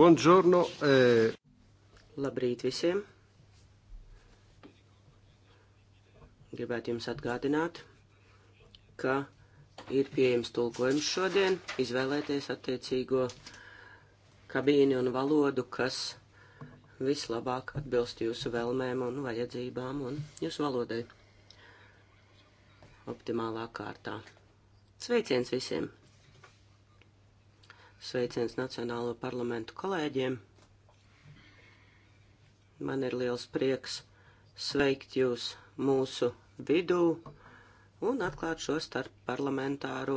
Buongiorno. Eh... Labrīt visiem. Gribētu jums atgādināt, ka ir pieejams tulkojums šodien, izvēlēties attiecīgo kabīni un valodu, kas vislabāk atbilst jūsu vēlmēm un vajadzībām un jūsu valodai optimālā kārtā. Sveiciens visiem! Sveiciens Nacionālo parlamentu kolēģiem. Man ir liels prieks sveikt jūs mūsu vidū un atklāt šo starpparlamentāro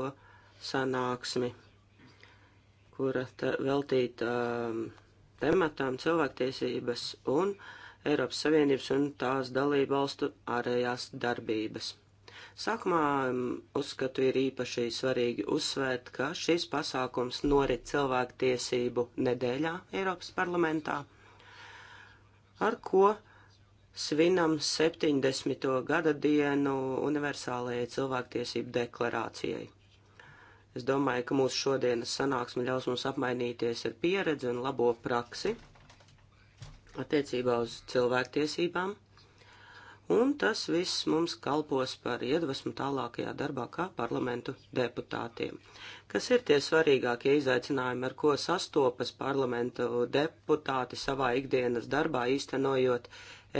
sanāksmi, kura te veltīta um, tematām cilvēktiesības un Eiropas Savienības un tās dalību valstu ārējās darbības. Sākumā mm, uzskatu ir īpaši svarīgi uzsvērt, ka šis pasākums norit cilvēktiesību nedēļā Eiropas parlamentā, ar ko svinam 70. gada dienu universālajai cilvēktiesību deklarācijai. Es domāju, ka mūsu šodienas sanāksme ļaus mums apmainīties ar pieredzi un labo praksi attiecībā uz cilvēktiesībām un tas viss mums kalpos par iedvesmu tālākajā darbā kā parlamentu deputātiem. Kas ir tie svarīgākie izaicinājumi, ar ko sastopas parlamentu deputāti savā ikdienas darbā, īstenojot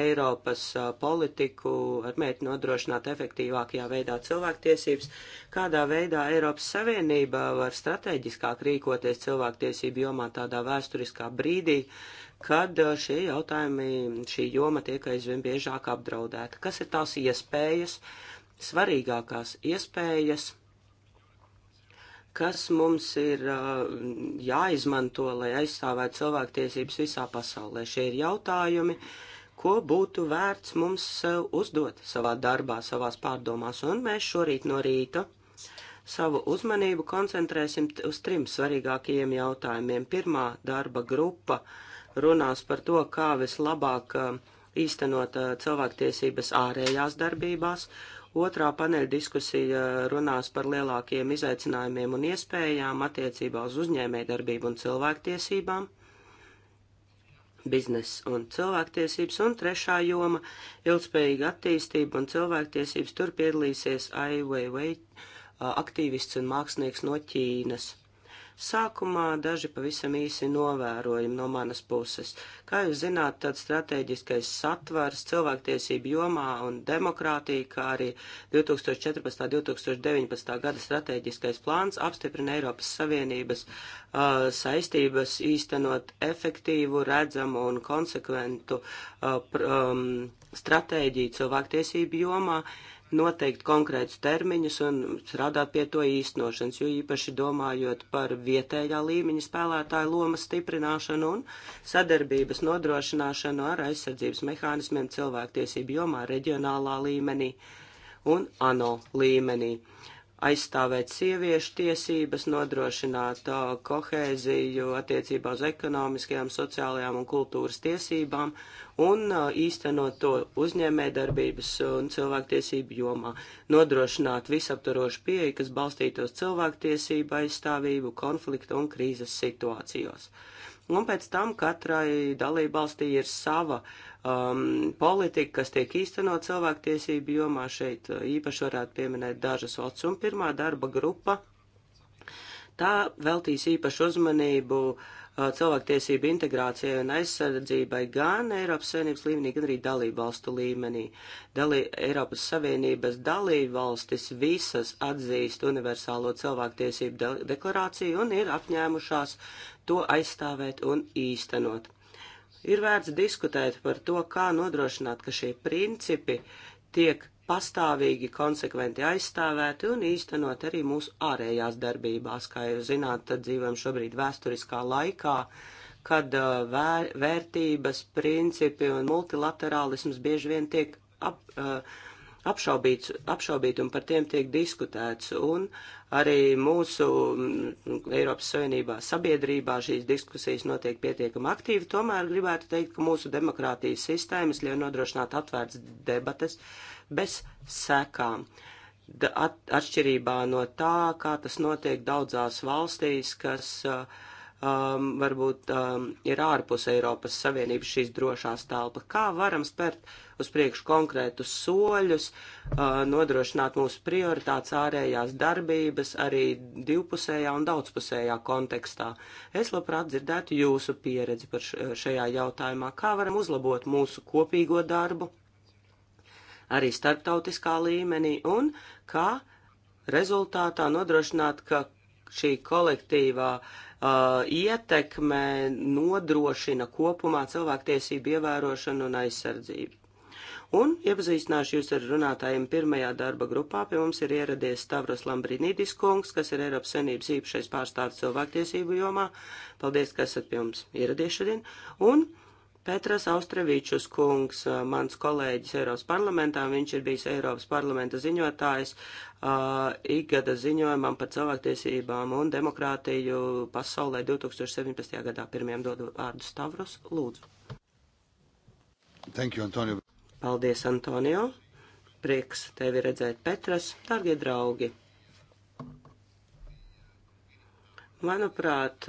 Eiropas politiku ar mērķi nodrošināt efektīvākajā veidā cilvēktiesības, kādā veidā Eiropas Savienība var strateģiskāk rīkoties cilvēktiesību jomā tādā vēsturiskā brīdī, kad eh, šie jautājumi, šī joma tiek aizvien biežāk apdraudēta. Kas ir tās iespējas, svarīgākās iespējas, kas mums ir eh, jāizmanto, lai aizstāvētu cilvēktiesības visā pasaulē? Šie ir jautājumi, ko būtu vērts mums eh, uzdot savā darbā, savās pārdomās, un mēs šorīt no rīta savu uzmanību koncentrēsim uz trim svarīgākajiem jautājumiem. Pirmā darba grupa uh, runās par to, kā vislabāk eh, īstenot eh, cilvēktiesības ārējās darbībās. Otrā paneļa diskusija eh, runās par lielākiem izaicinājumiem un iespējām attiecībā uz uzņēmējdarbību un cilvēktiesībām, biznesu un cilvēktiesības, un trešā joma - ilgspējīga attīstība un cilvēktiesības. Tur piedalīsies Ai Weiwei aktīvists un mākslinieks no Ķīnas. Sākumā daži pavisam īsi novērojumi no manas puses. Kā jūs zināt, tad strateģiskais satvars cilvēktiesību jomā un demokrātija, kā arī 2014. 2019. gada strateģiskais plāns apstiprina Eiropas Savienības uh, saistības īstenot efektīvu, redzamu un konsekventu uh, pr, um, stratēģiju cilvēktiesību jomā noteikt konkrētus termiņus un strādāt pie to īstenošanas, jo īpaši domājot par vietējā līmeņa spēlētāju lomas stiprināšanu un sadarbības nodrošināšanu ar aizsardzības mehānismiem cilvēktiesību jomā reģionālā līmenī un ANO līmenī. Uh, aizstāvēt sieviešu tiesības, nodrošināt uh, kohēziju attiecībā uz ekonomiskajām, sociālajām un kultūras tiesībām un uh, īstenot to uzņēmējdarbības un cilvēktiesību jomā, nodrošināt visaptarošu pieeju, kas balstītos cilvēktiesību aizstāvību konfliktu un krīzes situācijos. Un pēc tam katrai dalībvalstī ir sava uh, um, politika, kas tiek īstenot cilvēktiesību jomā, šeit uh, īpaši varētu pieminēt dažas otsuma pirmā darba grupa. Tā veltīs īpašu uzmanību uh, cilvēktiesību integrācijai un aizsardzībai gan Eiropas Savienības līmenī, gan arī dalību valstu līmenī. Dalī, Eiropas Savienības dalību valstis visas atzīst universālo cilvēktiesību de deklarāciju un ir apņēmušās to aizstāvēt un īstenot. Ir vērts diskutēt par to, kā nodrošināt, ka šie principi tiek pastāvīgi, konsekventi aizstāvēti un īstenot arī mūsu ārējās darbībās. Kā jūs zināt, tad dzīvojam šobrīd vēsturiskā laikā, kad uh, vēr, vērtības, principi un multilaterālisms bieži vien tiek ap, uh, apšaubīts, apšaubīti un par tiem tiek diskutēts. Un arī mūsu mm, Eiropas Savienībā sabiedrībā šīs diskusijas notiek pietiekami aktīvi. Tomēr gribētu teikt, ka mūsu demokrātijas sistēmas ļauj nodrošināt atvērts debates bez sekām. At, atšķirībā no tā, kā tas notiek daudzās valstīs, kas uh, um, varbūt um, ir ārpus Eiropas Savienības šīs drošās telpa. Kā varam spērt uz priekšu konkrētus soļus, nodrošināt mūsu prioritātes ārējās darbības arī divpusējā un daudzpusējā kontekstā. Es labprāt dzirdētu jūsu pieredzi par šajā jautājumā, kā varam uzlabot mūsu kopīgo darbu arī starptautiskā līmenī un kā rezultātā nodrošināt, ka šī kolektīvā uh, ietekme nodrošina kopumā cilvēktiesību ievērošanu un aizsardzību. Un iepazīstināšu jūs ar runātājiem pirmajā darba grupā. Pie mums ir ieradies Stavros Lambrinīdis kungs, kas ir Eiropas Savienības īpašais pārstāvis cilvēktiesību jomā. Paldies, ka esat pie mums ieradies šodien. Un Petras Austrevīčus kungs, mans kolēģis Eiropas parlamentā, viņš ir bijis Eiropas parlamenta ziņotājs uh, ikgada ziņojumam par cilvēktiesībām un demokrātiju pasaulē 2017. gadā. Pirmiem dodu vārdu Stavros, lūdzu. Thank you, Antonio. Paldies, Antonio! Prieks tevi redzēt, Petras, darbie draugi! Manuprāt,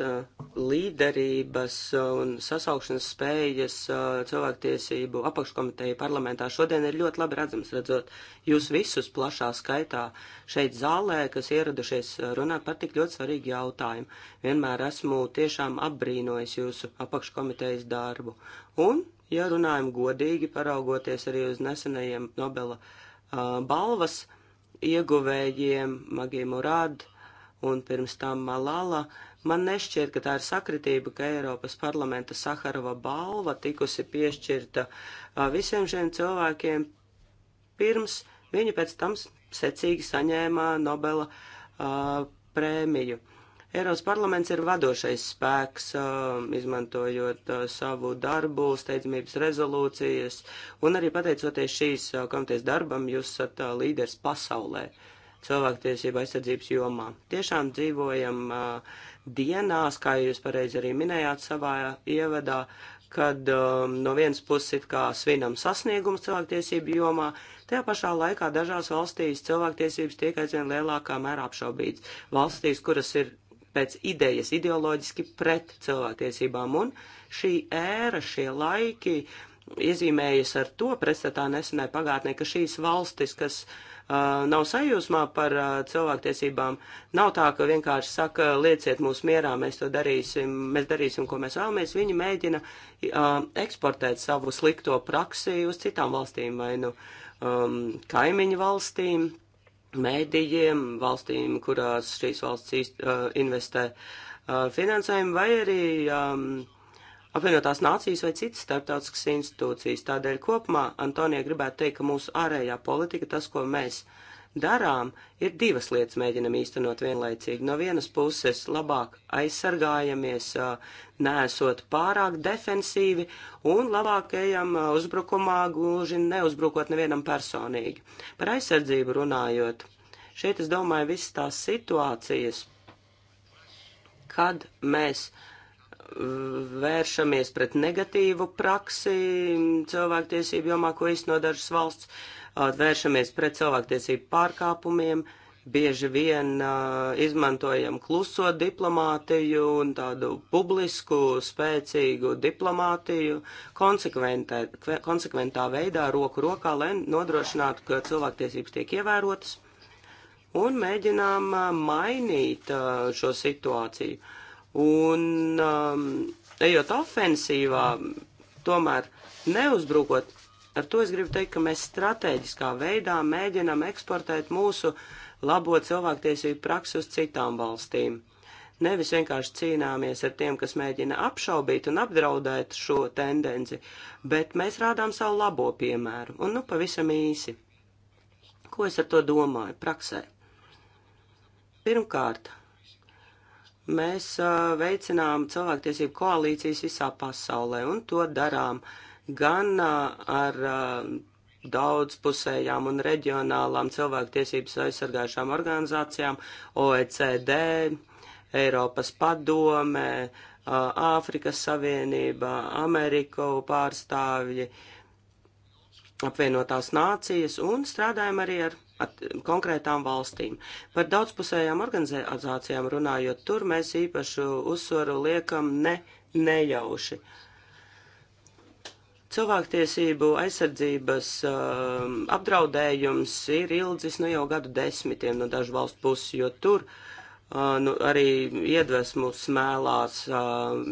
līderības un sasaukšanas spējas cilvēktiesību apakškomiteja parlamentā šodien ir ļoti labi redzams, redzot jūs visus plašā skaitā šeit zālē, kas ieradušies runāt par tik ļoti svarīgu jautājumu. Vienmēr esmu tiešām apbrīnojis jūsu apakškomitejas darbu. Un Ja runājam godīgi, paraugoties arī uz nesenajiem Nobela uh, balvas ieguvējiem, Magī Murad un pirms tam Malala, man nešķiet, ka tā ir sakritība, ka Eiropas parlamenta Saharova balva tikusi piešķirta uh, visiem šiem cilvēkiem pirms viņa pēc tam secīgi saņēma Nobela uh, prēmiju. Eiropas parlaments ir vadošais spēks, um, izmantojot uh, savu darbu, steidzamības rezolūcijas, un arī pateicoties šīs uh, komitejas darbam, jūs esat uh, līderis pasaulē cilvēktiesība aizsardzības jomā. Tiešām dzīvojam uh, dienās, kā jūs pareizi arī minējāt savā ievadā, kad um, no vienas puses it kā svinam sasniegums cilvēktiesību jomā, tajā pašā laikā dažās valstīs cilvēktiesības tiek aizvien lielākā mērā apšaubīts. Valstīs, kuras ir pēc idejas ideoloģiski pret cilvēktiesībām. Un šī ēra, šie laiki iezīmējas ar to pretstatā nesenai pagātnē, ka šīs valstis, kas uh, nav sajūsmā par uh, cilvēktiesībām, nav tā, ka vienkārši saka, lieciet mūs mierā, mēs to darīsim, mēs darīsim, ko mēs vēlamies. Viņi mēģina uh, eksportēt savu slikto praksi uz citām valstīm vai nu um, kaimiņu valstīm mēdījiem, valstīm, kurās šīs valsts īst, uh, investē uh, finansējumu, vai arī um, apvienotās nācijas vai citas starptautiskas institūcijas. Tādēļ kopumā, Antonija, gribētu teikt, ka mūsu ārējā politika, tas, ko mēs uh, darām, ir divas lietas mēģinam īstenot vienlaicīgi. No vienas puses labāk aizsargājamies, nesot pārāk defensīvi, un labāk ejam uzbrukumā, gluži neuzbrukot nevienam personīgi. Par aizsardzību runājot, šeit es domāju visas tās situācijas, kad mēs vēršamies pret negatīvu praksi cilvēktiesību jomā, ko īsno dažas valsts, vēršamies pret cilvēktiesību pārkāpumiem, bieži vien uh, izmantojam kluso diplomātiju un tādu publisku, spēcīgu diplomātiju konsekventā veidā, roku rokā, lai nodrošinātu, ka cilvēktiesības tiek ievērotas un mēģinām uh, mainīt uh, šo situāciju. Un um, ejot ofensīvā, tomēr neuzbrukot Ar to es gribu teikt, ka mēs strateģiskā veidā mēģinam eksportēt mūsu labo cilvēktiesību praksi uz citām valstīm. Nevis vienkārši cīnāmies ar tiem, kas mēģina apšaubīt un apdraudēt šo tendenci, bet mēs rādām savu labo piemēru. Un nu pavisam īsi. Ko es ar to domāju praksē? Pirmkārt, mēs uh, veicinām cilvēktiesību koalīcijas visā pasaulē, un to darām uh, gan ar daudzpusējām un reģionālām cilvēktiesības aizsargājušām organizācijām, OECD, Eiropas padome, Āfrikas Savienība, Ameriku pārstāvji, apvienotās nācijas un strādājam arī ar at, konkrētām valstīm. Par daudzpusējām organizācijām runājot, tur mēs īpašu uzsvaru liekam ne nejauši. Uh, Cilvēktiesību aizsardzības um, apdraudējums ir ilgs nu jau gadu desmitiem no dažu valstu puses, jo tur uh, nu, arī iedvesmu smēlās uh,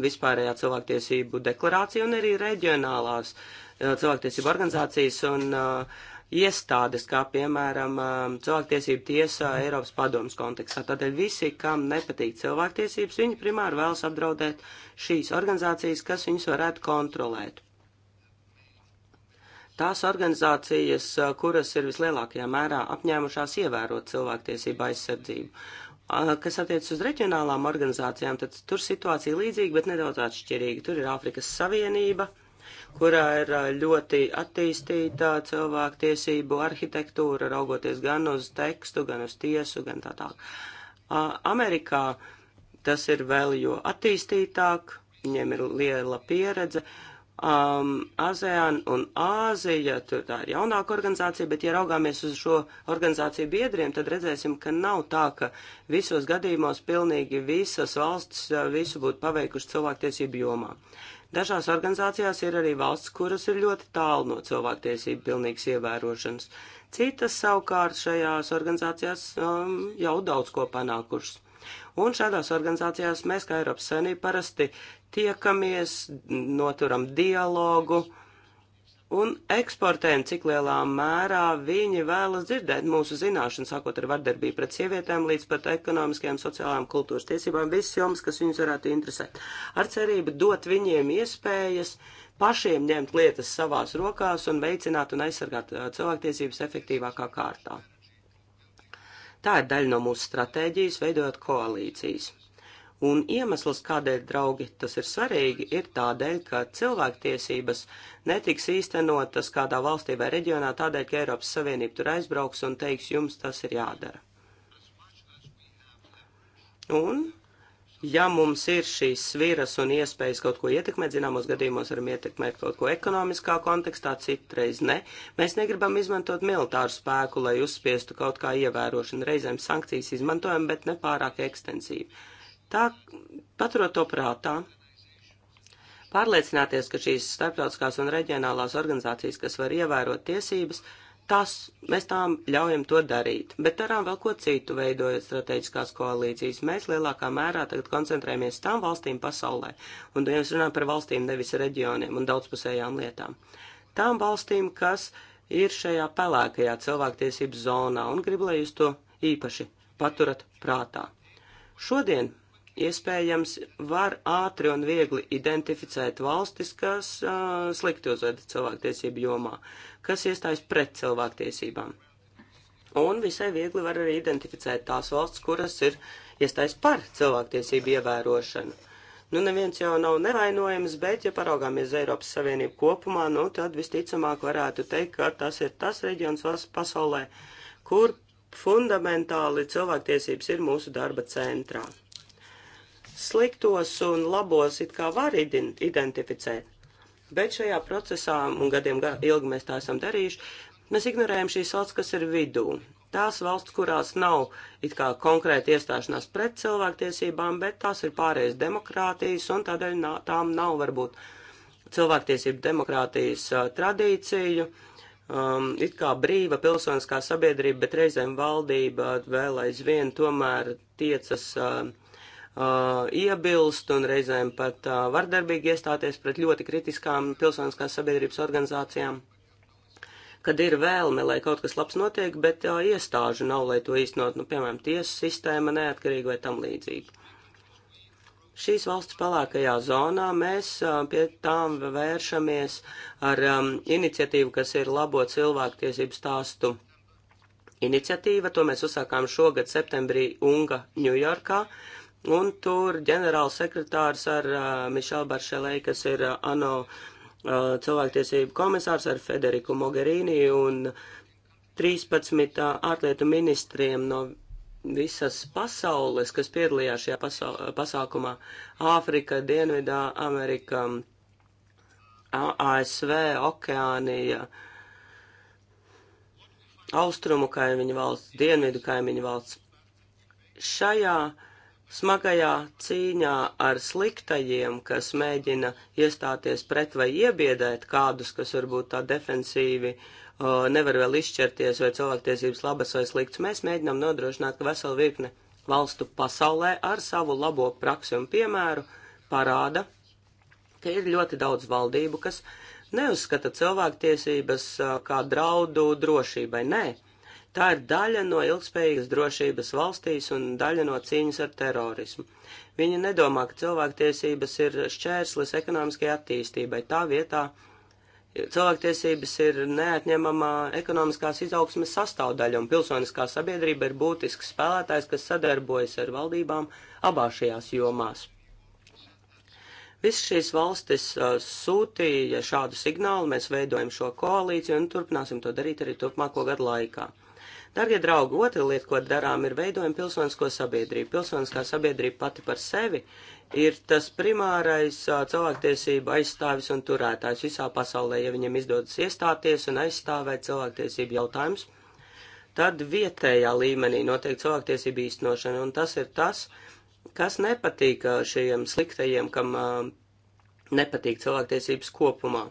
vispārējā cilvēktiesību deklarācija un arī reģionālās uh, cilvēktiesību organizācijas un uh, iestādes, kā piemēram um, cilvēktiesību tiesā Eiropas padomas kontekstā. Tādēļ visi, kam nepatīk cilvēktiesības, viņi primāri vēlas apdraudēt šīs organizācijas, kas viņus varētu kontrolēt tās organizācijas, kuras ir vislielākajā mērā apņēmušās ievērot cilvēktiesību aizsardzību. Kas attiec uz reģionālām organizācijām, tad tur situācija līdzīga, bet nedaudz atšķirīga. Tur ir Āfrikas Savienība, kurā ir ļoti attīstīta cilvēktiesību arhitektūra, raugoties gan uz tekstu, gan uz tiesu, gan tā tālāk. Amerikā tas ir vēl jo attīstītāk, viņiem ir liela pieredze, uh, um, ASEAN un Āzija, tur tā ir jaunāka organizācija, bet, ja raugāmies uz šo organizāciju biedriem, tad redzēsim, ka nav tā, ka visos gadījumos pilnīgi visas valsts uh, visu būtu paveikuši cilvēktiesību jomā. Dažās organizācijās ir arī valsts, kuras ir ļoti tālu no cilvēktiesību pilnīgas ievērošanas. Citas savukārt šajās organizācijās um, jau daudz ko panākušas. Un šādās organizācijās mēs, kā Eiropas Savienība, parasti tiekamies, noturam dialogu un eksportējam, cik lielā mērā viņi vēlas dzirdēt mūsu zināšanu, sākot ar vardarbību pret sievietēm līdz pat ekonomiskajām, sociālām, kultūras tiesībām, visas jomas, kas viņus varētu interesēt. Ar cerību dot viņiem iespējas pašiem ņemt lietas savās rokās un veicināt un aizsargāt cilvēktiesības efektīvākā kārtā. Tā ir daļa no mūsu stratēģijas, veidojot koalīcijas. Un iemesls, kādēļ, draugi, tas ir svarīgi, ir tādēļ, ka cilvēktiesības netiks īstenotas kādā valstī vai reģionā tādēļ, ka Eiropas Savienība tur aizbrauks un teiks, jums tas ir jādara. Un, ja mums ir šīs sviras un iespējas kaut ko ietekmēt, zināmos gadījumos varam ietekmēt kaut ko ekonomiskā kontekstā, citreiz ne, mēs negribam izmantot militāru spēku, lai uzspiestu kaut kā ievērošanu. Reizēm sankcijas izmantojam, bet ne pārāk ekstensīvi Tā, paturot to prātā, pārliecināties, ka šīs starptautiskās un reģionālās organizācijas, kas var ievērot tiesības, tas, mēs tām ļaujam to darīt. Bet darām vēl ko citu, veidojot strateģiskās koalīcijas. Mēs lielākā mērā tagad koncentrējamies tām valstīm pasaulē, un ja mēs runājam par valstīm, nevis reģioniem un daudzpusējām lietām. Tām valstīm, kas ir šajā pelēkajā cilvēktiesību zonā, un gribu, lai jūs to īpaši paturat prātā. Šodien iespējams var ātri un viegli identificēt valstis, kas uh, slikti uzvedas cilvēktiesību jomā, kas iestājas pret cilvēktiesībām. Un visai viegli var arī identificēt tās valsts, kuras ir iestājas par cilvēktiesību ievērošanu. Nu, neviens jau nav nevainojams, bet, ja paraugāmies Eiropas Savienību kopumā, nu, tad visticamāk varētu teikt, ka tas ir tas reģions valsts pasaulē, kur fundamentāli cilvēktiesības ir mūsu darba centrā sliktos un labos it kā var identificēt. Bet šajā procesā, un gadiem ilgi mēs tā esam darījuši, mēs ignorējam šīs valsts, kas ir vidū. Tās valsts, kurās nav it kā konkrēti iestāšanās pret cilvēktiesībām, bet tās ir pārējais demokrātijas, un tādēļ nā, tām nav varbūt cilvēktiesību demokrātijas uh, tradīciju. Um, it kā brīva pilsoniskā sabiedrība, bet reizēm valdība vēl aizvien tomēr tiecas uh, uh, iebilst un reizēm pat uh, vardarbīgi iestāties pret ļoti kritiskām pilsoniskās sabiedrības organizācijām, kad ir vēlme, lai kaut kas labs notiek, bet uh, iestāžu nav, lai to īstenot, nu, piemēram, tiesu sistēma neatkarīgi vai tam līdzīgi. Šīs valsts palākajā zonā mēs uh, pie tām vēršamies ar um, iniciatīvu, kas ir labo cilvēktiesību stāstu iniciatīva. To mēs uzsākām šogad septembrī Unga Ņujorkā. Uh, Un tur ģenerāls sekretārs ar uh, Mišelu Baršelē, kas ir uh, ANO uh, cilvēktiesību komisārs ar Federiku Mogherini un 13 uh, ārlietu ministriem no visas pasaules, kas piedalījās šajā pasau uh, pasākumā - Āfrika, Dienvidā, Amerika, ASV, Okeānija, Austrumu kaimiņu valsts, Dienvidu kaimiņu valsts. Šajā uh, smagajā cīņā ar sliktajiem, kas mēģina iestāties pret vai iebiedēt kādus, kas varbūt tā defensīvi uh, nevar vēl izšķirties, vai cilvēktiesības labas vai slikts, mēs mēģinām nodrošināt, ka vesela virkne valstu pasaulē ar savu labo praksi un piemēru parāda, ka ir ļoti daudz valdību, kas neuzskata cilvēktiesības uh, kā draudu drošībai. Nē, Tā ir daļa no ilgspējīgas drošības valstīs un daļa no cīņas ar terorismu. Viņi nedomā, ka cilvēktiesības ir šķērslis ekonomiskajai attīstībai. Tā vietā cilvēktiesības ir neatņemama ekonomiskās izaugsmes sastāvdaļa, un pilsoniskā sabiedrība ir būtisks spēlētājs, kas sadarbojas ar valdībām abās šajās jomās. Visas šīs valstis uh, sūtīja šādu signālu, mēs veidojam šo koalīciju un turpināsim to darīt arī turpmāko gadu laikā. Dargie draugi, otra lieta, ko darām, ir veidojam pilsonisko sabiedrību. Pilsoniskā sabiedrība pati par sevi ir tas primārais cilvēktiesību aizstāvis un turētājs visā pasaulē. Ja viņiem izdodas iestāties un aizstāvēt cilvēktiesību jautājumus, tad vietējā līmenī notiek cilvēktiesību īstenošana, un tas ir tas, kas nepatīk šiem sliktajiem, kam uh, nepatīk cilvēktiesības kopumā.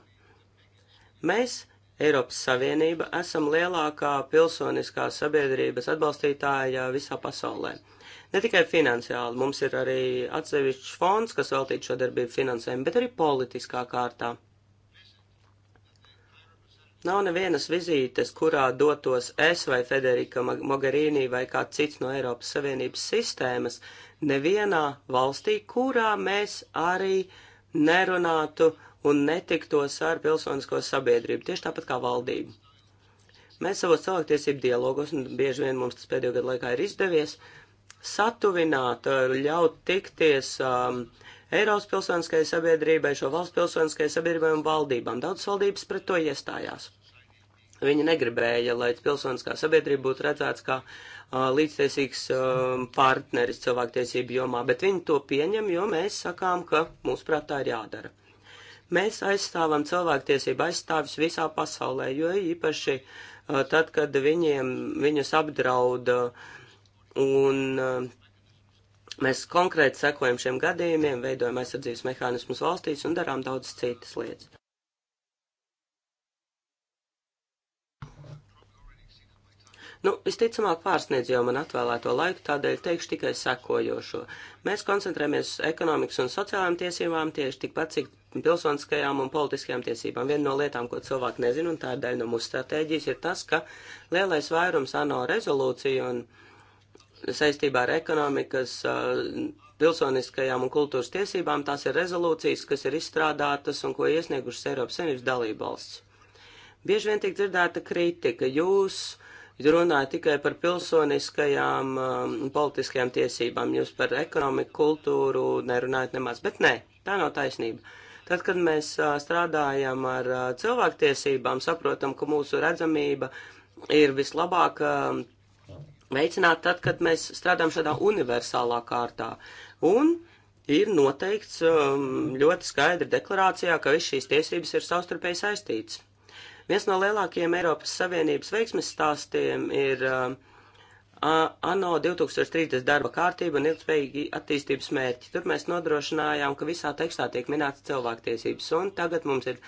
Mēs Eiropas Savienība esam lielākā pilsoniskā sabiedrības atbalstītāja visā pasaulē. Ne tikai finansiāli, mums ir arī atsevišķs fonds, kas veltīts šo darbību finansējumu, bet arī politiskā kārtā. Nav nevienas vizītes, kurā dotos es vai Federika Mogherini vai kāds cits no Eiropas Savienības sistēmas, nevienā valstī, kurā mēs arī nerunātu un netiktos ar pilsonisko sabiedrību, tieši tāpat kā valdību. Mēs savos cilvēktiesību dialogos, un bieži vien mums tas pēdējo gadu laikā ir izdevies, satuvināt, eh, ļaut tikties um, Eiropas pilsoniskajai sabiedrībai, šo valsts pilsoniskajai sabiedrībai un valdībām. Daudz valdības pret to iestājās. Viņa negribēja, lai pilsoniskā sabiedrība būtu redzēts kā uh, līdztiesīgs um, partneris cilvēktiesību jomā, bet viņi to pieņem, jo mēs sakām, ka mūsu prātā ir jādara. Mēs aizstāvam cilvēktiesību aizstāvis visā pasaulē, jo īpaši uh, tad, kad viņiem, viņus apdrauda uh, un uh, mēs konkrēti sekojam šiem gadījumiem, veidojam aizsardzības mehānismus valstīs un darām daudz citas lietas. Nu, visticamāk pārsniedz jau man atvēlēto laiku, tādēļ teikšu tikai sekojošo. Mēs koncentrējamies ekonomikas un sociālām tiesībām tieši tikpat, cik pilsoniskajām un politiskajām tiesībām. Viena no lietām, ko cilvēki nezina, un tā ir daļa no mūsu stratēģijas, ir tas, ka lielais vairums ANO rezolūciju un saistībā ar ekonomikas, pilsoniskajām un kultūras tiesībām, tās ir rezolūcijas, kas ir izstrādātas un ko iesniegušas Eiropas Savienības dalībvalsts. Bieži vien tiek dzirdēta kritika, jūs runāju tikai par pilsoniskajām um, politiskajām tiesībām, jūs par ekonomiku, kultūru nerunājat nemaz, bet nē, tā nav taisnība. Tad, kad mēs uh, strādājam ar uh, cilvēktiesībām, saprotam, ka mūsu redzamība ir vislabāk uh, veicināt tad, kad mēs strādājam šādā universālā kārtā. Un ir noteikts um, ļoti skaidri deklarācijā, ka viss šīs tiesības ir savstarpēji saistītas. Viens no lielākajiem Eiropas Savienības veiksmes stāstiem ir uh, ANO 2030 darba kārtība un ilgspējīgi attīstības mērķi. Tur mēs nodrošinājām, ka visā tekstā tiek minēts cilvēktiesības, un tagad mums ir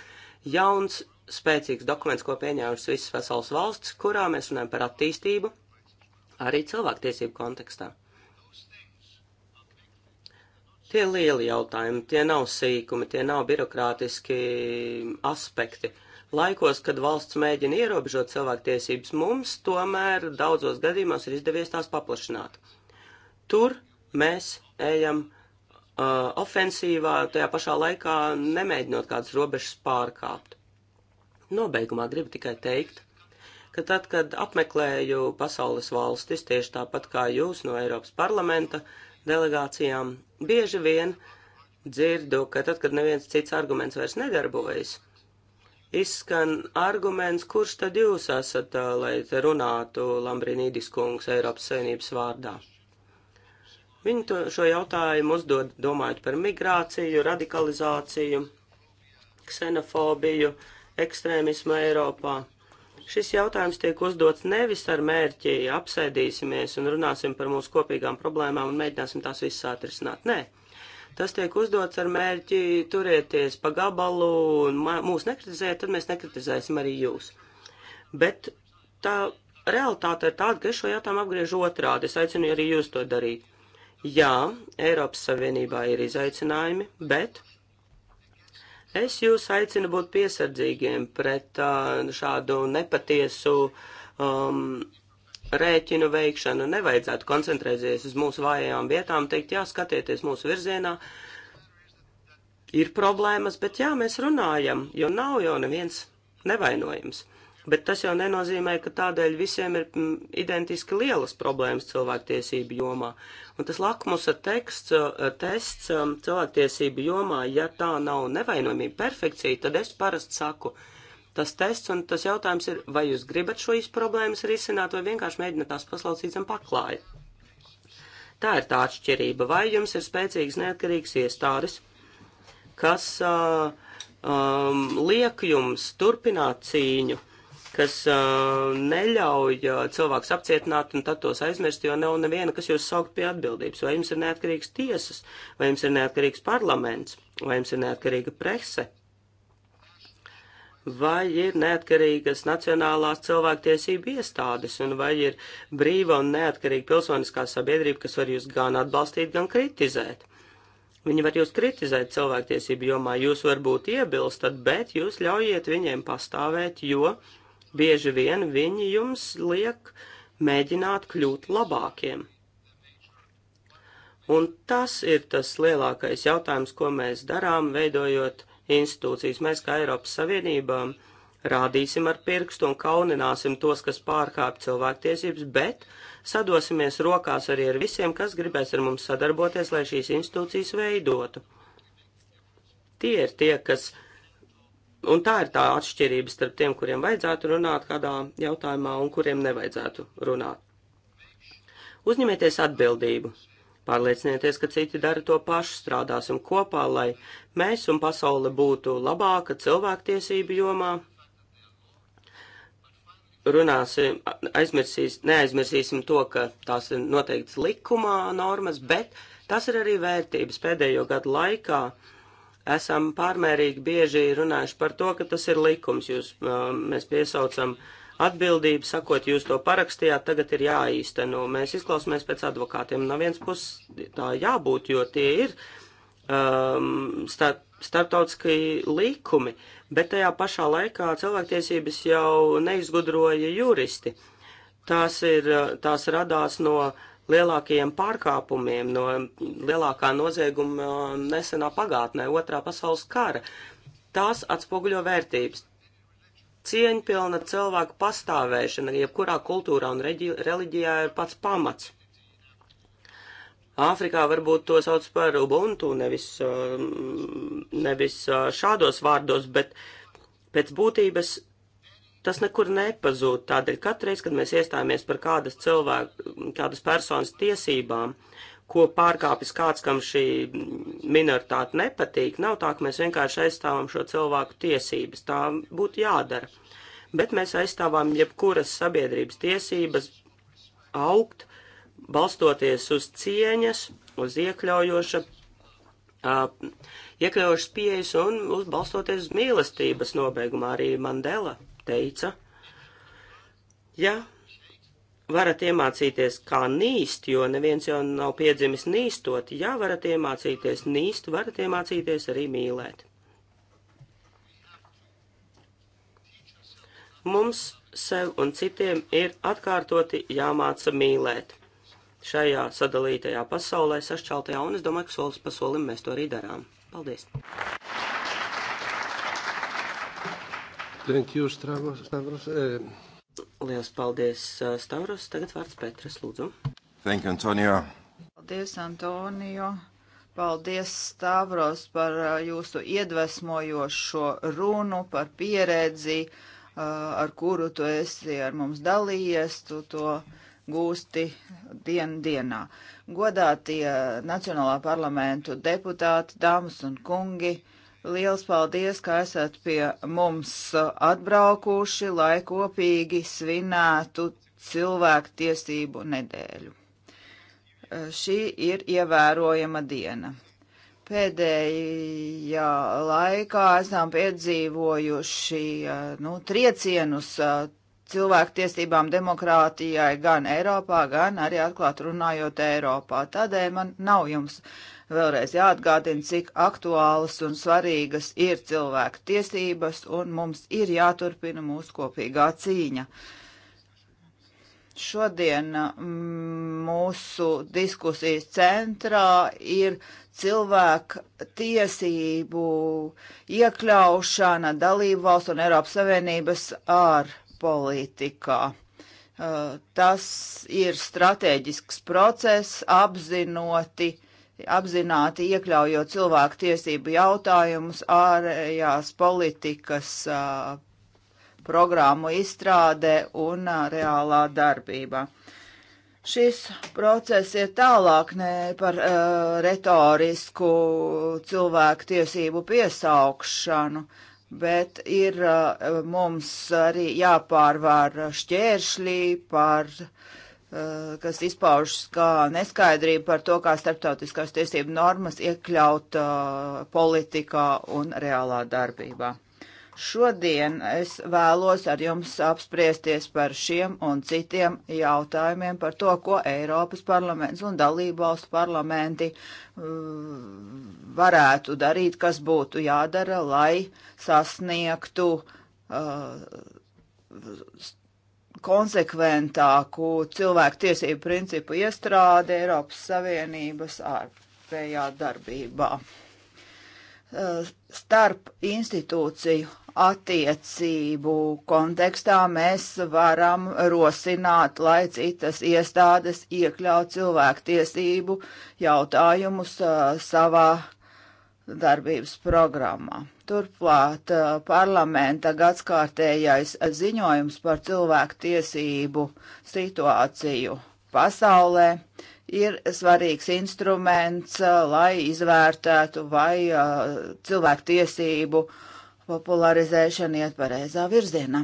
jauns, spēcīgs dokuments, ko pieņēmušas visas pasaules valsts, kurā mēs runājam par attīstību arī cilvēktiesību kontekstā. Tie lieli jautājumi, tie nav sīkumi, tie nav birokrātiski aspekti. Laikos, kad valsts mēģina ierobežot cilvēktiesības, mums tomēr daudzos gadījumos ir izdevies tās paplašināt. Tur mēs ejam uh, ofensīvā, tajā pašā laikā nemēģinot kādas robežas pārkāpt. Nobeigumā gribu tikai teikt, ka tad, kad apmeklēju pasaules valstis, tieši tāpat kā jūs no Eiropas parlamenta delegācijām, bieži vien dzirdu, ka tad, kad neviens cits arguments vairs nedarbojas, izskan arguments, kurš tad jūs esat, lai runātu Lambrinīdis kungs Eiropas Savienības vārdā. Viņi to, šo jautājumu uzdod domājot par migrāciju, radikalizāciju, ksenofobiju, ekstrēmismu Eiropā. Šis jautājums tiek uzdots nevis ar mērķi apsēdīsimies un runāsim par mūsu kopīgām problēmām un mēģināsim tās visas atrisināt. Nē, Tas tiek uzdots ar mērķi turieties pa gabalu un mūs nekritizēt, tad mēs nekritizēsim arī jūs. Bet tā realitāte ir tāda, ka es šo jautājumu apgriežu otrādi. Es aicinu arī jūs to darīt. Jā, Eiropas Savienībā ir izaicinājumi, bet es jūs aicinu būt piesardzīgiem pret uh, šādu nepatiesu um, rēķinu veikšanu, nevajadzētu koncentrēties uz mūsu vājajām vietām, teikt, jā, skatieties mūsu virzienā, ir problēmas, bet jā, mēs runājam, jo nav jau neviens nevainojams. Bet tas jau nenozīmē, ka tādēļ visiem ir mm, identiski lielas problēmas cilvēktiesību jomā. Un tas lakmusa teksts, uh, tests um, cilvēktiesību jomā, ja tā nav nevainojamība, perfekcija, tad es parasti saku, uh, tas tests, un tas jautājums ir, vai jūs gribat šīs problēmas risināt, vai vienkārši mēģināt tās paslaucīt zem paklāja. Tā ir tā atšķirība, vai jums ir spēcīgas neatkarīgas iestādes, kas uh, um, liek jums turpināt cīņu, kas uh, neļauj uh, cilvēks apcietināt un tad tos aizmirst, jo nav neviena, kas jūs saukt pie atbildības. Vai jums ir neatkarīgas tiesas, vai jums ir neatkarīgs parlaments, vai jums ir neatkarīga prese, vai ir neatkarīgas nacionālās cilvēktiesību iestādes, un vai ir brīva un neatkarīga pilsoniskā sabiedrība, kas var jūs gan atbalstīt, gan kritizēt. Viņi var jūs kritizēt cilvēktiesību jomā, jūs varbūt iebilstat, bet jūs ļaujiet viņiem pastāvēt, jo bieži vien viņi jums liek mēģināt kļūt labākiem. Un tas ir tas lielākais jautājums, ko mēs darām, veidojot institūcijas. Mēs kā Eiropas Savienība rādīsim ar pirkstu un kaunināsim tos, kas pārkāp cilvēktiesības, bet sadosimies rokās arī ar visiem, kas gribēs ar mums sadarboties, lai šīs institūcijas veidotu. Tie ir tie, kas. Un tā ir tā atšķirība starp tiem, kuriem vajadzētu runāt kādā jautājumā un kuriem nevajadzētu runāt. Uzņemieties atbildību Pārliecinieties, ka citi dara to pašu, strādāsim kopā, lai mēs un pasaule būtu labāka cilvēktiesību jomā. Runāsim, aizmirsīs, neaizmirsīsim to, ka tās ir noteikts likumā normas, bet tas ir arī vērtības. Pēdējo gadu laikā esam pārmērīgi bieži runājuši par to, ka tas ir likums. Jūs, uh, mēs piesaucam uh, atbildība, sakot, jūs to parakstījāt, tagad ir jāīsteno. Mēs izklausāmies pēc advokātiem. No vienas puses tā jābūt, jo tie ir um, starp, starptautiski līkumi, bet tajā pašā laikā cilvēktiesības jau neizgudroja juristi. Tās, ir, tās radās no lielākajiem pārkāpumiem, no lielākā nozieguma nesenā pagātnē, otrā pasaules kara. Tās atspoguļo vērtības Cieņpilna cilvēka pastāvēšana jebkurā kultūrā un reģi, reliģijā ir pats pamats. Āfrikā varbūt to sauc par ubuntu, nevis, mm, nevis šādos vārdos, bet pēc būtības tas nekur nepazūd. Tādēļ katreiz, kad mēs iestājāmies par kādas cilvēku, kādas personas tiesībām, uh, ko pārkāpis kāds, kam šī minoritāte nepatīk. Nav tā, ka mēs vienkārši aizstāvam šo cilvēku tiesības. Tā būtu jādara. Bet mēs aizstāvām jebkuras sabiedrības tiesības augt, balstoties uz cieņas, uz iekļaujoša, uh, iekļaujošas pieejas un uz balstoties uz mīlestības nobeigumā arī Mandela teica. Ja varat iemācīties, kā nīst, jo neviens jau nav piedzimis nīstot. Ja varat iemācīties nīst, varat iemācīties arī mīlēt. Mums sev un citiem ir atkārtoti jāmāca mīlēt. Šajā sadalītajā pasaulē, sašķeltajā, un es domāju, ka solis pa solim mēs to arī darām. Paldies! Thank you, Stavros. Stavros. Uh... Lielas paldies, uh, Stavros. Tagad vārds Petras, lūdzu. Thank you, Antonio. Paldies, Antonio. Paldies, Stavros, par uh, jūsu iedvesmojošo runu, par pieredzi, uh, ar kuru tu esi ar mums dalījies, tu to gūsti dien dienā. Godātie Nacionālā parlamentu deputāti, dāmas un kungi, uh, Liels paldies, ka esat pie mums atbraukuši, lai kopīgi svinētu cilvēku tiesību nedēļu. Šī ir ievērojama diena. Pēdējā laikā esam piedzīvojuši nu, triecienus cilvēktiesībām, demokrātijai gan Eiropā, gan arī atklāt runājot Eiropā. Tādēļ man nav jums vēlreiz jāatgādina, cik aktuālas un svarīgas ir cilvēku tiesības, un mums ir jāturpina mūsu kopīgā cīņa. Šodien mm, mūsu diskusijas centrā ir cilvēku tiesību iekļaušana dalībvalsts un Eiropas Savienības ārā politikā. Uh, tas ir strateģisks process, apzinoti, apzināti iekļaujot cilvēku tiesību jautājumus ārējās politikas uh, programmu izstrādē un uh, reālā darbībā šis process ir tālāk ne par uh, retorisku cilvēku tiesību piesaukšanu bet ir eh, mums arī jāpārvar šķēršļi par eh, kas izpaužas kā neskaidrība par to, kā starptautiskās tiesību normas iekļaut eh, politikā un reālā darbībā. Šodien es vēlos ar jums apspriesties par šiem un citiem jautājumiem, par to, ko Eiropas parlaments un dalību valstu parlamenti uh, varētu darīt, kas būtu jādara, lai sasniegtu uh, konsekventāku cilvēku tiesību principu iestrādi Eiropas Savienības ārpējā darbībā. Uh, starp institūciju attiecību kontekstā mēs varam rosināt, lai citas iestādes iekļaut cilvēktiesību jautājumus savā darbības programmā. Turklāt parlamenta gadskārtējais ziņojums par cilvēku tiesību situāciju pasaulē ir svarīgs instruments, lai izvērtētu, vai cilvēku tiesību uh, popularizēšana iet pareizā virzienā.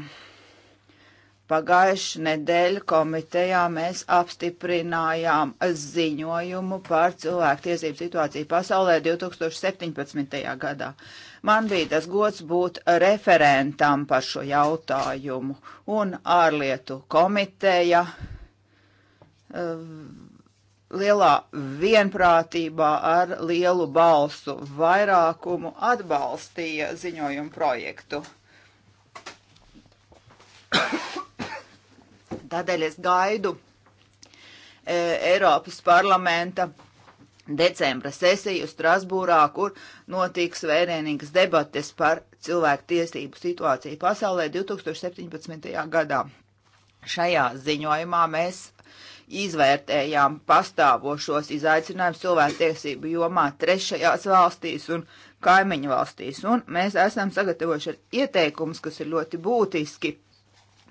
Pagājuši nedēļu komitejā mēs apstiprinājām ziņojumu par cilvēktiesību situāciju pasaulē 2017. gadā. Man bija tas gods būt referentam par šo jautājumu un ārlietu komiteja eh, lielā vienprātībā ar lielu balsu vairākumu atbalstīja ziņojumu projektu. Tādēļ es gaidu e, Eiropas parlamenta decembra sesiju Strasbūrā, kur notiks vērienīgas debates par cilvēku tiesību situāciju pasaulē 2017. gadā. Šajā ziņojumā mēs izvērtējām pastāvošos izaicinājumus cilvēktiesību jomā trešajās valstīs un kaimiņu valstīs. Un mēs esam sagatavojuši ieteikumus, kas ir ļoti būtiski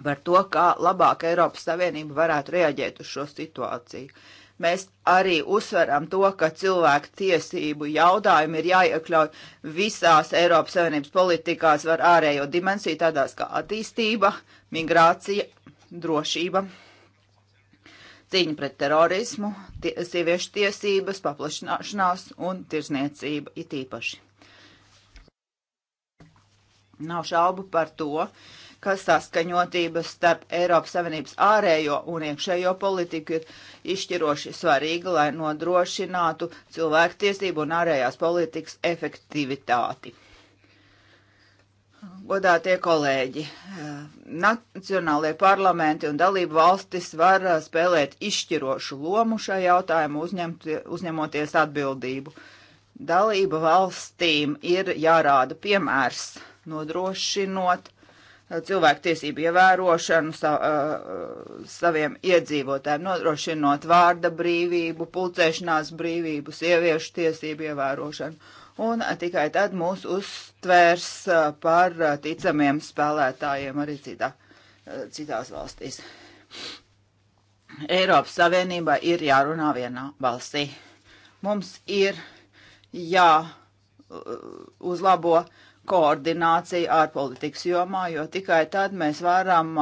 par to, kā labāk Eiropas Savienība varētu reaģēt uz šo situāciju. Mēs arī uzsveram to, ka cilvēku tiesību jautājumi ir jāiekļauj visās Eiropas Savienības politikās ar ārējo dimensiju, tādās kā attīstība, migrācija, drošība cīņa pret terorismu, tie, sieviešu tiesības, paplašināšanās un tirzniecība it īpaši. Nav šaubu par to, ka saskaņotības starp Eiropas Savienības ārējo un iekšējo politiku ir izšķiroši svarīga, lai nodrošinātu cilvēktiesību un ārējās politikas efektivitāti. Godātie kolēģi, nacionālajie parlamenti un dalību valstis var eh, spēlēt izšķirošu lomu šajā jautājumā, uzņemt, uzņemoties atbildību. Dalība valstīm ir jārāda piemērs, nodrošinot eh, cilvēktiesību ievērošanu sa, uh, saviem iedzīvotājiem, nodrošinot vārda brīvību, pulcēšanās brīvību, sieviešu tiesību ievērošanu un tikai tad mūs uztvērs par ticamiem spēlētājiem arī citā, citās valstīs. Eiropas Savienībā ir jārunā vienā balsī. Mums ir jāuzlabo koordinācija ārpolitikas jomā, jo tikai tad mēs varam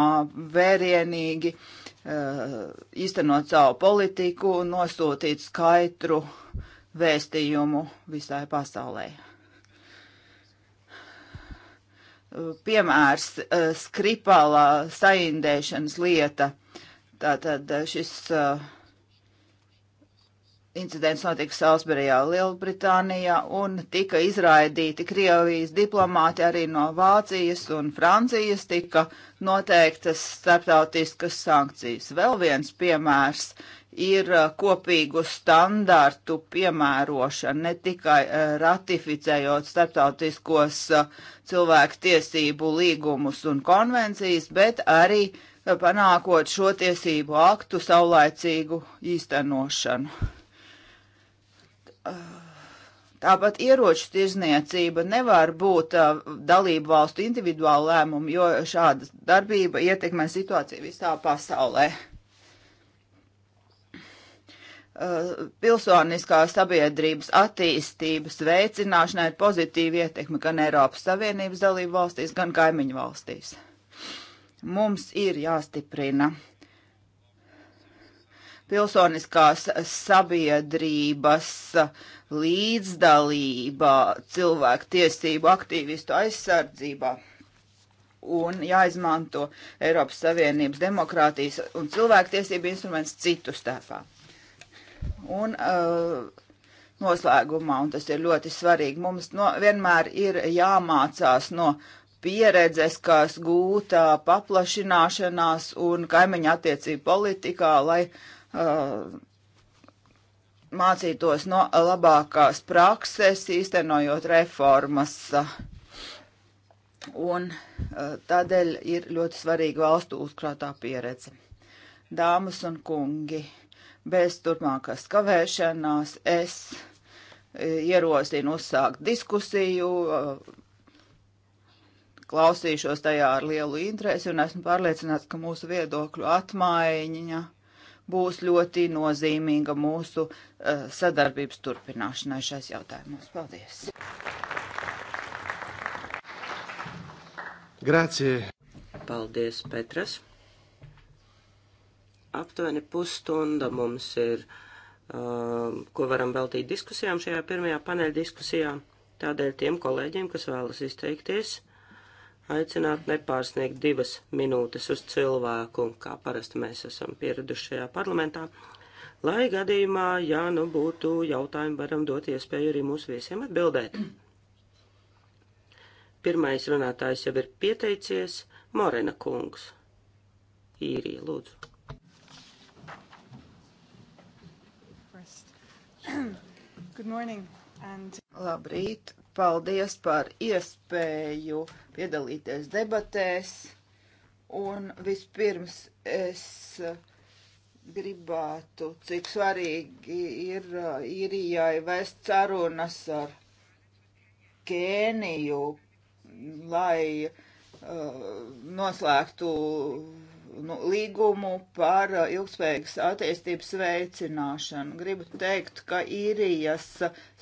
vērienīgi uh, īstenot savu politiku un nosūtīt skaidru uh, vēstījumu visai pasaulē. Piemērs eh, Skripala saindēšanas lieta. Tātad eh, šis uh, incidents notika Salisburijā, Lielbritānijā, un tika izraidīti Krievijas diplomāti arī no Vācijas un Francijas, tika noteiktas starptautiskas sankcijas. Vēl viens piemērs ir eh, kopīgu standārtu piemērošana, ne tikai eh, ratificējot starptautiskos eh, cilvēku tiesību līgumus un konvencijas, bet arī panākot šo tiesību aktu saulaicīgu īstenošanu. Tāpat ieroču tirzniecība nevar būt uh, dalību valstu individuāla lēmuma, jo šāda darbība ietekmē situāciju visā pasaulē. Uh, pilsoniskās sabiedrības attīstības veicināšanai ir pozitīva ietekme gan Eiropas Savienības dalību valstīs, gan kaimiņu valstīs. Mums ir jāstiprina pilsoniskās sabiedrības līdzdalība cilvēku tiesību aktīvistu aizsardzībā un jāizmanto Eiropas Savienības demokrātijas un cilvēktiesību instruments citu starpā un uh, noslēgumā, un tas ir ļoti svarīgi, mums no, vienmēr ir jāmācās no pieredzes, kas gūta paplašināšanās un kaimiņa attiecību politikā, lai uh, mācītos no labākās prakses, īstenojot reformas. Un uh, tādēļ ir ļoti svarīga valstu uzkrātā pieredze. Dāmas un kungi! Bez turpmākas kavēšanās es e, ierosinu uzsākt diskusiju, e, klausīšos tajā ar lielu interesi un esmu pārliecināts, ka mūsu viedokļu atmaiņa būs ļoti nozīmīga mūsu uh, sadarbības turpināšanai šais jautājumos. Paldies! Grācie! Paldies, Petras! aptuveni pusstunda mums ir, um, ko varam veltīt diskusijām šajā pirmajā paneļa diskusijā. Tādēļ tiem kolēģiem, kas vēlas izteikties, aicināt nepārsniegt divas minūtes uz cilvēku, kā parasti mēs esam pieraduši šajā parlamentā. Lai gadījumā, ja nu būtu jautājumi, varam dot iespēju arī mūsu viesiem atbildēt. Pirmais runātājs jau ir pieteicies, Morena kungs. Īrija, lūdzu. Good morning. And... Labrīt! Paldies par iespēju piedalīties debatēs. Un vispirms es gribētu, cik svarīgi ir Irijai uh, vēst sarunas ar Kēniju, lai uh, noslēgtu nu, līgumu par uh, ilgspējīgas attīstības veicināšanu. Gribu teikt, ka īrijas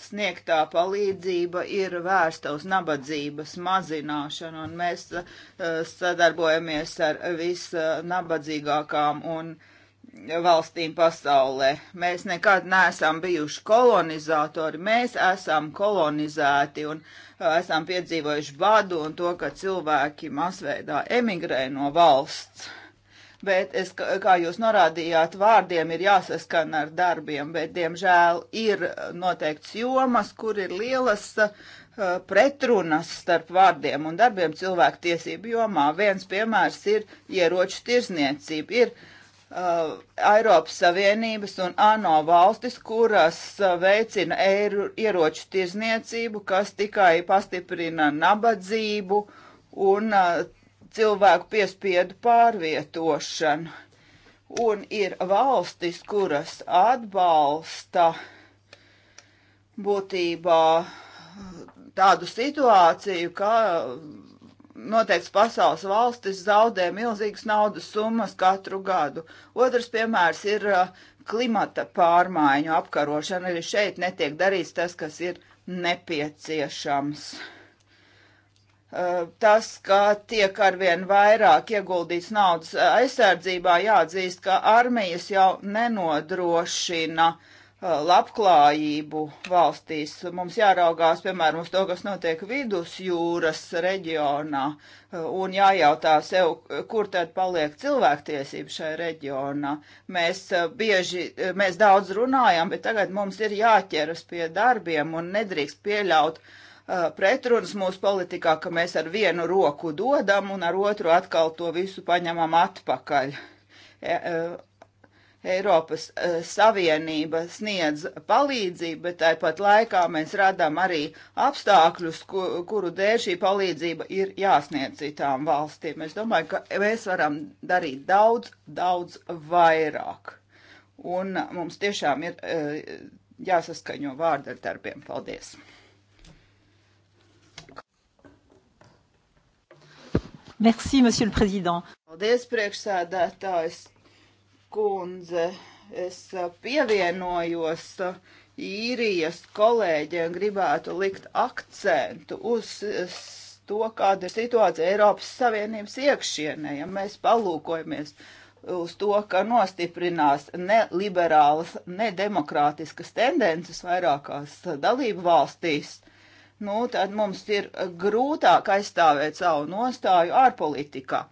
sniegtā palīdzība ir vērsta uz nabadzības mazināšanu, un mēs uh, sadarbojamies ar visnabadzīgākām un valstīm pasaulē. Mēs nekad neesam bijuši kolonizatori, mēs esam kolonizēti un uh, esam piedzīvojuši badu un to, ka cilvēki masveidā emigrē no valsts bet es, kā jūs norādījāt, vārdiem ir jāsaskan ar darbiem, bet, diemžēl, ir noteikts jomas, kur ir lielas uh, pretrunas starp vārdiem un darbiem cilvēku tiesību jomā. Viens piemērs ir ieroču tirzniecība. Ir uh, Eiropas Savienības un ANO valstis, kuras uh, veicina eiru, ieroču tirzniecību, kas tikai pastiprina nabadzību un uh, cilvēku piespiedu pārvietošanu. Un ir valstis, kuras atbalsta būtībā tādu situāciju, ka noteikts pasaules valstis zaudē milzīgas naudas summas katru gadu. Otrs piemērs ir uh, klimata pārmaiņu apkarošana. Arī šeit netiek darīts tas, kas ir nepieciešams. Eh, tas, ka tiek arvien vairāk ieguldīts naudas aizsardzībā, jāatzīst, ka armijas jau nenodrošina eh, labklājību valstīs. Mums jāraugās, piemēram, uz to, kas notiek vidusjūras reģionā, eh, un jājautā sev, kur tad paliek cilvēktiesība šajā reģionā. Mēs bieži, mēs daudz runājam, bet tagad mums ir jāķeras pie darbiem un nedrīkst pieļaut uh, Uh, pretrunas mūsu politikā, ka mēs ar vienu roku dodam un ar otru atkal to visu paņemam atpakaļ. E, e, Eiropas e, Savienība sniedz palīdzību, bet tāpat laikā mēs radām arī apstākļus, ku, kuru dēļ šī palīdzība ir jāsniedz citām valstīm. Es domāju, ka mēs varam darīt daudz, daudz vairāk. Un mums tiešām ir e, jāsaskaņo vārdu ar darbiem. Paldies! Merci, monsieur le président. Paldies, priekšsēdētājs kundze. Es pievienojos īrijas kolēģiem gribētu likt akcentu uz to, kāda ir situācija Eiropas Savienības iekšienē. Ja mēs palūkojamies uz to, ka nostiprinās neliberālas, nedemokrātiskas tendences vairākās dalību valstīs, nu, tad mums ir grūtāk aizstāvēt savu nostāju ārpolitikā.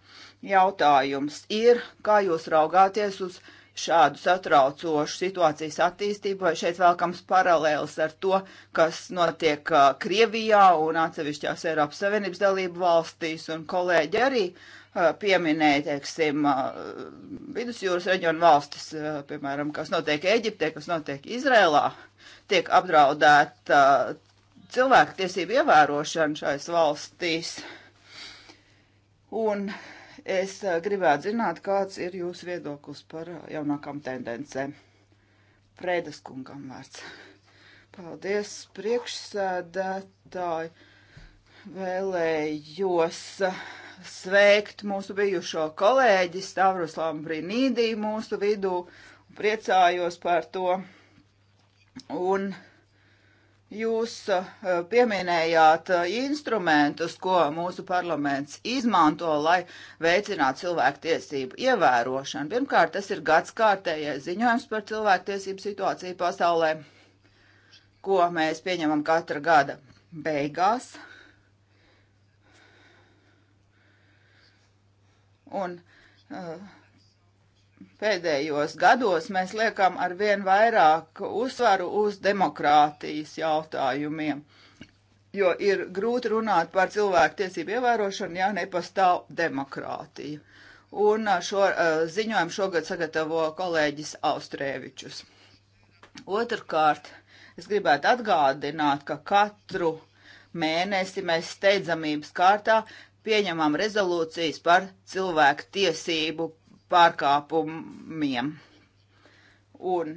Jautājums ir, kā jūs raugāties uz šādu satraucošu situācijas attīstību, vai šeit vēlkams paralēlis ar to, kas notiek uh, Krievijā un atsevišķās Eiropas Savienības dalību valstīs, un kolēģi arī uh, pieminēja, teiksim, uh, vidusjūras reģionu valstis, uh, piemēram, kas notiek Eģiptē, kas notiek Izrēlā, tiek apdraudēta cilvēktiesību ievērošanu šais valstīs. Un es eh, gribētu zināt, kāds ir jūsu viedoklis par eh, jaunākām tendencēm. Prēdas kungam vārds. Paldies, priekšsēdētāji. Vēlējos eh, sveikt mūsu bijušo kolēģi Stavros Lambrinīdī mūsu vidū. Priecājos par to. Un Jūs eh, pieminējāt eh, instrumentus, ko mūsu parlaments izmanto, lai veicinātu cilvēktiesību ievērošanu. Pirmkārt, tas ir gads kārtējais ziņojums par cilvēktiesību situāciju pasaulē, ko mēs pieņemam katra gada beigās. Un uh, pēdējos gados mēs liekam ar vien vairāk uzsvaru uz demokrātijas jautājumiem, jo ir grūti runāt par cilvēku tiesību ievērošanu, ja nepastāv demokrātija. Un šo eh, ziņojumu šogad sagatavo kolēģis Austrēvičus. Otrkārt, es gribētu atgādināt, ka katru mēnesi mēs steidzamības kārtā pieņemam rezolūcijas par cilvēku tiesību pārkāpumiem. Un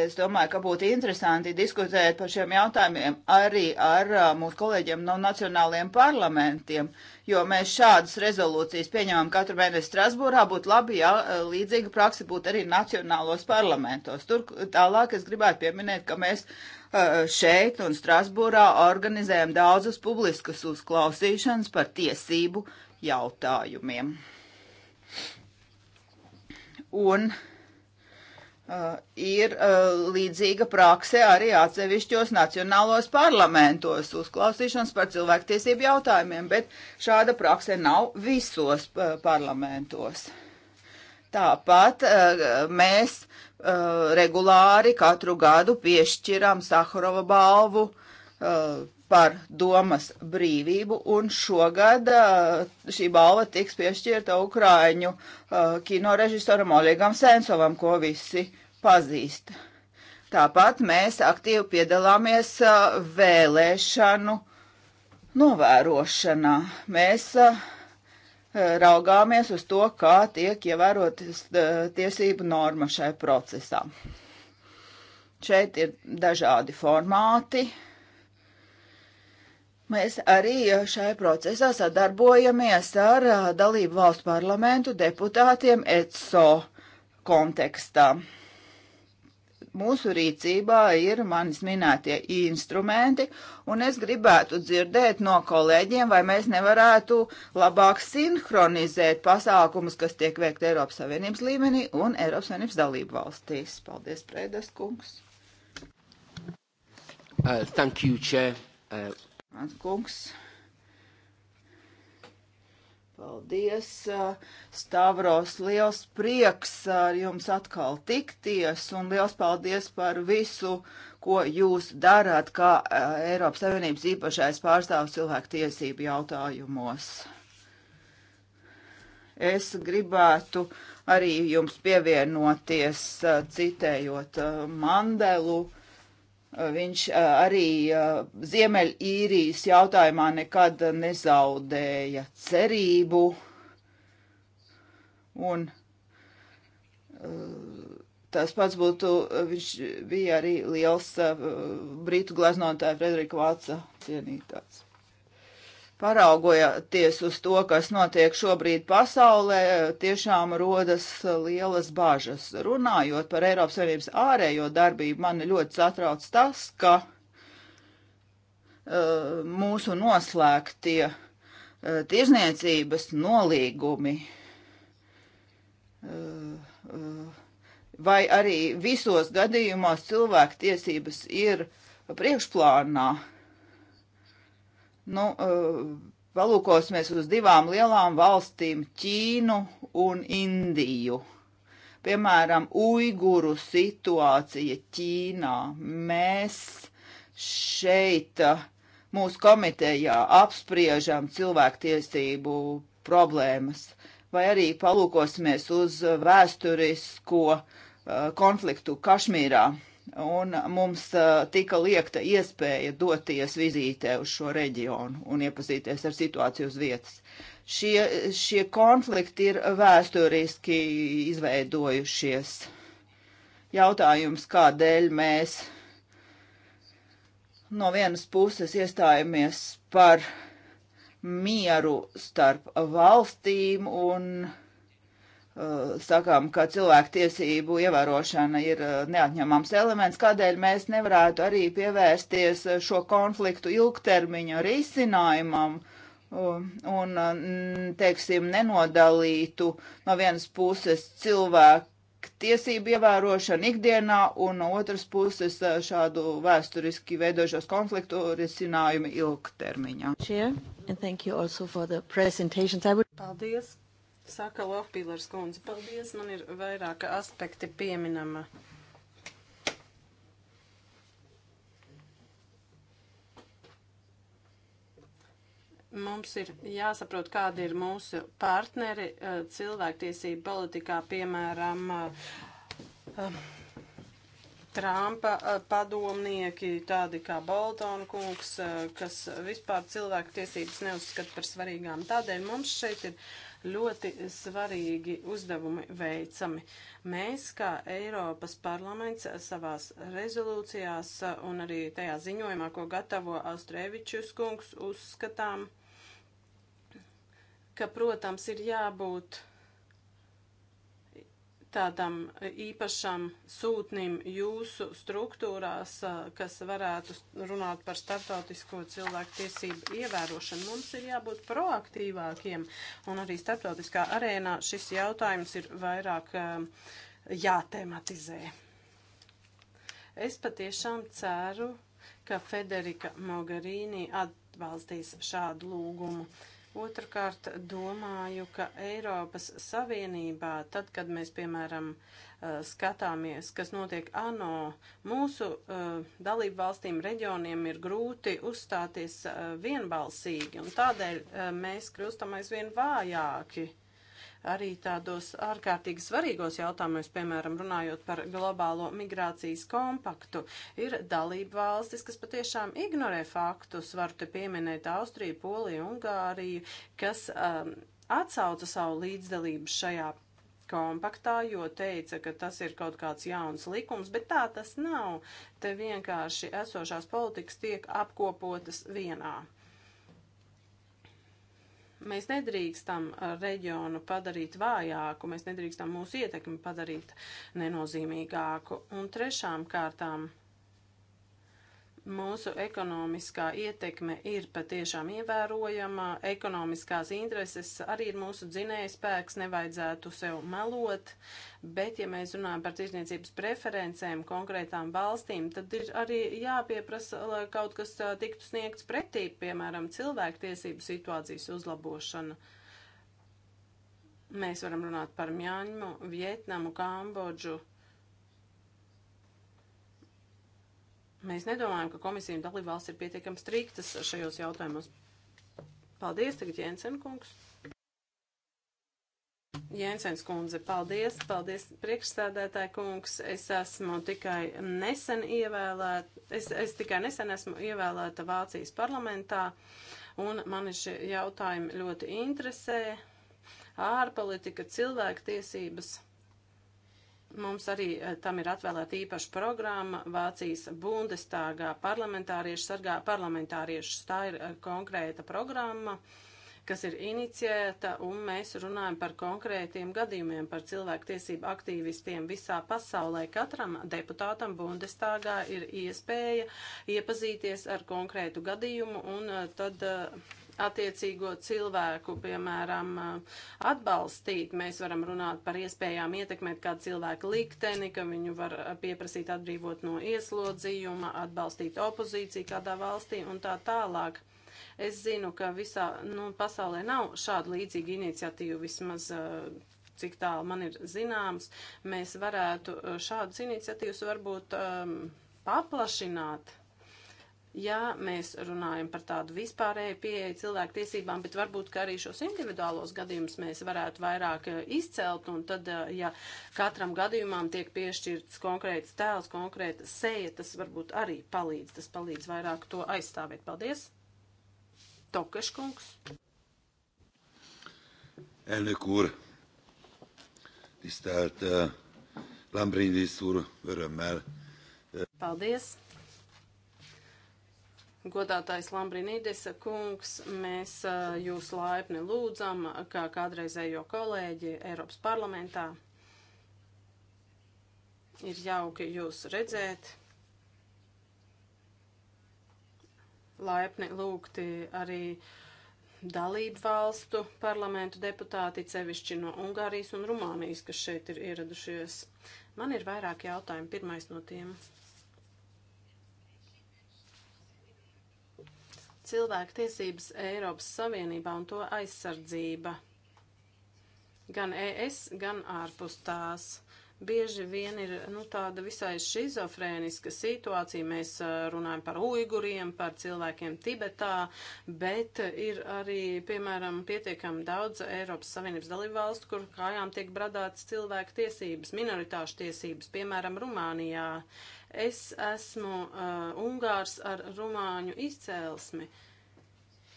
es domāju, ka būtu interesanti diskutēt par šiem jautājumiem arī ar mūsu kolēģiem no nacionālajiem parlamentiem, jo mēs šādas rezolūcijas pieņemam katru mēnesi Strasbūrā, būtu labi, ja līdzīga praksa būtu arī nacionālos parlamentos. Tur tālāk es gribētu pieminēt, ka mēs šeit un Strasbūrā organizējam daudzus publiskus uzklausīšanas par tiesību jautājumiem un uh, ir uh, līdzīga prakse arī atsevišķos nacionālos parlamentos uzklausīšanas par cilvēktiesību jautājumiem, bet šāda prakse nav visos uh, parlamentos. Tāpat uh, mēs uh, regulāri katru gadu piešķiram Saharova balvu uh, par domas brīvību, un šogad eh, šī balva tiks piešķirta Ukrāņu eh, kinorežisoram Oļegam Sensovam, ko visi pazīst. Tāpat mēs aktīvi piedalāmies eh, vēlēšanu novērošanā. Mēs raugāmies uz to, kā tiek ievērotas tiesību norma šai procesā. Šeit ir dažādi formāti, uh, Mēs arī eh, šajā procesā sadarbojamies ar eh, dalību valstu parlamentu deputātiem ECO kontekstā. Mūsu rīcībā ir manis minētie instrumenti, un es gribētu dzirdēt no kolēģiem, vai mēs nevarētu labāk sinhronizēt pasākumus, kas tiek veikt Eiropas Savienības līmenī un Eiropas Savienības dalību valstīs. Paldies, Prēdas kungs! Uh, thank you, Chair. Uh... Kungs. Paldies, Stavros, liels prieks ar jums atkal tikties un liels paldies par visu, ko jūs darāt, kā Eiropas Savienības īpašais pārstāvs cilvēku tiesību jautājumos. Es gribētu arī jums pievienoties, citējot Mandelu Viņš arī Ziemeļīrijas jautājumā nekad nezaudēja cerību un tas pats būtu, viņš bija arī liels uh, britu gleznotāja Frederika Vāca cienītājs paraugoties uz to, kas notiek šobrīd pasaulē, tiešām rodas lielas bažas. Runājot par Eiropas Savienības ārējo darbību, man ļoti satrauc tas, ka uh, mūsu noslēgtie uh, tirzniecības nolīgumi uh, uh vai arī visos gadījumos cilvēktiesības ir priekšplānā Nu, eh, palūkosimies uz divām lielām valstīm - Ķīnu un Indiju. Piemēram, uiguru situācija Ķīnā. Mēs šeit eh, mūsu komitejā apspriežam cilvēktiesību problēmas, vai arī palūkosimies uz vēsturisko uh, konfliktu Kašmīrā Un mums tika liekta iespēja doties vizītē uz šo reģionu un iepazīties ar situāciju uz vietas. Šie, šie konflikti ir vēsturiski izveidojušies. Jautājums, kādēļ mēs no vienas puses iestājamies par mieru starp valstīm un valstīm, Eh, sakām, ka cilvēktiesību ievērošana ir eh, neatņemams elements, kādēļ mēs nevarētu arī pievērsties eh, šo konfliktu ilgtermiņa risinājumam um, un, teiksim, nenodalītu no vienas puses cilvēku tiesību ievērošanu ikdienā un no otras puses šādu vēsturiski veidojušos konfliktu risinājumu ilgtermiņā. Paldies Saka Lohpīlers kundze, paldies, man ir vairāka aspekti pieminama. Mums ir jāsaprot, kādi ir mūsu partneri eh, cilvēktiesību politikā, piemēram, eh, eh, Trumpa padomnieki, tādi kā Boltona kungs, kas vispār cilvēku tiesības neuzskata par svarīgām. Tādēļ mums šeit ir ļoti svarīgi uzdevumi veicami. Mēs, kā Eiropas parlaments, savās rezolūcijās un arī tajā ziņojumā, ko gatavo Austrēvičus kungs, uzskatām, ka, protams, ir jābūt tādam īpašam sūtnim jūsu struktūrās, kas varētu runāt par starptautisko cilvēku tiesību ievērošanu. Mums ir jābūt proaktīvākiem, un arī starptautiskā arēnā šis jautājums ir vairāk jātematizē. Es patiešām ceru, ka Federika Mogherini atbalstīs šādu lūgumu. Uh, Otrakārt, domāju, ka Eiropas Savienībā, tad, kad mēs, piemēram, skatāmies, kas notiek ANO, mūsu dalību valstīm, reģioniem ir grūti uzstāties vienbalsīgi, un tādēļ mēs kļūstam aizvien vājāki arī tādos ārkārtīgi svarīgos jautājumos, piemēram, runājot par globālo migrācijas kompaktu, ir dalība valstis, kas patiešām ignorē faktus. Varu te pieminēt Austriju, Poliju, Ungāriju, kas um, atsauca savu līdzdalību šajā kompaktā, jo teica, ka tas ir kaut kāds jauns likums, bet tā tas nav. Te vienkārši esošās politikas tiek apkopotas vienā. Mēs nedrīkstam uh, reģionu padarīt vājāku, mēs nedrīkstam mūsu ietekmi padarīt nenozīmīgāku. Un trešām kārtām Mūsu ekonomiskā ietekme ir patiešām ievērojama, ekonomiskās intereses arī ir mūsu dzinējspēks, nevajadzētu sev melot, bet ja mēs runājam par tirzniecības preferencēm konkrētām valstīm, tad ir arī jāpieprasa, lai kaut kas tiktu sniegts pretī, piemēram, cilvēktiesību situācijas uzlabošana. Mēs varam runāt par Mjaņmu, Vietnamu, Kambodžu Mēs nedomājam, ka komisija un dalībvalsts ir pietiekami striktas šajos jautājumos. Paldies, tagad Jensen kungs. Jensens kundze, paldies, paldies priekšstādētāji kungs. Es esmu tikai nesen ievēlēta, es, es tikai nesen esmu ievēlēta Vācijas parlamentā, un mani šie jautājumi ļoti interesē. Ārpolitika, cilvēktiesības. tiesības Mums arī eh, tam ir atvēlēta īpaša programma Vācijas Bundestāgā parlamentāriešu sargā parlamentāriešus. Tā ir eh, konkrēta programma, kas ir inicijēta, un mēs runājam par konkrētiem gadījumiem, par cilvēktiesību aktīvistiem visā pasaulē. Katram deputātam Bundestāgā ir iespēja iepazīties ar konkrētu gadījumu un eh, tad. Uh, attiecīgo cilvēku, piemēram, atbalstīt. Mēs varam runāt par iespējām ietekmēt kādu cilvēku likteni, ka viņu var pieprasīt atbrīvot no ieslodzījuma, atbalstīt opozīciju kādā valstī un tā tālāk. Es zinu, ka visā nu, pasaulē nav šāda līdzīga iniciatīva vismaz eh, cik tālu man ir zināms, mēs varētu eh, šādas iniciatīvas varbūt um, paplašināt ja mēs runājam par tādu vispārēju pieeju cilvēku tiesībām, bet varbūt, ka arī šos individuālos gadījumus mēs varētu vairāk eh, izcelt, un tad, eh, ja katram gadījumam tiek piešķirts konkrēts tēls, konkrēta seja, tas varbūt arī palīdz, tas palīdz vairāk to aizstāvēt. Paldies! Tokeškungs! Elnök úr, tisztelt uh, eh, Lambrindis úr, örömmel. Uh... Paldies! Godātais Lambrinīdis kungs, mēs jūs laipni lūdzam, kā kādreizējo kolēģi Eiropas parlamentā. Ir jauki jūs redzēt. Laipni lūgti arī dalību valstu parlamentu deputāti, cevišķi no Ungārijas un Rumānijas, kas šeit ir ieradušies. Man ir vairāk jautājumu. Pirmais no tiem. cilvēku tiesības Eiropas Savienībā un to aizsardzība gan ES, gan ārpus tās bieži vien ir nu, tāda visai šizofrēniska situācija. Mēs runājam par uiguriem, par cilvēkiem Tibetā, bet ir arī, piemēram, pietiekami daudz Eiropas Savienības dalību valstu, kur kājām tiek bradātas cilvēku tiesības, minoritāšu tiesības, piemēram, Rumānijā. Es esmu uh, Ungārs ar rumāņu izcēlesmi. Uh,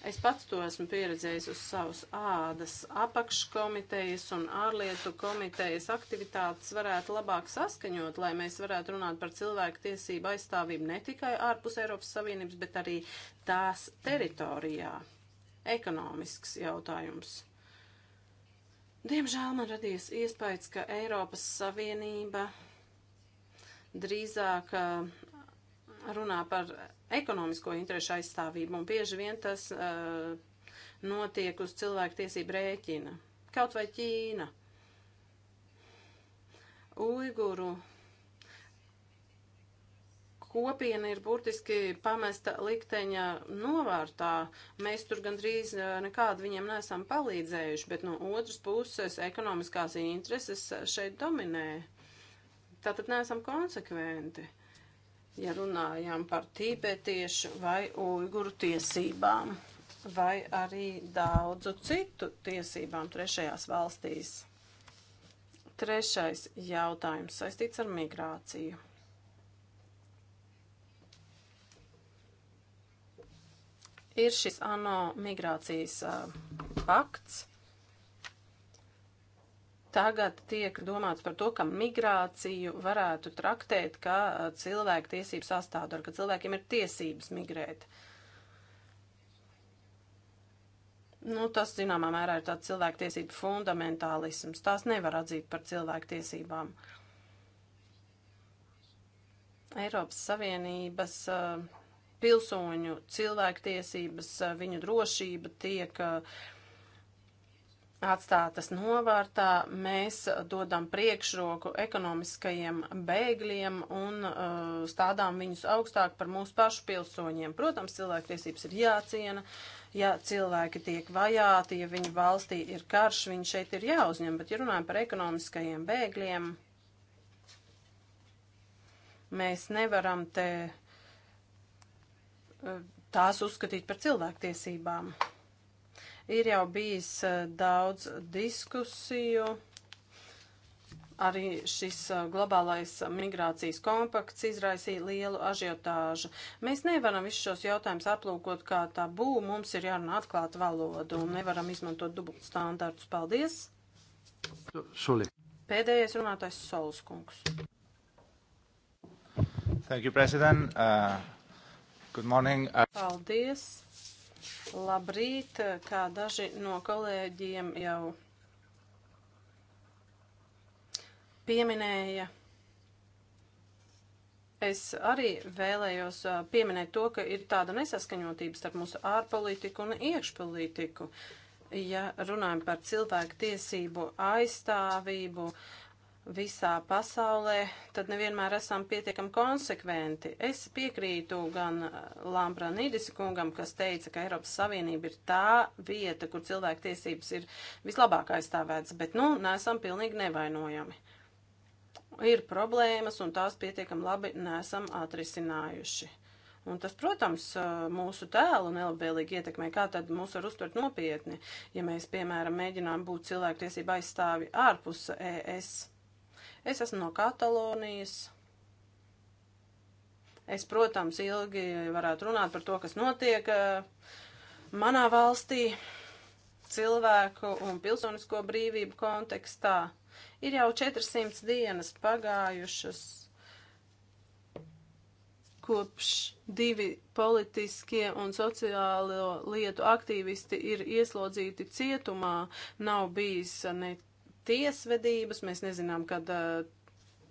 Es pats to esmu pieredzējis uz savas ādas apakškomitejas un ārlietu komitejas aktivitātes varētu labāk saskaņot, lai mēs varētu runāt par cilvēku tiesību aizstāvību ne tikai ārpus Eiropas Savienības, bet arī tās teritorijā. Ekonomisks jautājums. Diemžēl man radies iespējas, ka Eiropas Savienība drīzāk uh, runā par ekonomisko interešu aizstāvību, un bieži vien tas uh, notiek uz cilvēku tiesību rēķina. Kaut vai Ķīna. Uiguru kopiena ir burtiski pamesta likteņa novārtā. Mēs tur gandrīz uh, nekādu viņiem nesam palīdzējuši, bet no otras puses ekonomiskās intereses šeit dominē. Tātad neesam konsekventi ja runājam par tībetiešu vai uiguru tiesībām, vai arī daudzu citu tiesībām trešajās valstīs. Trešais jautājums saistīts ar migrāciju. Ir šis ANO migrācijas uh, pakts, Tagad tiek domāts par to, ka migrāciju varētu traktēt kā cilvēku tiesību sastāvdaļu, ka cilvēkiem ir tiesības migrēt. Nu, tas, zināmā mērā, ir tāds cilvēktiesību fundamentālisms. Tās nevar atzīt par cilvēktiesībām. Eiropas Savienības uh, pilsoņu cilvēktiesības, uh, viņu drošība tiek uh, atstātas novārtā, mēs dodam priekšroku ekonomiskajiem bēgļiem un uh, stādām viņus augstāk par mūsu pašu pilsoņiem. Protams, cilvēktiesības ir jāciena, ja cilvēki tiek vajāti, ja viņu valstī ir karš, viņi šeit ir jāuzņem, bet ja runājam par ekonomiskajiem bēgļiem, mēs nevaram te uh, tās uzskatīt par cilvēktiesībām. Ir jau bijis eh, daudz diskusiju. Arī šis eh, globālais migrācijas kompakts izraisīja lielu ažiotāžu. Mēs nevaram visus šos jautājumus aplūkot kā tabū, mums ir jārunā atklāt valodu un nevaram izmantot dubultstandārtus. Paldies! Šulī. Pēdējais runātājs Solis kungs. Thank you, President. Uh, good morning. Uh, Paldies. Labrīt, kā daži no kolēģiem jau pieminēja. Es arī vēlējos uh, pieminēt to, ka ir tāda nesaskaņotība starp mūsu ārpolitiku un iekšpolitiku. Ja runājam par cilvēku tiesību aizstāvību, uh, visā pasaulē, tad nevienmēr esam pietiekami konsekventi. Es piekrītu gan uh, Lambra Nīdis kungam, kas teica, ka Eiropas Savienība ir tā vieta, kur cilvēktiesības ir vislabāk aizstāvētas, bet, nu, neesam pilnīgi nevainojami. Ir problēmas, un tās pietiekami labi neesam atrisinājuši. Un tas, protams, uh, mūsu tēlu nelabvēlīgi ietekmē, kā tad mūs var uztvert nopietni, ja mēs, piemēram, mēģinām būt cilvēktiesība aizstāvi ārpus ES. Es esmu no Katalonijas. Es, protams, ilgi varētu runāt par to, kas notiek eh, manā valstī cilvēku un pilsonisko brīvību kontekstā. Ir jau 400 dienas pagājušas kopš divi politiskie un sociālo lietu aktīvisti ir ieslodzīti cietumā, nav bijis ne tiesvedības, mēs nezinām, kad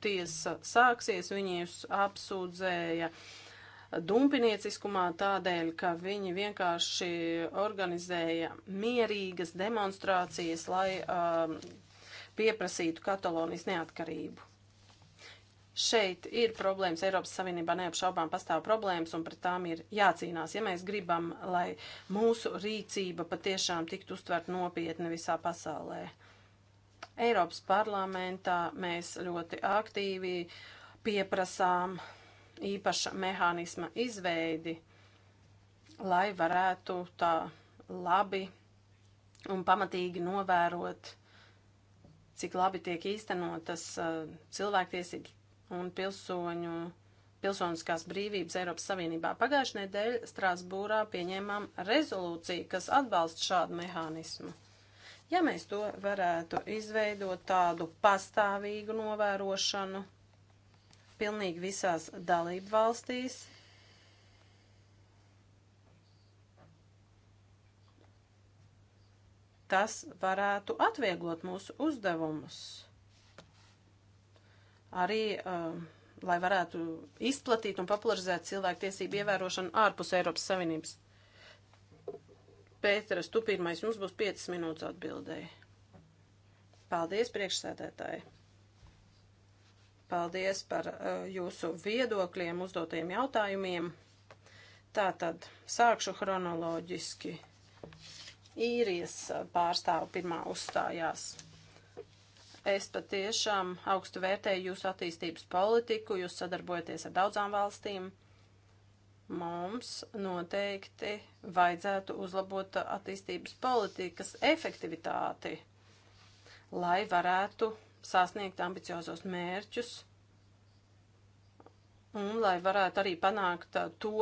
tiesa sāksies, viņus apsūdzēja dumpinieciskumā tādēļ, ka viņi vienkārši organizēja mierīgas demonstrācijas, lai um, pieprasītu Katalonijas neatkarību. Šeit ir problēmas, Eiropas Savienībā neapšaubām pastāv problēmas un pret tām ir jācīnās, ja mēs gribam, lai mūsu rīcība patiešām tiktu uztvert nopietni visā pasaulē. Uh, Eiropas parlamentā mēs ļoti aktīvi pieprasām īpaša mehānisma izveidi, lai varētu tā labi un pamatīgi novērot, cik labi tiek īstenotas uh, cilvēktiesības un pilsoņu pilsoniskās brīvības Eiropas Savienībā. Pagājušajā nedēļā Strasbūrā pieņēmām rezolūciju, kas atbalsta šādu mehānismu. Ja mēs to varētu izveidot tādu pastāvīgu novērošanu pilnīgi visās dalību valstīs, tas varētu atvieglot mūsu uzdevumus. Arī, uh, lai varētu izplatīt un popularizēt cilvēku tiesību ievērošanu ārpus Eiropas Savienības. Pēteras, tu pirmais, jums būs 5 minūtes atbildēji. Paldies, priekšsēdētāji! Paldies par uh, jūsu viedokļiem, uzdotajiem jautājumiem. Tātad sākšu chronoloģiski. Īrijas uh, pārstāvu pirmā uzstājās. Es patiešām augstu vērtēju jūsu attīstības politiku, jūs sadarbojaties ar daudzām valstīm mums noteikti vajadzētu uzlabot attīstības politikas efektivitāti, lai varētu sasniegt ambiciozos mērķus un lai varētu arī panākt uh, to,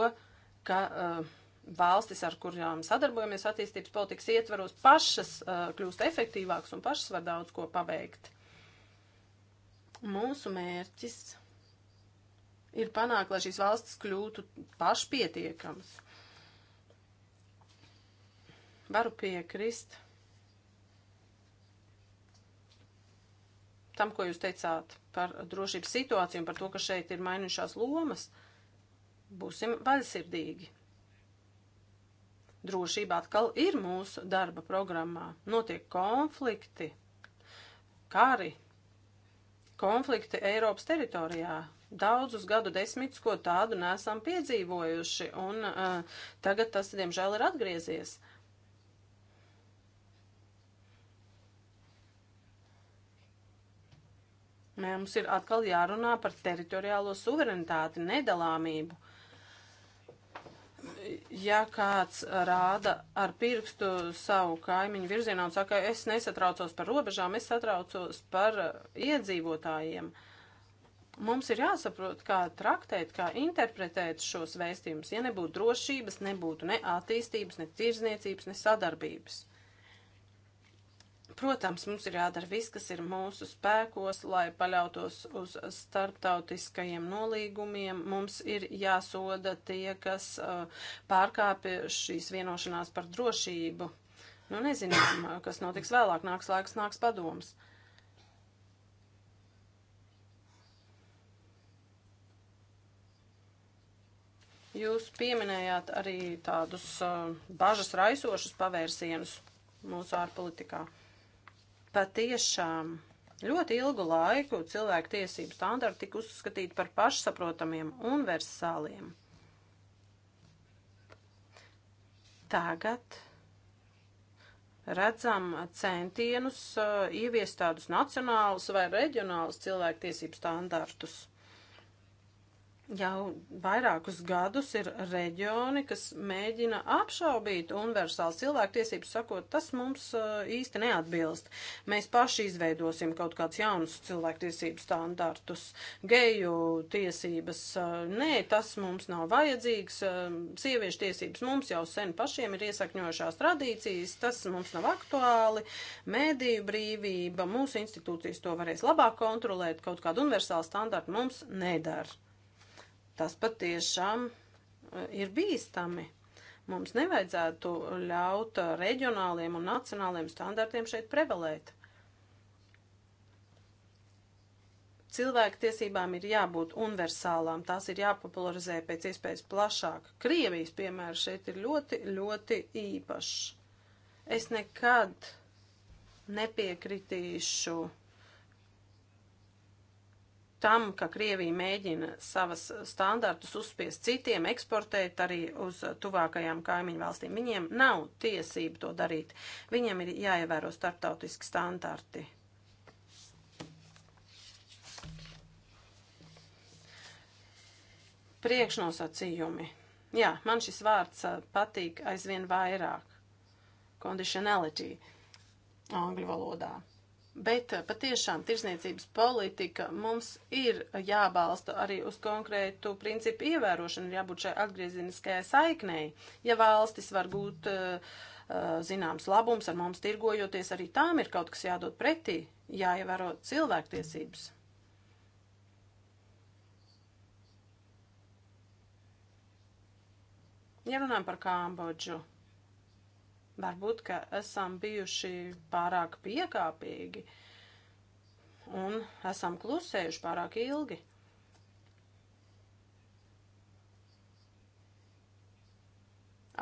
ka uh, valstis, ar kurām sadarbojamies attīstības politikas ietvaros, pašas uh, kļūst efektīvākas un pašas var daudz ko paveikt. Mūsu mērķis ir panākt, lai šīs valstis kļūtu pašpietiekamas. Varu piekrist tam, ko jūs teicāt par drošības situāciju un par to, ka šeit ir mainījušās lomas. Būsim vaļsirdīgi. Drošība atkal ir mūsu darba programmā. Notiek konflikti, kari, konflikti Eiropas teritorijā, daudzus gadu desmitus, ko tādu nesam piedzīvojuši, un uh, tagad tas, diemžēl, ir atgriezies. Nē, mums ir atkal jārunā par teritoriālo suverenitāti, nedalāmību ja kāds rāda ar pirkstu savu kaimiņu virzienā un saka, es nesatraucos par robežām, es satraucos par eh, iedzīvotājiem. Uh, Mums ir jāsaprot, kā traktēt, kā interpretēt šos vēstījumus. Ja nebūtu drošības, nebūtu ne attīstības, ne tirzniecības, ne sadarbības. Protams, mums ir jādara viss, kas ir mūsu spēkos, lai paļautos uz starptautiskajiem nolīgumiem. Mums ir jāsoda tie, kas uh, pārkāpja šīs vienošanās par drošību. Nu, nezinām, kas notiks vēlāk, nāks laiks, nāks padoms. Uh, Jūs pieminējāt arī tādus uh, bažas raisošus pavērsienus mūsu ārpolitikā. Patiešām ļoti ilgu laiku cilvēku tiesību standarti tika uzskatīti par pašsaprotamiem, universāliem. Tagad redzam centienus uh, ieviest tādus nacionālus vai reģionālus cilvēku tiesību standartus jau vairākus gadus ir reģioni, kas mēģina apšaubīt universāls cilvēktiesības, sakot, tas mums eh, īsti neatbilst. Mēs paši izveidosim kaut kādus jaunus cilvēktiesību standartus, geju tiesības, eh, nē, tas mums nav vajadzīgs, eh, sieviešu tiesības mums jau sen pašiem ir iesakņojušās tradīcijas, tas mums nav aktuāli, mēdīju brīvība, mūsu institūcijas to varēs labāk kontrolēt, kaut kādu universālu standartu mums nedara tas patiešām eh, ir bīstami. Mums nevajadzētu ļaut eh, reģionāliem un nacionāliem standartiem šeit prevalēt. Cilvēku tiesībām ir jābūt universālām, tās ir jāpopularizē pēc iespējas plašāk. Krievijas piemērs šeit ir ļoti, ļoti īpašs. Es nekad nepiekritīšu tam, ka Krievija mēģina savas standartus uzspiest citiem, eksportēt arī uz tuvākajām kaimiņu valstīm. Viņiem nav tiesību to darīt. Viņiem ir jāievēro starptautiski standarti. Priekšnosacījumi. Jā, man šis vārds patīk aizvien vairāk. Conditionality angļu valodā. Bet eh, patiešām tirzniecības politika mums ir jābalsta arī uz konkrētu principu ievērošanu, jābūt šai atgrieziniskajai saiknei. Ja valstis var gūt uh, zināms labums ar mums tirgojoties, arī tām ir kaut kas jādod pretī, jāievēro cilvēktiesības. Ja runājam par Kambodžu. Varbūt, ka esam bijuši pārāk piekāpīgi un esam klusējuši pārāk ilgi.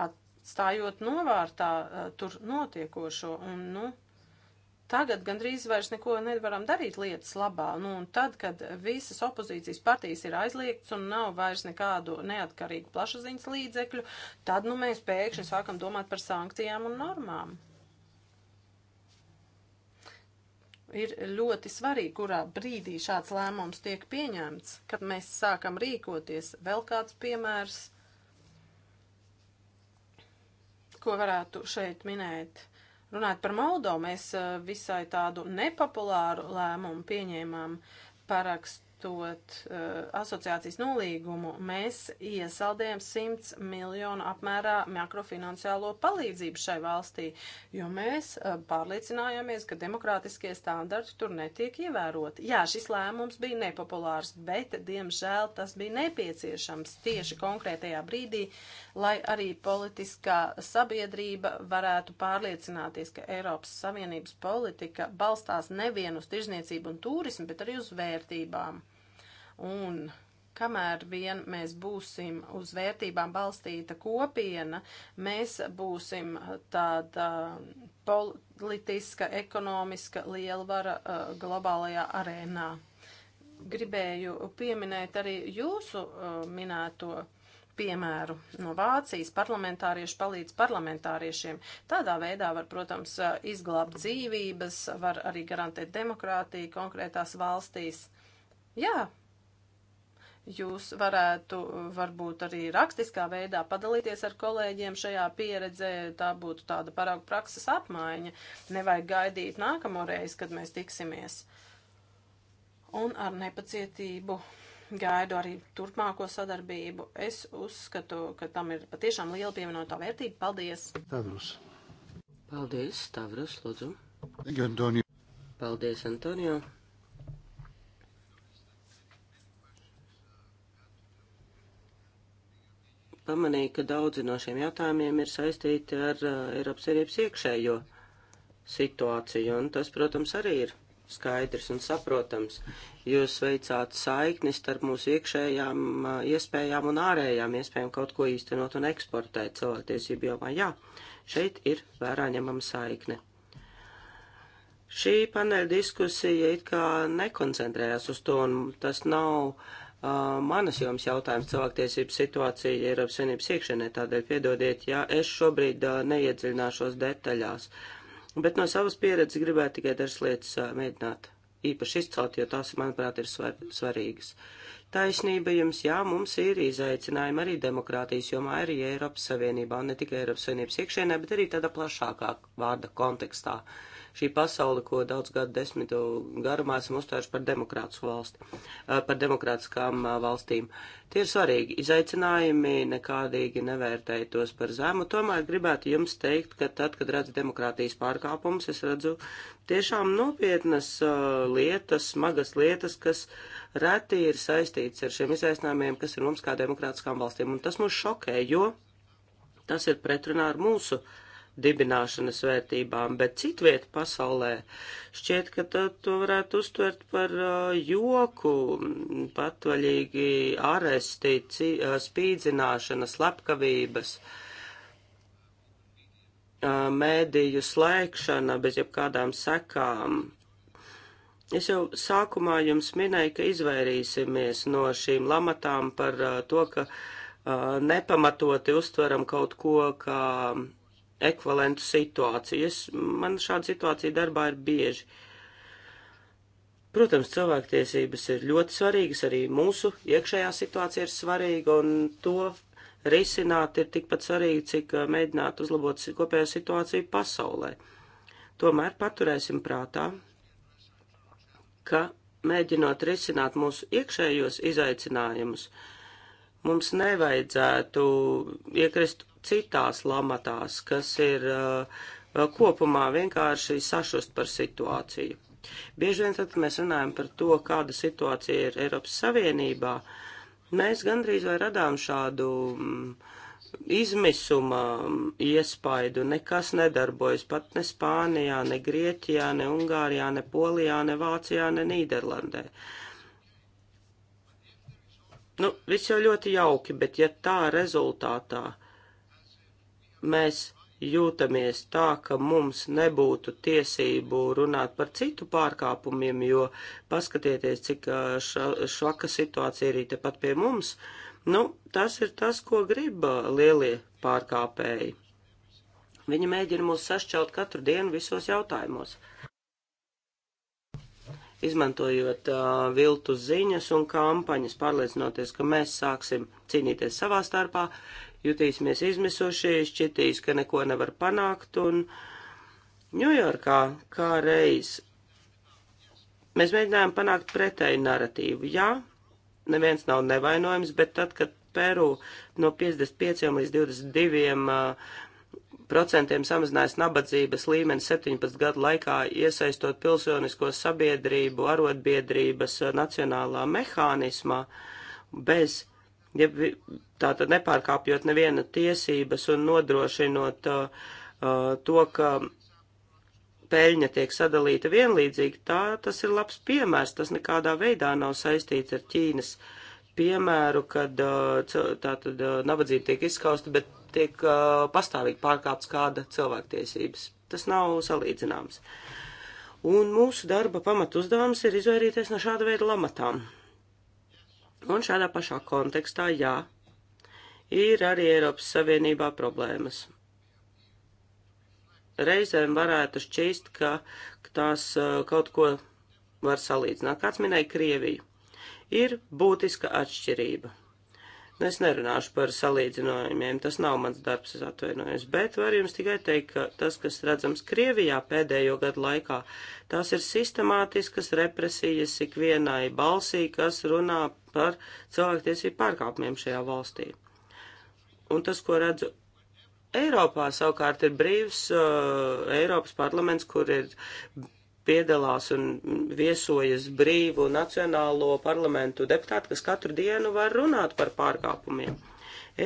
Atstājot novārtā eh, tur notiekošo un, nu, tagad gandrīz vairs neko nevaram darīt lietas labā. Nu, un tad, kad visas opozīcijas partijas ir aizliegts un nav vairs nekādu neatkarīgu plašsaziņas līdzekļu, tad nu, mēs pēkšņi sākam domāt par sankcijām un normām. Ir ļoti svarīgi, kurā brīdī šāds lēmums tiek pieņemts, kad mēs sākam rīkoties. Vēl kāds piemērs, ko varētu šeit minēt. Uh, Runāt par Moldovu, mēs eh, visai tādu nepopulāru lēmumu pieņēmām parakstu izmantot uh, asociācijas nolīgumu, mēs iesaldējam 100 miljonu apmērā makrofinanciālo palīdzību šai valstī, jo mēs uh, pārliecinājāmies, ka demokrātiskie standarti tur netiek ievēroti. Jā, šis lēmums bija nepopulārs, bet, diemžēl, tas bija nepieciešams tieši konkrētajā brīdī, lai arī politiskā sabiedrība varētu pārliecināties, ka Eiropas Savienības politika balstās nevien uz tirzniecību un turismu, bet arī uz vērtībām. Un kamēr vien mēs būsim uz vērtībām balstīta kopiena, mēs būsim tāda politiska, ekonomiska lielvara uh, globālajā arēnā. Gribēju pieminēt arī jūsu uh, minēto piemēru no Vācijas parlamentārieši palīdz parlamentāriešiem. Tādā veidā var, protams, uh, izglābt dzīvības, var arī garantēt demokrātiju konkrētās valstīs. Jā, jūs varētu uh, varbūt arī rakstiskā veidā padalīties ar kolēģiem šajā pieredzē, tā būtu tāda parauga prakses apmaiņa. Nevajag gaidīt nākamo reizi, kad mēs tiksimies. Un ar nepacietību gaidu arī turpmāko sadarbību. Es uzskatu, ka tam ir patiešām liela pievienotā vērtība. Paldies! Tavrus. Paldies, Tavrus, lūdzu! Paldies, Antonio! pamanīju, ka daudzi no šiem jautājumiem ir saistīti ar uh, Eiropas Savienības iekšējo situāciju, un tas, protams, arī ir skaidrs un saprotams. Jūs veicāt saikni starp mūsu iekšējām uh, iespējām un ārējām iespējām kaut ko īstenot un eksportēt cilvēktiesību jomā. Jā, šeit ir vērā ņemama saikne. Šī paneļa diskusija it kā nekoncentrējās uz to, un tas nav uh, Uh, manas jums jautājums cilvēktiesību situācija Eiropas Savienības iekšēnē, tādēļ piedodiet, ja es šobrīd uh, neiedziļināšos detaļās. Bet no savas pieredzes gribētu tikai dažas lietas uh, mēģināt īpaši izcelt, jo tās, manuprāt, ir svar, svarīgas. Taisnība jums, jā, mums ir izaicinājumi arī demokrātijas jomā, arī Eiropas Savienībā, un ne tikai Eiropas Savienības iekšēnē, bet arī tādā plašākā vārda kontekstā. Uh, šī pasaule, ko daudz gadu desmitu garumā esam uzstājuši par demokrātisku valsti, eh, par demokrātiskām eh, valstīm. Tie ir svarīgi. Izaicinājumi nekādīgi nevērtēja tos par zemu. Tomēr gribētu jums teikt, ka tad, kad redzu demokrātijas pārkāpumus, es redzu tiešām nopietnas eh, lietas, smagas lietas, kas reti ir saistīts ar šiem izaicinājumiem, kas ir mums kā demokrātiskām valstīm. Un tas mūs šokē, jo tas ir pretrunā ar mūsu uh, dibināšanas vērtībām, bet citvieta pasaulē šķiet, ka to varētu uztvert par joku, patvaļīgi aresti, spīdzināšana, slepkavības, mēdīju slēgšana bez jebkādām sekām. Es jau sākumā jums minēju, ka izvairīsimies no šīm lamatām par to, ka nepamatoti uztveram kaut ko kā ekvivalentu situācijas. Man šāda situācija darbā ir bieži. Protams, cilvēktiesības ir ļoti svarīgas, arī mūsu iekšējā situācija ir svarīga, un to risināt ir tikpat svarīgi, cik mēģināt uzlabot kopējo situāciju pasaulē. Tomēr paturēsim prātā, ka mēģinot risināt mūsu iekšējos izaicinājumus, mums nevajadzētu iekrist citās lamatās, kas ir vēl uh, kopumā vienkārši sašust par situāciju. Bieži vien, tad, kad mēs runājam par to, kāda situācija ir Eiropas Savienībā, mēs gandrīz vai radām šādu mm, izmisuma mm, iespaidu, nekas nedarbojas pat ne Spānijā, ne Grieķijā, ne Ungārijā, ne Polijā, ne Vācijā, ne Nīderlandē. Nu, viss jau ļoti jauki, bet ja tā rezultātā uh, mēs jūtamies tā, ka mums nebūtu tiesību runāt par citu pārkāpumiem, jo paskatieties, cik švaka situācija arī tepat pie mums. Nu, tas ir tas, ko grib lielie pārkāpēji. Viņi mēģina mūs sašķelt katru dienu visos jautājumos, izmantojot uh, viltus ziņas un kampaņas, pārliecinoties, ka mēs sāksim cīnīties savā starpā, jutīsimies izmisušie, šķitīs, ka neko nevar panākt, un Ņujorkā kā reiz mēs mēģinājām panākt pretēju naratīvu. Jā, neviens nav nevainojams, bet tad, kad Peru no 55 līdz 22 uh, procentiem samazinājis nabadzības līmeni 17 gadu laikā, iesaistot pilsonisko sabiedrību, arotbiedrības nacionālā mehānismā, bez ja tātad nepārkāpjot neviena tiesības un nodrošinot uh, uh, to, ka peļņa tiek sadalīta vienlīdzīgi, tā tas ir labs piemērs, tas nekādā veidā nav saistīts ar Ķīnas piemēru, kad uh, tātad uh, nabadzība tiek izskausta, bet tiek uh, pastāvīgi pārkāpts kāda cilvēktiesības. Tas nav salīdzināms. Un mūsu darba pamat uzdevums ir izvairīties no šāda veida lamatām. Un šādā pašā kontekstā, jā, ir arī Eiropas Savienībā problēmas. Reizēm varētu šķist, ka, ka tās uh, kaut ko var salīdzināt. Kāds minēja Krieviju. Ir būtiska atšķirība. Es nerunāšu par salīdzinājumiem, tas nav mans darbs, es atvainojos, bet varu jums tikai teikt, ka tas, kas redzams Krievijā pēdējo gadu laikā, tās ir sistemātiskas represijas ikvienai balsī, kas runā par cilvēktiesību pārkāpumiem šajā valstī. Un tas, ko redzu Eiropā, savukārt ir brīvs uh, Eiropas parlaments, kur ir piedalās un viesojas brīvu nacionālo parlamentu deputāti, kas katru dienu var runāt par pārkāpumiem.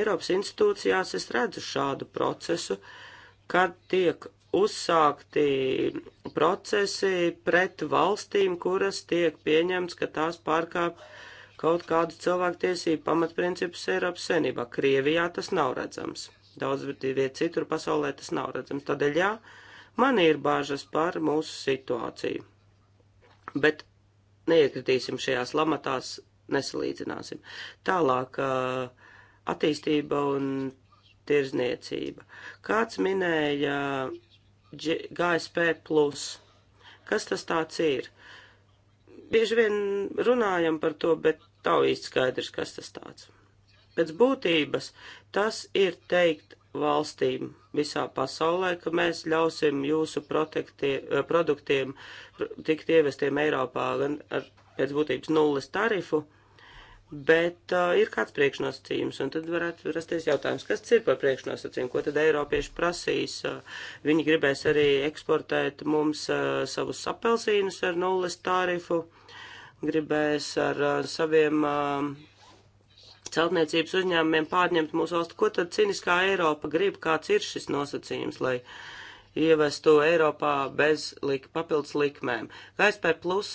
Eiropas institūcijās es redzu šādu procesu, kad tiek uzsākti procesi pret valstīm, kuras tiek pieņemts, ka tās pārkāp kaut kādu cilvēktiesību pamatprincipus Eiropas senībā. Krievijā tas nav redzams. Daudz viet citur pasaulē tas nav redzams. Tādēļ jā. Ja, Man ir bāžas par mūsu situāciju. Bet neiekritīsim šajās lamatās, nesalīdzināsim. Tālāk attīstība un tirzniecība. Kāds minēja GSP plus. Kas tas tāds ir? Bieži vien runājam par to, bet nav īsti skaidrs, kas tas tāds. Pēc būtības tas ir teikt valstīm visā pasaulē, ka mēs ļausim jūsu eh, produktiem tikt ievestiem Eiropā gan ar pēc būtības nulles tarifu, bet uh, ir kāds priekšnosacījums, un tad varētu rasties jautājums, kas ir par priekšnosacījumu, ko tad Eiropieši prasīs. Uh, viņi gribēs arī eksportēt mums uh, savus apelsīnus ar nulles tarifu, gribēs ar uh, saviem. Uh, celtniecības uzņēmumiem pārņemt mūsu valsti. Ko tad ciniskā Eiropa grib, kāds ir šis nosacījums, lai ievestu Eiropā bez lik, papildus likmēm? GSP plus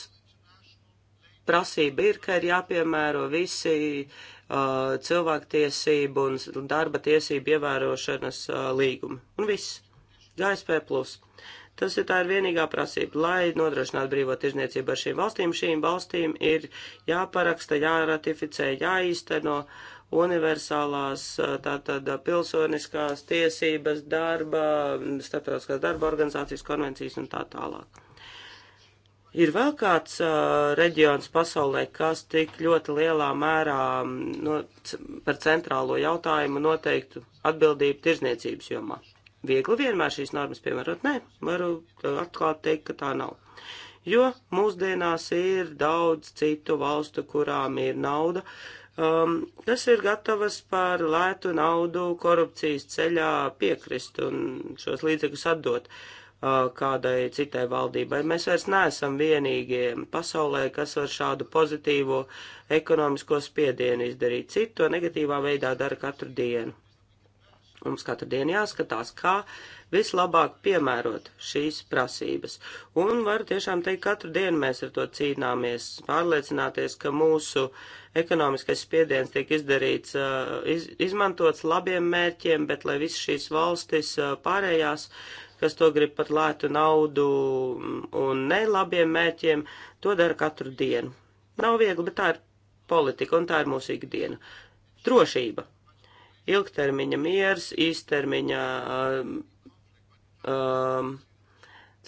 prasība ir, ka ir jāpiemēro visi uh, cilvēktiesību un darba tiesību ievērošanas uh, līgumi. Un viss. GSP plus. Uh, Tas ir tā ir vienīgā prasība, lai nodrošinātu brīvo tirzniecību ar šīm valstīm. Šīm valstīm ir jāparaksta, jāratificē, jāīsteno universālās tātad pilsoniskās tiesības, darba, starptautiskās darba organizācijas konvencijas un tā tālāk. Ir vēl kāds uh, reģions pasaulē, kas tik ļoti lielā mērā no, par centrālo jautājumu noteiktu atbildību tirzniecības jomā viegli vienmēr šīs normas piemērot. Nē, varu uh, atklāt teikt, ka tā nav. Jo mūsdienās ir daudz citu valstu, kurām ir nauda, um, kas ir gatavas par lētu naudu korupcijas ceļā piekrist un šos līdzekļus atdot uh, kādai citai valdībai. Mēs vairs neesam vienīgie pasaulē, kas var šādu pozitīvo ekonomisko spiedienu izdarīt. Cito negatīvā veidā dara katru dienu. Mums katru dienu jāskatās, kā vislabāk piemērot šīs prasības. Un varu tiešām teikt, katru dienu mēs ar to cīnāmies, pārliecināties, ka mūsu ekonomiskais spiediens tiek izdarīts, iz, izmantots labiem mērķiem, bet lai visas šīs valstis pārējās, kas to grib par lētu naudu un nelabiem mērķiem, to dara katru dienu. Nav viegli, bet tā ir politika un tā ir mūsu ikdiena. Drošība ilgtermiņa miers, īstermiņa um, um,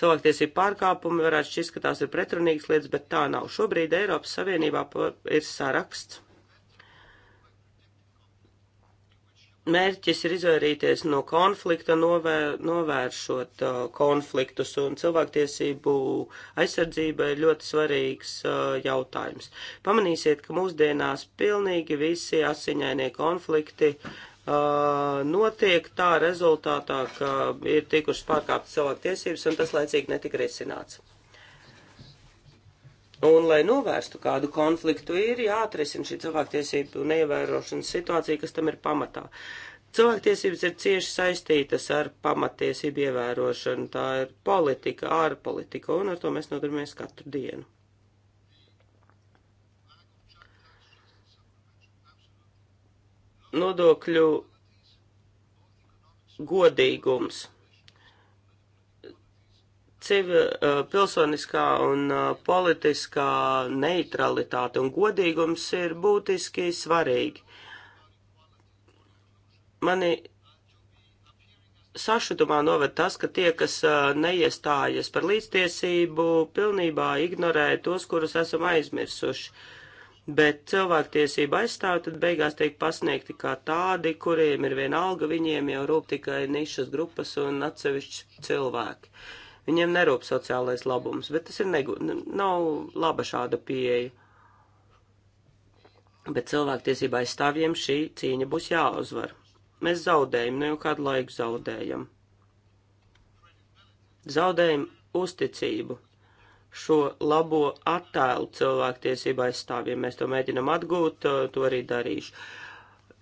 cilvēktiesību pārkāpumi varētu šķist, ka tās ir pretrunīgas lietas, bet tā nav. Šobrīd Eiropas Savienībā ir saraksts. Mērķis ir izvairīties no konflikta, novēr, novēršot uh, konfliktus, un cilvēktiesību aizsardzība ir ļoti svarīgs uh, jautājums. Pamanīsiet, ka mūsdienās pilnīgi visi asiņainie konflikti uh, Uh, notiek tā rezultātā, ka ir tikušas pārkāptas cilvēku tiesības un tas laicīgi netika risināts. Un, lai novērstu kādu konfliktu, ir jāatrisina šī cilvēktiesību neievērošanas situācija, kas tam ir pamatā. Cilvēktiesības ir cieši saistītas ar pamatiesību ievērošanu, tā ir politika, ārpolitika, un ar to mēs nodarbojamies katru dienu. nodokļu godīgums. Civi, eh, pilsoniskā un eh, politiskā neutralitāte un godīgums ir būtiski svarīgi. Mani sašutumā noved tas, ka tie, kas eh, neiestājas par līdztiesību, pilnībā ignorē tos, kurus esam aizmirsuši. Uh, bet cilvēktiesība aizstāvi tad beigās tiek pasniegti kā tādi, kuriem ir vienalga, viņiem jau rūp tikai nišas grupas un atsevišķi cilvēki. Viņiem nerūp sociālais labums, bet tas ir negu, nav laba šāda pieeja. Bet cilvēktiesība aizstāvjiem šī cīņa būs jāuzvar. Mēs zaudējam, nu jau kādu laiku zaudējam. Zaudējam uzticību šo labo attēlu cilvēktiesību aizstāvjiem. Mēs to mēģinam atgūt, eh, to arī darīšu.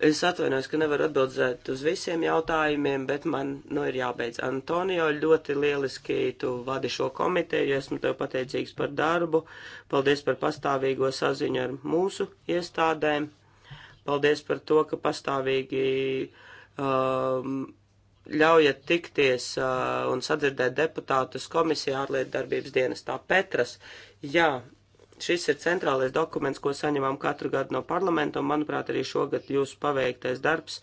Es atvainojos, ka nevaru atbildēt uz visiem jautājumiem, bet man nu, ir jābeidz. Antonio, ļoti lieliski tu vadi šo komiteju, esmu tev pateicīgs par darbu, paldies par pastāvīgo saziņu ar mūsu iestādēm, paldies par to, ka pastāvīgi um, ļaujat tikties uh, un sadzirdēt deputātus komisijā ārlietu darbības dienestā. Petras, jā, šis ir centrālais dokuments, ko saņemam katru gadu no parlamenta, un, manuprāt, arī šogad jūsu paveiktais darbs,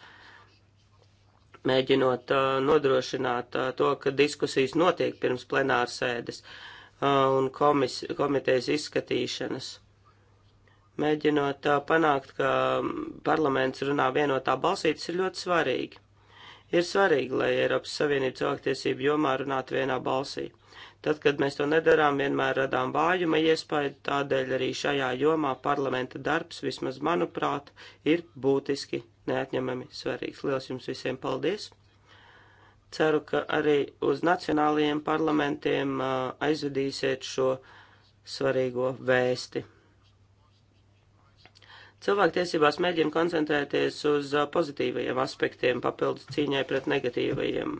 mēģinot uh, nodrošināt uh, to, ka diskusijas notiek pirms plenāras sēdes uh, un komis, komitejas izskatīšanas mēģinot panākt, ka parlaments runā vienotā balsī, tas ir ļoti svarīgi. Ir svarīgi, lai Eiropas Savienība cilvēktiesību jomā runātu vienā balsī. Tad, kad mēs to nedarām, vienmēr radām vājuma iespēju, tādēļ arī šajā jomā parlamenta darbs, vismaz manuprāt, ir būtiski neatņemami svarīgs. Lielas jums visiem paldies! Ceru, ka arī uz nacionālajiem parlamentiem aizvedīsiet šo svarīgo vēsti. Cilvēktiesībās mēģina koncentrēties uz pozitīvajiem aspektiem, papildus cīņai pret negatīvajiem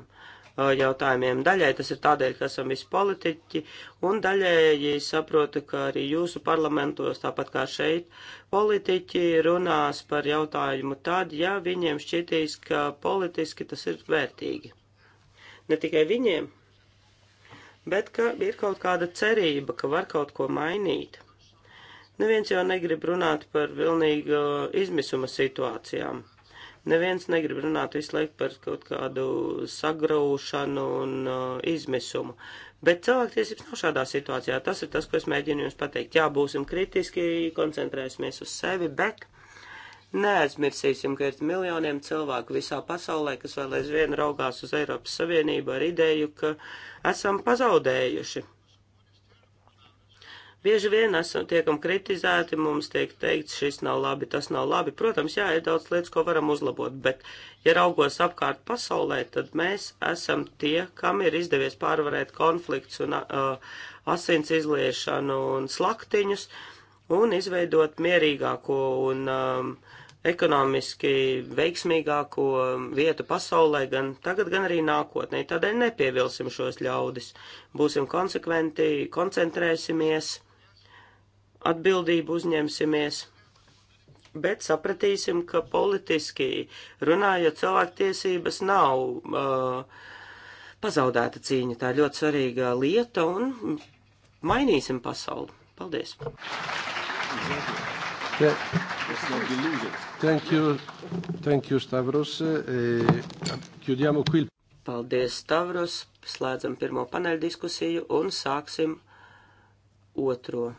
jautājumiem. Daļai tas ir tādēļ, ka esam visi politiķi, un daļēji saprotu, ka arī jūsu parlamentos, tāpat kā šeit, politiķi runās par jautājumu tad, ja viņiem šķitīs, ka politiski tas ir vērtīgi. Ne tikai viņiem, bet ka ir kaut kāda cerība, ka var kaut ko mainīt. Neviens jau negrib runāt par pilnīgu izmisuma situācijām. Neviens negrib runāt visu laiku par kaut kādu sagraušanu un uh, izmisumu. Bet cilvēktiesības nav šādā situācijā. Tas ir tas, ko es mēģinu jums pateikt. Jā, būsim kritiski, koncentrēsimies uz sevi, bet neaizmirsīsim, ka ir miljoniem cilvēku visā pasaulē, kas vēl aizvien raugās uz Eiropas Savienību ar ideju, ka esam pazaudējuši Bieži vien esam tiekam kritizēti, mums tiek teikts, šis nav labi, tas nav labi. Protams, jā, ir daudz lietas, ko varam uzlabot, bet, ja raugos apkārt pasaulē, tad mēs esam tie, kam ir izdevies pārvarēt konflikts un uh, asins izliešanu un slaktiņus un izveidot mierīgāko un um, ekonomiski veiksmīgāko vietu pasaulē gan tagad, gan arī nākotnē. Tādēļ nepievilsim šos ļaudis. Būsim konsekventi, koncentrēsimies atbildību uzņemsimies. Bet sapratīsim, ka politiski runājot, cilvēktiesības nav uh, pazaudēta cīņa. Tā ir ļoti svarīga lieta un mainīsim pasauli. Paldies! Thank you, thank you Stavros. Eh, chiudiamo qui il Paldies, Stavros! Slēdzam pirmo paneļdiskusiju un sāksim otro.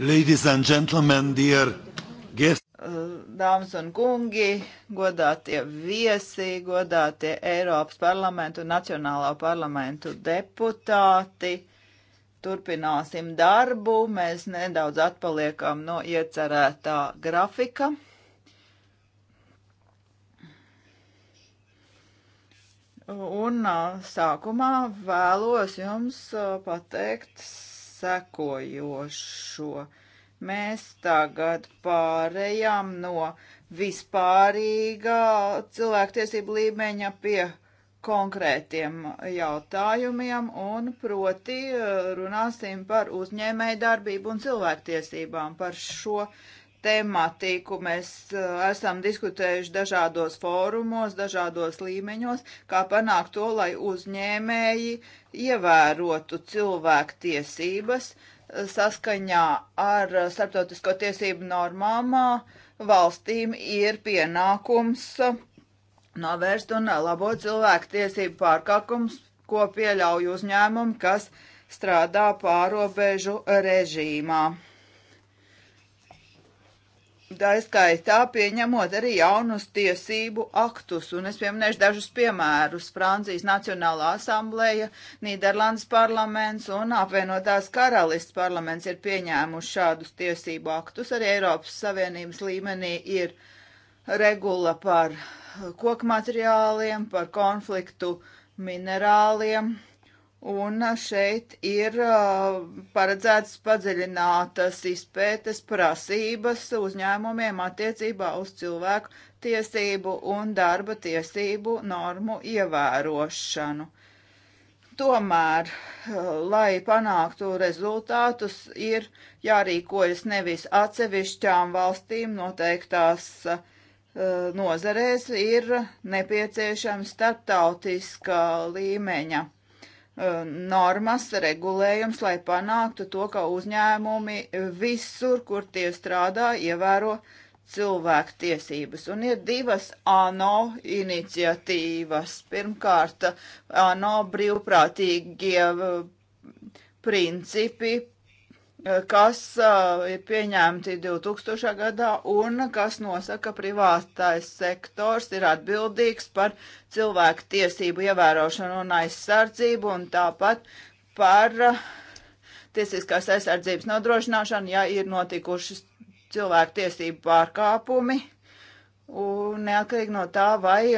Ladies and gentlemen, dear guests. Dāmas un kungi, godātie viesi, godātie Eiropas parlamentu un Nacionālā parlamentu deputāti. Turpināsim darbu. Mēs nedaudz atpaliekam no iecerētā grafika. Un sākumā vēlos jums pateikt sekojošo. Mēs tagad pārējām no vispārīgā cilvēktiesību līmeņa pie konkrētiem jautājumiem un proti eh, runāsim par uzņēmēju darbību un cilvēktiesībām, par šo uh, tematiku mēs eh, esam diskutējuši dažādos fórumos, dažādos līmeņos, kā panākt to, lai uzņēmēji ievērotu cilvēku tiesības eh, saskaņā ar starptautisko tiesību normām eh, valstīm ir pienākums novērst un labot cilvēku tiesību pārkāpums, ko pieļauj uzņēmumi, kas strādā pārobežu režīmā. Tā skaitā pieņemot arī jaunus tiesību aktus, un es pieminēšu dažus piemērus - Francijas Nacionālā asambleja, Nīderlandes parlaments un apvienotās karalists parlaments ir pieņēmuši šādus tiesību aktus. Arī Eiropas Savienības līmenī ir regula par kokmateriāliem, par konfliktu minerāliem Un uh, šeit ir uh, paredzētas padziļinātas izpētes prasības uzņēmumiem attiecībā uz cilvēku tiesību un darba tiesību normu ievērošanu. Tomēr, uh, lai panāktu rezultātus, ir jārīkojas nevis atsevišķām valstīm noteiktās uh, nozarēs, ir nepieciešama starptautiska līmeņa normas, regulējums, lai panāktu to, ka uzņēmumi visur, kur tie strādā, ievēro cilvēku tiesības. Un ir divas ANO iniciatīvas. Pirmkārt, ANO brīvprātīgie eh, principi kas uh, ir pieņemti 2000. gadā un kas nosaka, ka privātais sektors ir atbildīgs par cilvēku tiesību ievērošanu un aizsardzību un tāpat par uh, tiesiskās aizsardzības nodrošināšanu, ja ir notikušas cilvēku tiesību pārkāpumi Un neatkarīgi no tā, vai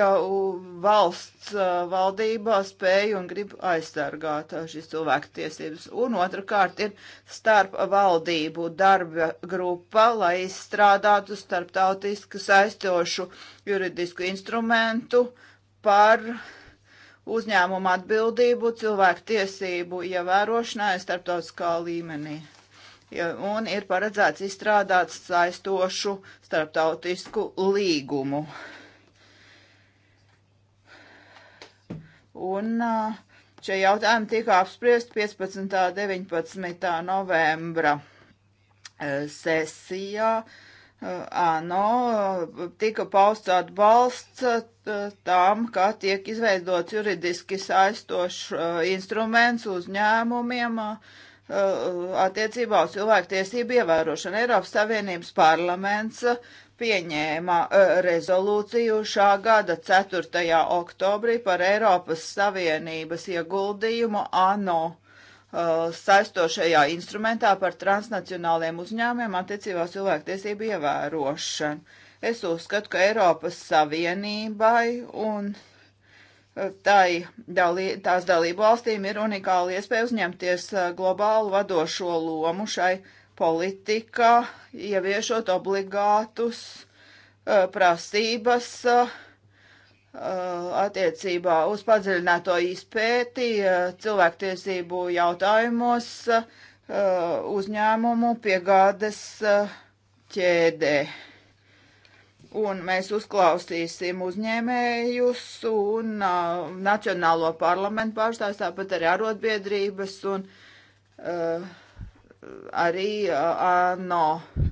valsts valdībā spēj un grib aizsargāt šīs cilvēku tiesības. Un otrkārt ir starp valdību darba grupa, lai izstrādātu starptautiski saistošu juridisku instrumentu par uzņēmumu atbildību cilvēku tiesību ievērošanai starptautiskā līmenī un ir paredzēts izstrādāt saistošu starptautisku līgumu. Un šie jautājumi tika apspriest 15. un 19. novembra sesijā. ANO tika pausts atbalsts tam, ka tiek izveidots juridiski saistošs instruments uzņēmumiem, uh, Uh, attiecībā uz cilvēktiesību ievērošanu. Eiropas Savienības parlaments pieņēma uh, rezolūciju šā gada 4. oktobrī par Eiropas Savienības ieguldījumu ANO uh, saistošajā instrumentā par transnacionāliem uzņēmiem attiecībā uz cilvēktiesību ievērošanu. Es uzskatu, ka Eiropas Savienībai un tai dalī, tās dalību valstīm ir unikāla iespēja uzņemties eh, globālu vadošo lomu šai politikā, ieviešot obligātus eh, prasības eh, attiecībā uz padziļināto izpēti cilvēktiesību jautājumos uzņēmumu piegādes ķēdē un mēs uzklausīsim uzņēmējus un uh, Nacionālo parlamentu pārstāvis, tāpat arī arotbiedrības un uh, arī uh, ANO uh,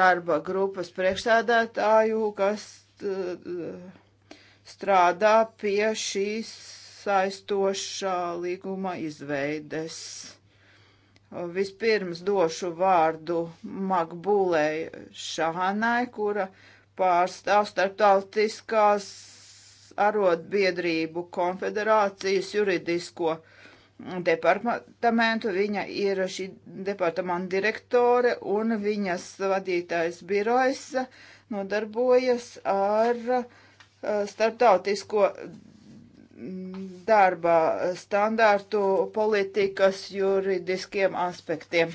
darba grupas priekšsēdētāju, kas uh, strādā pie šīs saistošā līguma izveides. Vispirms došu vārdu Makbūlei Šahanai, kura pārstāv starptautiskās arotbiedrību konfederācijas juridisko departamentu. Viņa ir šī departamenta direktore un viņas vadītājs birojs nodarbojas ar eh, starptautisko darba standārtu politikas juridiskiem aspektiem.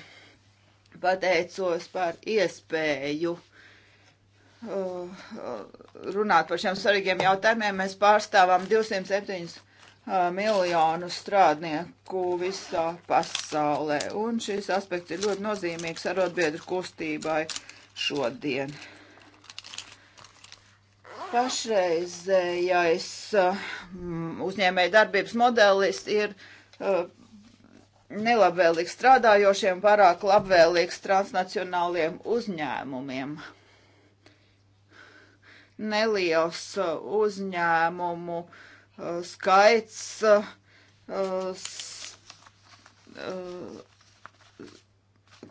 Pateicos par iespēju uh, runāt par šiem svarīgiem jautājumiem. Mēs pārstāvām 207 uh, miljonu strādnieku visā pasaulē. Un šis aspekts ir ļoti nozīmīgs arotbiedru kustībai šodien pašreizējais eh, uzņēmēja darbības modelis ir eh, nelabvēlīgs strādājošiem, pārāk labvēlīgs transnacionāliem uzņēmumiem. Neliels eh, uzņēmumu skaits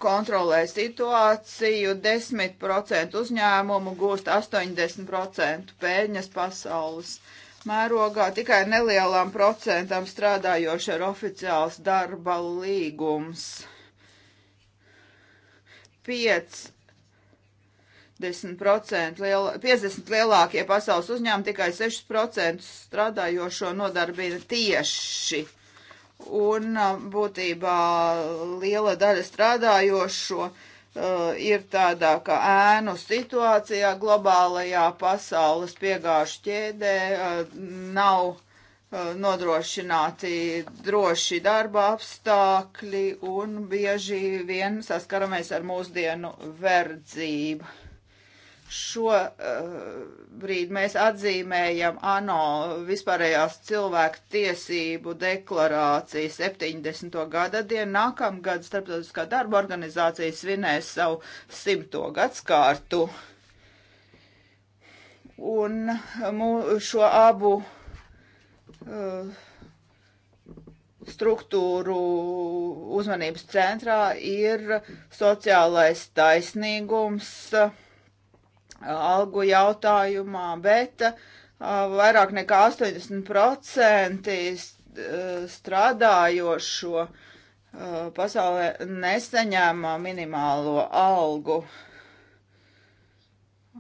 kontrolē situāciju, 10% uzņēmumu gūst 80% pēļņas pasaules mērogā, tikai nelielām procentam strādājoši ir oficiāls darba līgums. 5 50% liela, 50 lielākie pasaules uzņēmumi tikai 6% strādājošo nodarbina tieši uh, un uh, būtībā liela daļa strādājošo uh, ir tādā kā ēnu situācijā globālajā pasaules piegāžu ķēdē, uh, nav uh, nodrošināti droši darba apstākļi un bieži vien saskaramies ar mūsdienu verdzību. Šobrīd eh, mēs atzīmējam ANO vispārējās cilvēku tiesību deklarāciju 70. gada dienu. Nākamgad Starptautiskā darba organizācija svinēs savu simto gadskārtu. Un mū, šo abu uh, struktūru uzmanības centrā ir sociālais taisnīgums. Uh, algu jautājumā, bet uh, vairāk nekā 80% uh, strādājošo uh, pasaulē nesaņēma minimālo algu.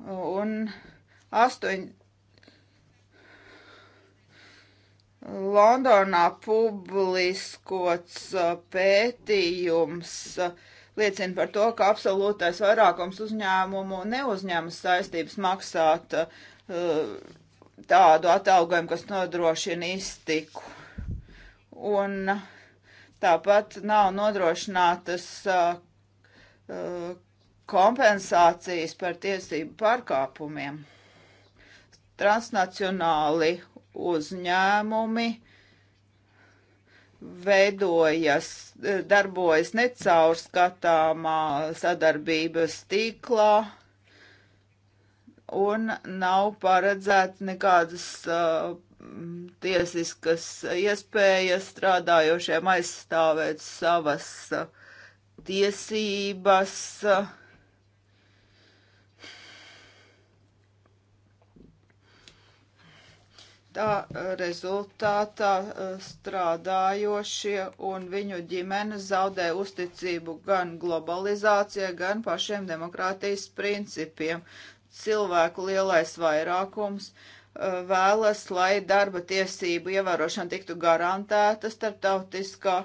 Un 8. Londonā publiskots pētījums uh, liecina par to, ka absolūtais vairākums uzņēmumu neuzņemas saistības maksāt uh, tādu atalgojumu, kas nodrošina iztiku. Un tāpat nav nodrošinātas uh, uh kompensācijas par tiesību pārkāpumiem. Transnacionāli uzņēmumi uh, veidojas, darbojas necaurskatāmā sadarbības tīklā un nav paredzēts nekādas uh, tiesiskas iespējas strādājošiem aizstāvēt savas uh, tiesības. Uh, Tā rezultātā strādājošie un viņu ģimenes zaudē uzticību gan globalizācijai, gan pašiem demokrātijas principiem. Cilvēku lielais vairākums vēlas, lai darba tiesību ievērošana tiktu garantēta starptautiskā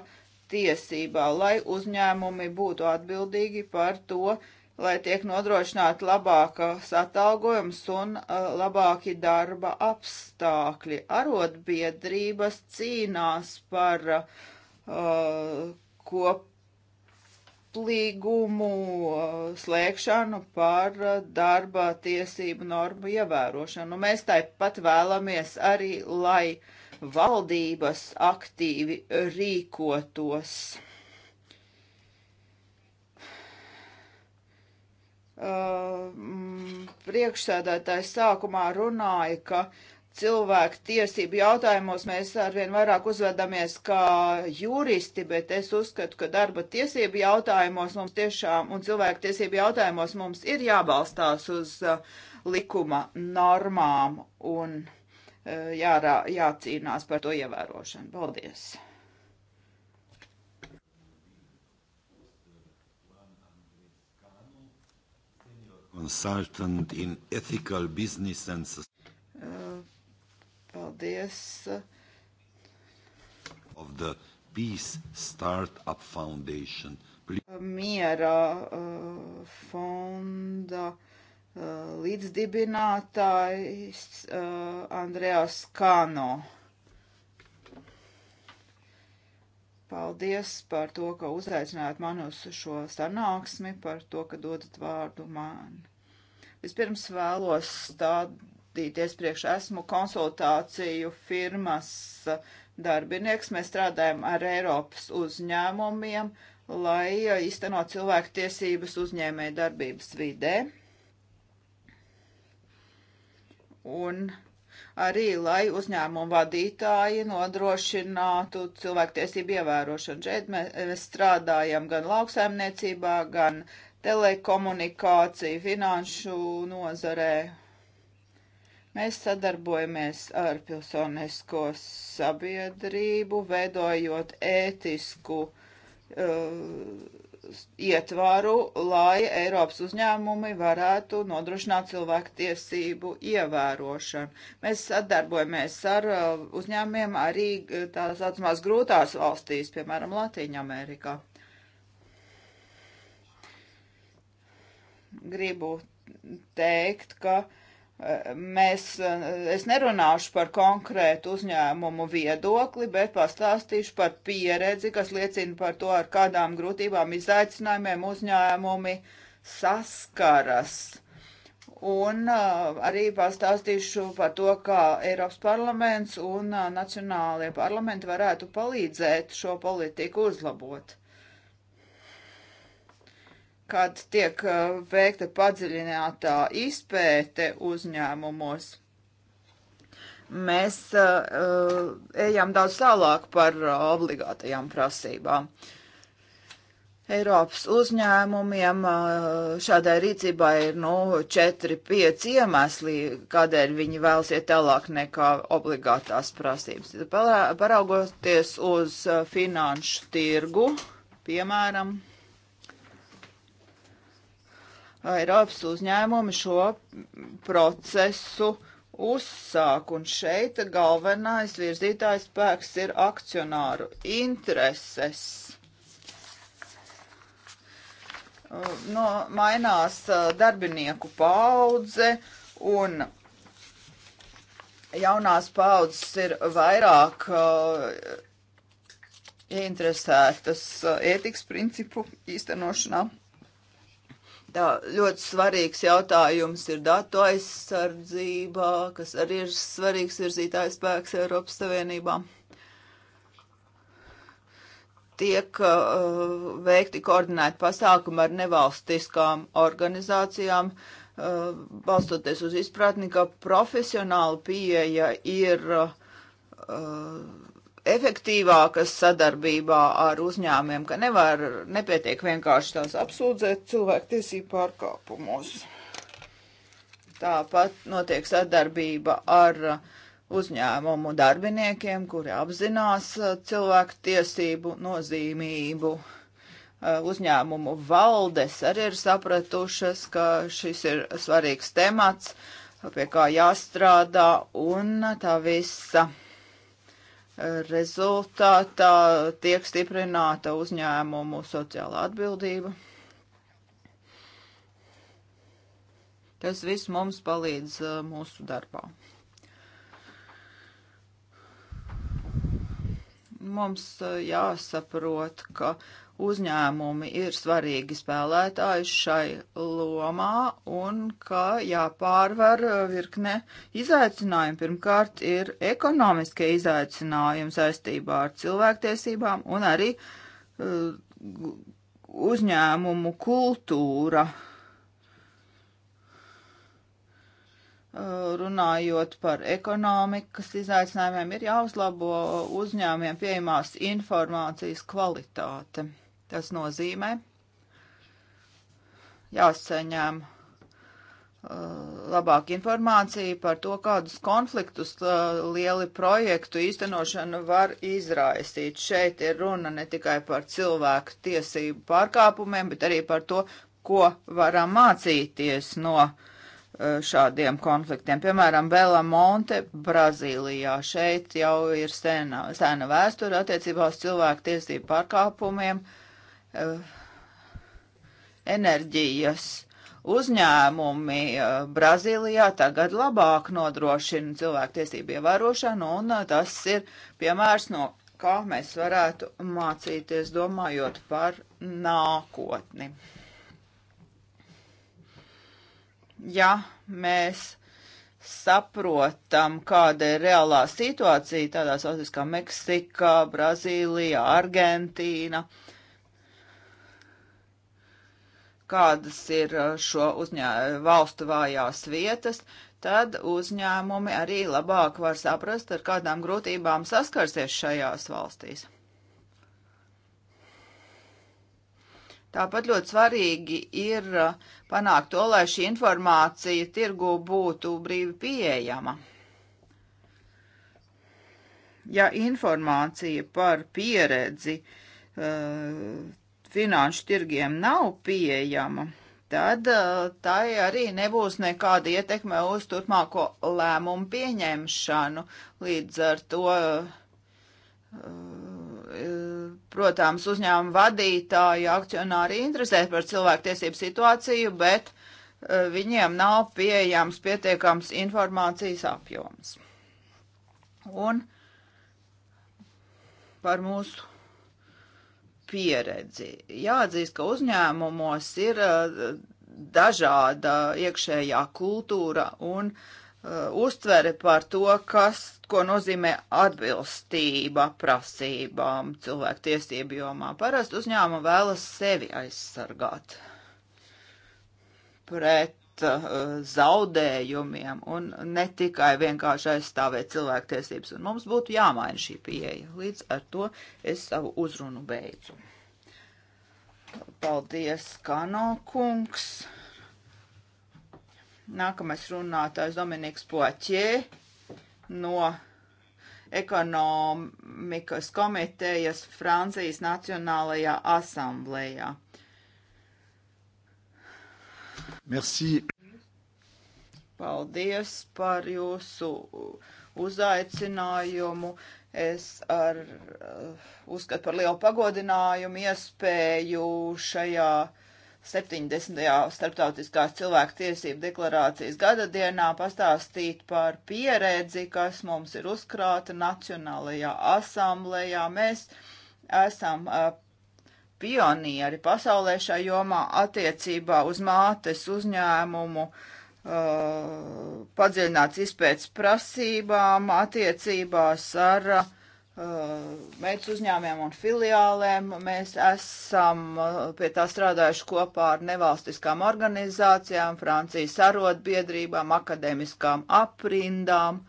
tiesībā, lai uzņēmumi būtu atbildīgi par to, uh, lai tiek nodrošināti labākas atalgojums un uh, labāki darba apstākļi. Arotbiedrības cīnās par uh, koplīgumu uh, slēgšanu, par darba tiesību normu ievērošanu. Nu, mēs tāpat vēlamies arī, lai valdības aktīvi rīkotos. Uh, mm, priekšsēdētājs sākumā runāja, ka cilvēku tiesību jautājumos mēs arvien vairāk uzvedamies kā juristi, bet es uzskatu, ka darba tiesību jautājumos mums tiešām un cilvēku tiesību jautājumos mums ir jābalstās uz uh, likuma normām un uh, jārā, jācīnās par to ievērošanu. Paldies! consultant in ethical business and Paldies. Of the Peace Startup Foundation. Miera uh, fonda uh, līdzdibinātājs uh, Andreas Kano. Paldies par to, ka uzaicinājāt mani uz šo sanāksmi, par to, ka dodat vārdu man. Vispirms vēlos stādīties priekš esmu konsultāciju firmas darbinieks. Mēs strādājam ar Eiropas uzņēmumiem, lai īstenot cilvēku tiesības uzņēmēju darbības vidē. Un arī, lai uzņēmumu vadītāji nodrošinātu cilvēktiesību ievērošanu. Šeit mēs strādājam gan lauksaimniecībā, gan telekomunikāciju, finanšu nozarē. Mēs sadarbojamies ar pilsonisko sabiedrību, veidojot ētisku uh, ietvaru, lai Eiropas uzņēmumi varētu nodrošināt cilvēku tiesību ievērošanu. Mēs sadarbojamies ar uh, uzņēmumiem arī uh, tās atsmās grūtās valstīs, piemēram, Latīņamerikā. Gribu teikt, ka uh, Mēs, es nerunāšu par konkrētu uzņēmumu viedokli, bet pastāstīšu par pieredzi, kas liecina par to, ar kādām grūtībām izaicinājumiem uzņēmumi saskaras. Un uh, arī pastāstīšu par to, kā Eiropas parlaments un uh, nacionālie parlamenti varētu palīdzēt šo politiku uzlabot kad tiek uh, veikta padziļinātā izpēte uzņēmumos, mēs uh, uh, ejam daudz tālāk par uh, obligātajām prasībām. Eiropas uzņēmumiem uh, šādai rīcībai ir nu, 4-5 iemesli, kādēļ viņi vēlas iet tālāk nekā obligātās prasības. Paraugoties uz uh, finanšu tirgu, piemēram, Eiropas uzņēmumi šo procesu uzsāk, un šeit galvenais virzītājs spēks ir akcionāru intereses. No, mainās darbinieku paudze, un jaunās paudzes ir vairāk uh, interesētas ētikas principu īstenošanā Tā ļoti svarīgs jautājums ir datu aizsardzībā, kas arī ir svarīgs virzītājs spēks Eiropas Savienībā. Tiek uh, veikti koordinēti pasākumi ar nevalstiskām organizācijām, uh, balstoties uz izpratni, ka profesionāla pieeja ir uh, efektīvākas sadarbībā ar uzņēmiem, ka nevar, nepietiek vienkārši tās apsūdzēt cilvēktiesību pārkāpumos. Tāpat notiek sadarbība ar uzņēmumu darbiniekiem, kuri apzinās uh, cilvēktiesību nozīmību. Uh, uzņēmumu valdes arī ir sapratušas, ka šis ir svarīgs temats, pie kā jāstrādā, un tā visa rezultātā tiek stiprināta uzņēmumu sociālā atbildība. Tas viss mums palīdz uh, mūsu darbā. Mums jāsaprot, ka uzņēmumi ir svarīgi spēlētāji šai lomā un ka jāpārvar virkne izaicinājumu. Pirmkārt ir ekonomiskie izaicinājumi saistībā ar cilvēktiesībām un arī uh, uzņēmumu kultūra. Uh, runājot par ekonomikas izaicinājumiem, ir jāuzlabo uzņēmiem pieejamās informācijas kvalitāte. Tas nozīmē jāsaņem uh, labāk informācija par to, kādus konfliktus uh, lieli projektu īstenošana var izraisīt. Šeit ir runa ne tikai par cilvēku tiesību pārkāpumiem, bet arī par to, ko varam mācīties no uh, Eh, šādiem konfliktiem. Piemēram, Belamonte Brazīlijā. Šeit jau ir sena, sena vēsture attiecībā uz cilvēku tiesību pārkāpumiem, eh, enerģijas uzņēmumi eh, Brazīlijā tagad labāk nodrošina cilvēku tiesību ievērošanu, un tas ir piemērs no kā mēs varētu mācīties domājot par nākotni ja mēs saprotam, kāda ir reālā situācija tādās valstīs kā Meksika, Brazīlija, Argentīna, kādas ir uh, šo uzņē, valstu vājās vietas, tad uzņēmumi arī labāk var saprast, ar kādām grūtībām saskarsies šajās valstīs. Tāpat ļoti svarīgi ir uh, panākt to, lai šī informācija tirgu būtu brīvi pieejama. Ja informācija par pieredzi uh, finanšu tirgiem nav pieejama, tad uh, tai arī nebūs nekāda ietekme uz turpmāko lēmumu pieņemšanu. Līdz ar to uh, protams, uzņēmuma vadītāji, akcionāri interesē par cilvēktiesību situāciju, bet eh, viņiem nav pieejams pietiekams informācijas apjoms. Un par mūsu pieredzi. Jāatzīst, ka uzņēmumos ir eh, dažāda iekšējā kultūra un uh, Uh, uztvere par to, kas, ko nozīmē atbilstība prasībām cilvēktiesību jomā. Parasti uzņēmumi vēlas sevi aizsargāt pret uh, zaudējumiem un ne tikai vienkārši aizstāvēt cilvēktiesības. Un mums būtu jāmaina šī pieeja. Līdz ar to es savu uzrunu beidzu. Paldies, Kano kungs! Nākamais runātājs Dominiks Poķē no ekonomikas komitejas Francijas Nacionālajā asamblējā. Merci. Paldies par jūsu uzaicinājumu. Es ar, uh, uzskatu par lielu pagodinājumu iespēju šajā uh, 70. starptautiskās cilvēku tiesību deklarācijas gada dienā pastāstīt par pieredzi, kas mums ir uzkrāta Nacionālajā asamblējā. Mēs esam uh, pionieri pasaulē šajā jomā attiecībā uz mātes uzņēmumu, uh, padziļināts izpētes prasībām, attiecībās ar uh, Eh, meitas uzņēmiem un filiālēm. Mēs esam eh, pie tā strādājuši kopā ar nevalstiskām organizācijām, Francijas arotbiedrībām, akadēmiskām aprindām,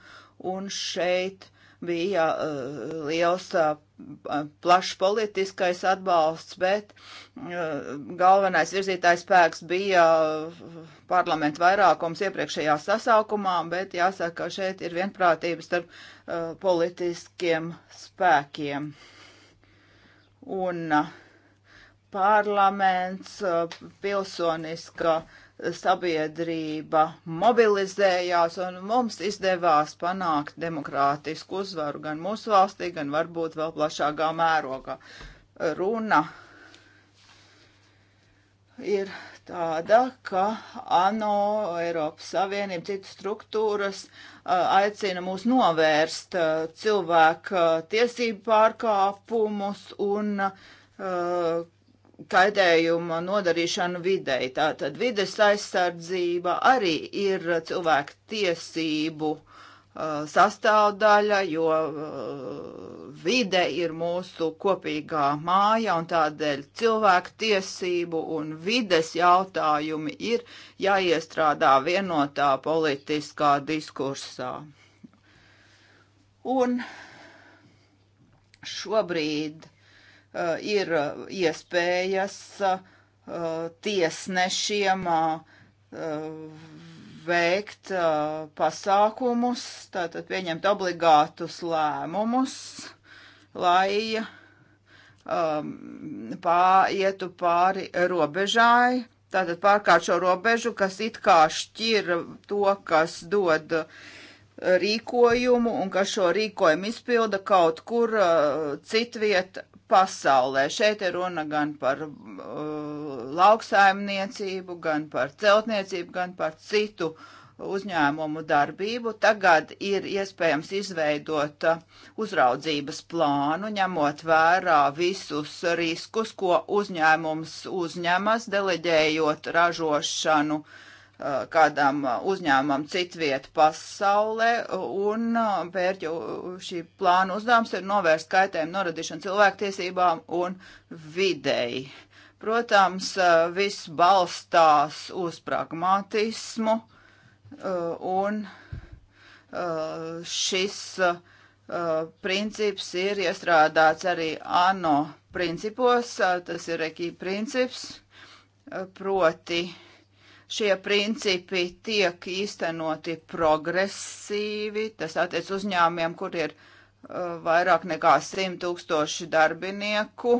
un šeit bija eh, liels eh, plašs politiskais atbalsts, bet eh, galvenais virzītājs spēks bija parlamentu vairākums iepriekšējā sasaukumā, bet jāsaka, ka šeit ir vienprātības starp politiskiem spēkiem. Un parlaments, pilsoniska uh, sabiedrība mobilizējās un mums izdevās panākt demokrātisku uzvaru gan mūsu valstī, gan varbūt vēl plašākā mērogā. Runa ir tāda, ka ANO, Eiropas Savienība, citas struktūras aicina mūs novērst cilvēku tiesību pārkāpumus un uh, kaitējuma nodarīšanu videi. Tātad vides aizsardzība arī ir cilvēku tiesību uh, sastāvdaļa, jo uh, vide ir mūsu kopīgā māja un tādēļ cilvēku tiesību un vides jautājumi ir jāiestrādā vienotā politiskā diskursā. Un šobrīd Eh, ir eh, iespējas eh, tiesnešiem veikt pasākumus, tātad pieņemt obligātus lēmumus, lai ehm, pārietu pāri robežai, tātad pārkārt šo robežu, kas it kā šķir to, kas dod rīkojumu un kas šo rīkojumu izpilda kaut kur citviet pasaulē. Šeit ir runa gan par uh, lauksaimniecību, gan par celtniecību, gan par citu uzņēmumu darbību. Tagad ir iespējams izveidot uh, uzraudzības plānu, ņemot vērā visus riskus, ko uzņēmums uzņemas, deleģējot ražošanu uh, Uh, kādam uh, uzņēmumam citviet pasaulē, un Bērķu uh, šī plāna uzdevums ir novērst kaitējumu noradīšanu cilvēktiesībām un videi. Protams, viss balstās uz pragmatismu, un šis princips ir iestrādāts arī ANO principos, tas ir ekī princips, proti uh, šie principi tiek īstenoti progresīvi, tas attiec uzņēmumiem, kur ir uh, vairāk nekā 100 tūkstoši darbinieku,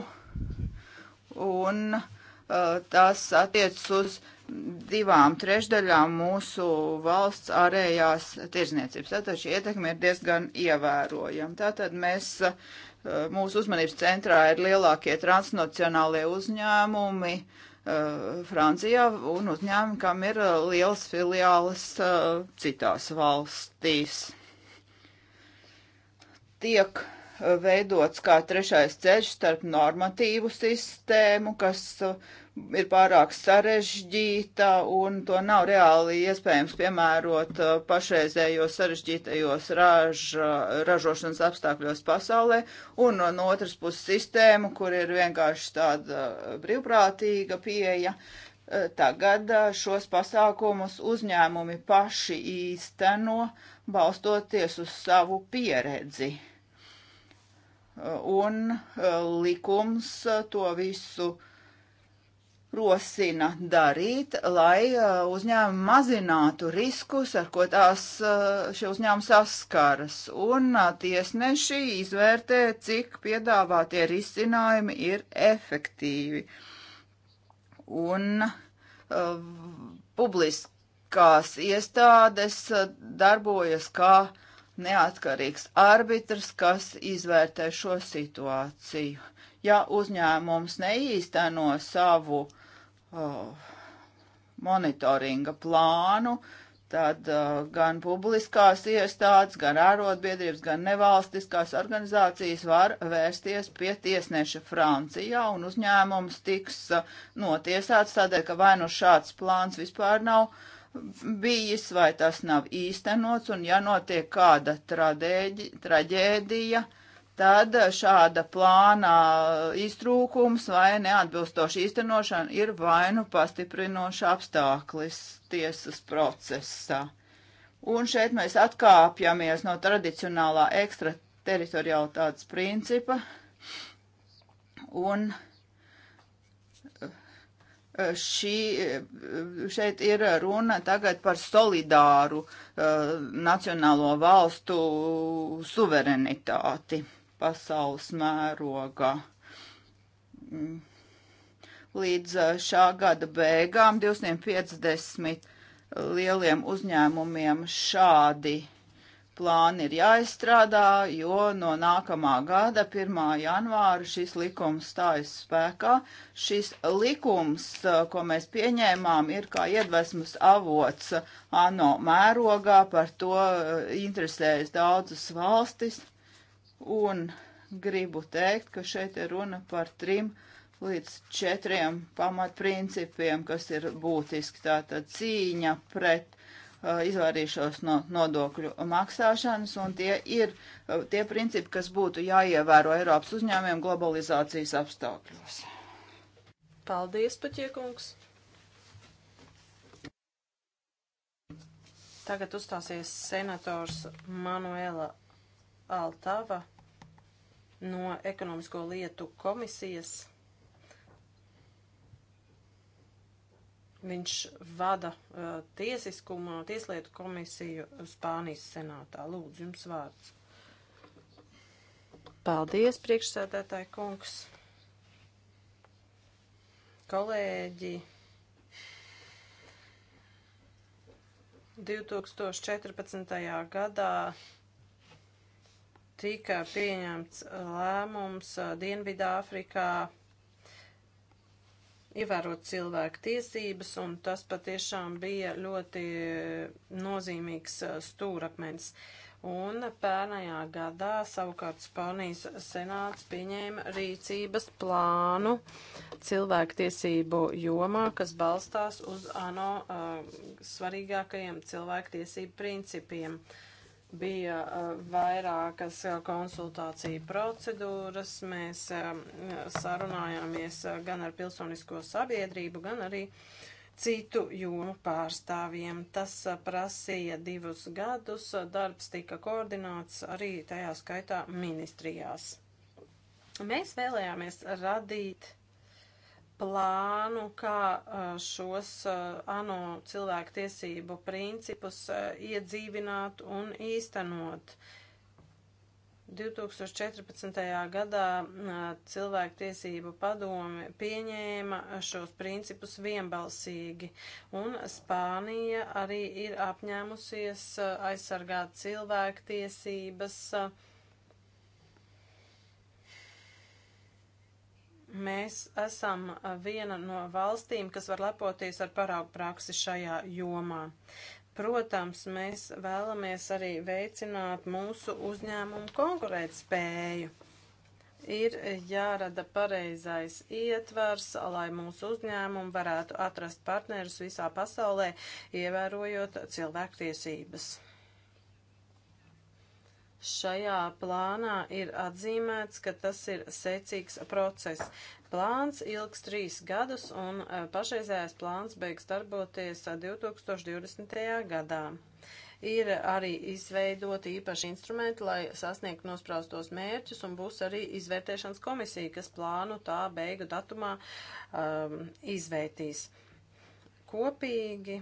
un uh, tas attiec uz divām trešdaļām mūsu valsts ārējās tirzniecības. Tātad šī ietekme ir diezgan ievērojama. Tātad mēs, uh, mūsu uzmanības centrā ir lielākie transnacionālie uzņēmumi, uh, Uh, Francijā un uzņēmumi, kam ir uh, liels filiālis uh, citās valstīs. Tiek veidots kā trešais ceļš starp normatīvu sistēmu, kas uh, ir pārāk sarežģīta un to nav reāli iespējams piemērot uh, pašreizējos sarežģītajos raž, uh, ražošanas apstākļos pasaulē, un no, uh, no otras puses sistēmu, kur ir vienkārši tāda brīvprātīga pieeja. Tagad šos pasākumus uzņēmumi paši īsteno, balstoties uz savu pieredzi un likums to visu rosina darīt, lai uh, uzņēmumi mazinātu riskus, ar ko tās uh, šie uzņēmumi saskaras. Un uh, tiesneši izvērtē, cik piedāvātie risinājumi ir efektīvi. Un uh, publiskās iestādes darbojas kā neatkarīgs arbitrs, kas izvērtē šo situāciju. Ja uzņēmums neīsteno savu uh, uh, monitoringa plānu, tad uh, gan publiskās iestādes, gan ārotbiedrības, gan nevalstiskās organizācijas var vērsties pie tiesneša Francijā un uzņēmums tiks uh, notiesāts tādēļ, ka vai nu šāds plāns vispār nav bijis, vai tas nav īstenots, un ja notiek kāda traģēdija, tad šāda plāna iztrūkums vai neatbilstoši īstenošana ir vainu pastiprinoša apstāklis tiesas procesā. Un šeit mēs atkāpjamies no tradicionālā ekstrateritorialitātes principa un eh, šī, eh, šeit ir runa tagad par solidāru uh, nacionālo valstu suverenitāti pasaules mēroga. Līdz šā gada beigām 250 lieliem uzņēmumiem šādi plāni ir jāizstrādā, jo no nākamā gada 1. janvāra šis likums stājas spēkā. Šis likums, ko mēs pieņēmām, ir kā iedvesmas avots ANO mērogā, par to interesējas daudzas valstis un gribu teikt, ka šeit ir runa par trim līdz četriem pamatprincipiem, kas ir būtiski. Tātad cīņa pret uh, izvairīšos no nodokļu maksāšanas, un tie ir uh, tie principi, kas būtu jāievēro Eiropas uzņēmiem globalizācijas apstākļos. Paldies, Paķiekungs! Tagad uzstāsies senators Manuela Altava no ekonomisko lietu komisijas. Viņš vada uh, tiesiskuma, tieslietu komisiju Spānijas senātā. Lūdzu, jums vārds. Paldies, priekšsēdētāji kungs. Kolēģi. 2014. gadā tika pieņemts lēmums Dienvidāfrikā ievērot cilvēku tiesības, un tas patiešām bija ļoti nozīmīgs stūrakmens. Un pērnajā gadā savukārt Spānijas senāts pieņēma rīcības plānu cilvēktiesību jomā, kas balstās uz ANO uh, svarīgākajiem cilvēktiesību principiem. Uh, bija eh, vairākas eh, konsultāciju procedūras. Mēs eh, sarunājāmies gan ar pilsonisko sabiedrību, gan arī citu jomu pārstāvjiem. Tas prasīja divus gadus, darbs tika koordināts arī tajā skaitā ministrijās. Mēs vēlējāmies radīt plānu, kā šos ANO cilvēku tiesību principus iedzīvināt un īstenot. 2014. gadā cilvēktiesību padome pieņēma šos principus vienbalsīgi, un Spānija arī ir apņēmusies aizsargāt cilvēktiesības tiesības Mēs esam viena no valstīm, kas var lepoties ar paraugu praksi šajā jomā. Protams, mēs vēlamies arī veicināt mūsu uzņēmumu konkurētspēju. Ir jārada pareizais ietvers, lai mūsu uzņēmumi varētu atrast partnerus visā pasaulē, ievērojot cilvēktiesības. Šajā plānā ir atzīmēts, ka tas ir secīgs process. Plāns ilgs trīs gadus un e, pašreizējais plāns beigs darboties 2020. E, gadā. Ir arī izveidoti īpaši instrumenti, lai sasniegtu nospraustos mērķus, un būs arī izvērtēšanas komisija, kas plānu tā beigu datumā um, izvērtīs. Kopīgi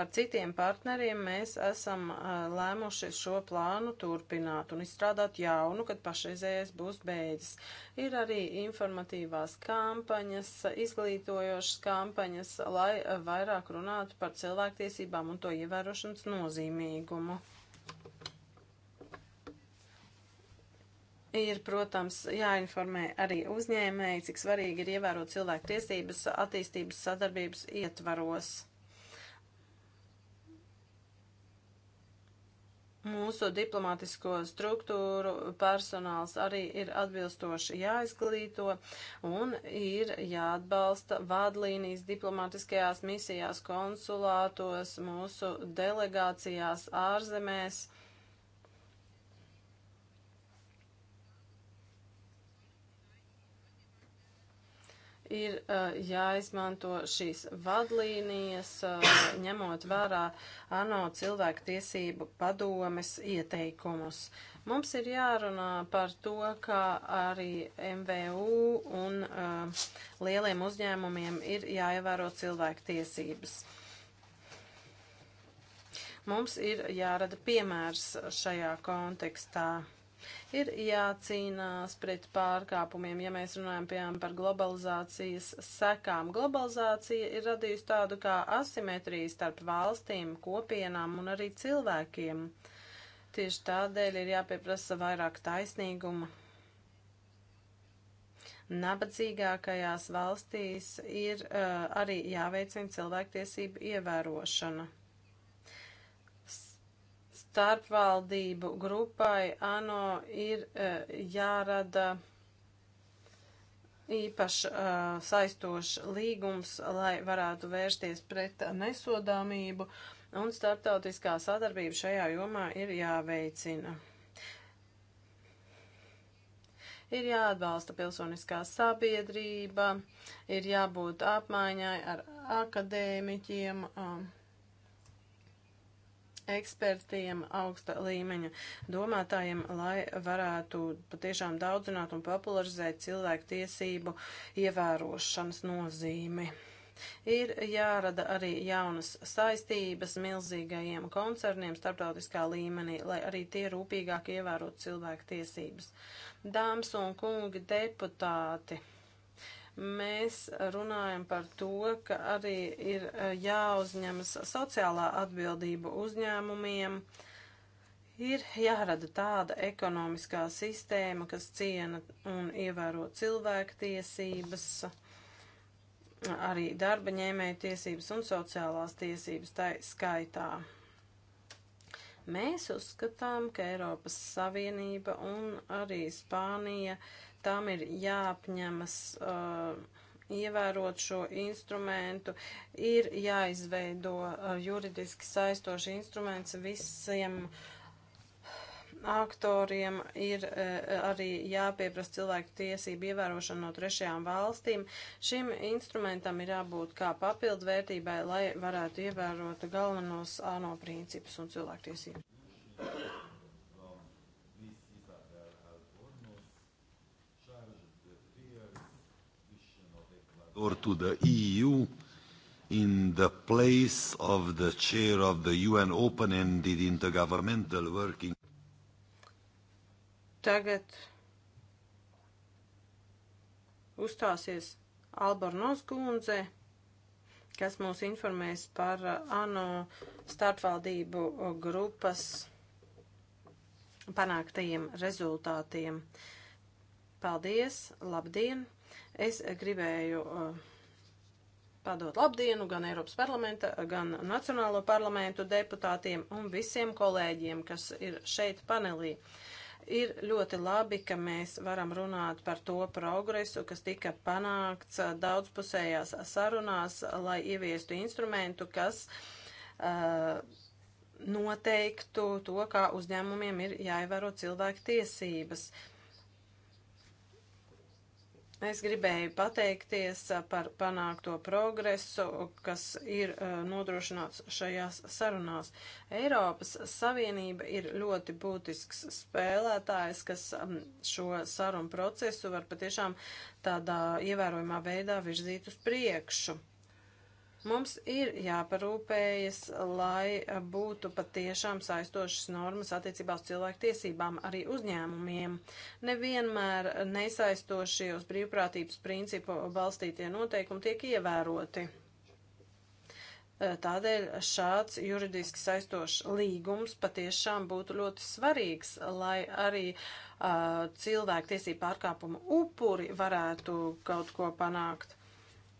Ar citiem partneriem mēs esam lēmuši šo plānu turpināt un izstrādāt jaunu, kad pašreizējais būs beidzis. Ir arī informatīvās kampaņas, izglītojošas kampaņas, lai vairāk runātu par cilvēktiesībām un to ievērošanas nozīmīgumu. Ir, protams, jāinformē arī uzņēmēji, cik svarīgi ir ievērot cilvēku tiesības attīstības sadarbības ietvaros. Mūsu diplomātisko struktūru personāls arī ir atbilstoši jāizglīto un ir jāatbalsta vadlīnijas diplomātiskajās misijās, konsulātos, mūsu delegācijās ārzemēs. ir uh, jāizmanto šīs vadlīnijas, uh, ņemot vērā ANO cilvēku tiesību padomes ieteikumus. Mums ir jārunā par to, kā arī MVU un uh, lieliem uzņēmumiem ir jāievēro cilvēku tiesības. Mums ir jārada piemērs šajā kontekstā. Ir jācīnās pret pārkāpumiem, ja mēs runājam piemēram par globalizācijas sekām. Globalizācija ir radījusi tādu kā asimetriju starp valstīm, kopienām un arī cilvēkiem. Tieši tādēļ ir jāpieprasa vairāk taisnīguma. Nabadzīgākajās valstīs ir uh, arī jāveicina cilvēktiesību ievērošana starpvaldību grupai ANO ir uh, jārada īpaši uh, e, saistošs līgums, lai varētu vērsties pret nesodāmību, un starptautiskā sadarbība šajā jomā ir jāveicina. Ir jāatbalsta pilsoniskā sabiedrība, ir jābūt apmaiņai ar akadēmiķiem. Uh, ekspertiem, augsta līmeņa domātājiem, lai varētu patiešām daudzināt un popularizēt cilvēku tiesību ievērošanas nozīmi. Ir jārada arī jaunas saistības milzīgajiem koncerniem starptautiskā līmenī, lai arī tie rūpīgāk ievērotu cilvēku tiesības. Dāmas un kungi deputāti! mēs runājam par to, ka arī ir e, jāuzņemas sociālā atbildība uzņēmumiem. Ir jārada tāda ekonomiskā sistēma, kas ciena un ievēro cilvēktiesības, arī darba ņēmēju tiesības un sociālās tiesības tai skaitā. Mēs uzskatām, ka Eiropas Savienība un arī Spānija uh, tām ir jāapņemas uh, ievērot šo instrumentu, ir jāizveido uh, juridiski saistoši instruments visiem aktoriem, ir uh, arī jāpieprasa cilvēku tiesību ievērošana no trešajām valstīm. Šim instrumentam ir jābūt kā papildvērtībai, lai varētu ievērot galvenos ANO principus un cilvēku tiesības. or to the EU in the place of the chair of the UN open-ended intergovernmental working. Tagad uzstāsies Albornoz kundze, kas mūs informēs par uh, ANO starpvaldību uh, grupas panāktajiem rezultātiem. Paldies, labdien! Es gribēju uh, padot labdienu gan Eiropas parlamenta, gan Nacionālo parlamentu deputātiem un visiem kolēģiem, kas ir šeit panelī. Ir ļoti labi, ka mēs varam runāt par to progresu, kas tika panākts daudzpusējās sarunās, lai ieviestu instrumentu, kas uh, noteiktu to, kā uzņēmumiem ir jāievēro cilvēku tiesības. Uh, Es gribēju pateikties par panākto progresu, kas ir nodrošināts šajās sarunās. Eiropas Savienība ir ļoti būtisks spēlētājs, kas šo sarunu procesu var patiešām tādā ievērojumā veidā virzīt uz priekšu. Mums ir jāparūpējas, lai būtu patiešām saistošas normas attiecībā uz cilvēku tiesībām arī uzņēmumiem. Nevienmēr nesaistošie uz brīvprātības principu balstītie noteikumi tiek ievēroti. E, tādēļ šāds juridiski saistošs līgums patiešām būtu ļoti svarīgs, lai arī uh, e, cilvēku tiesību pārkāpumu upuri varētu kaut ko panākt.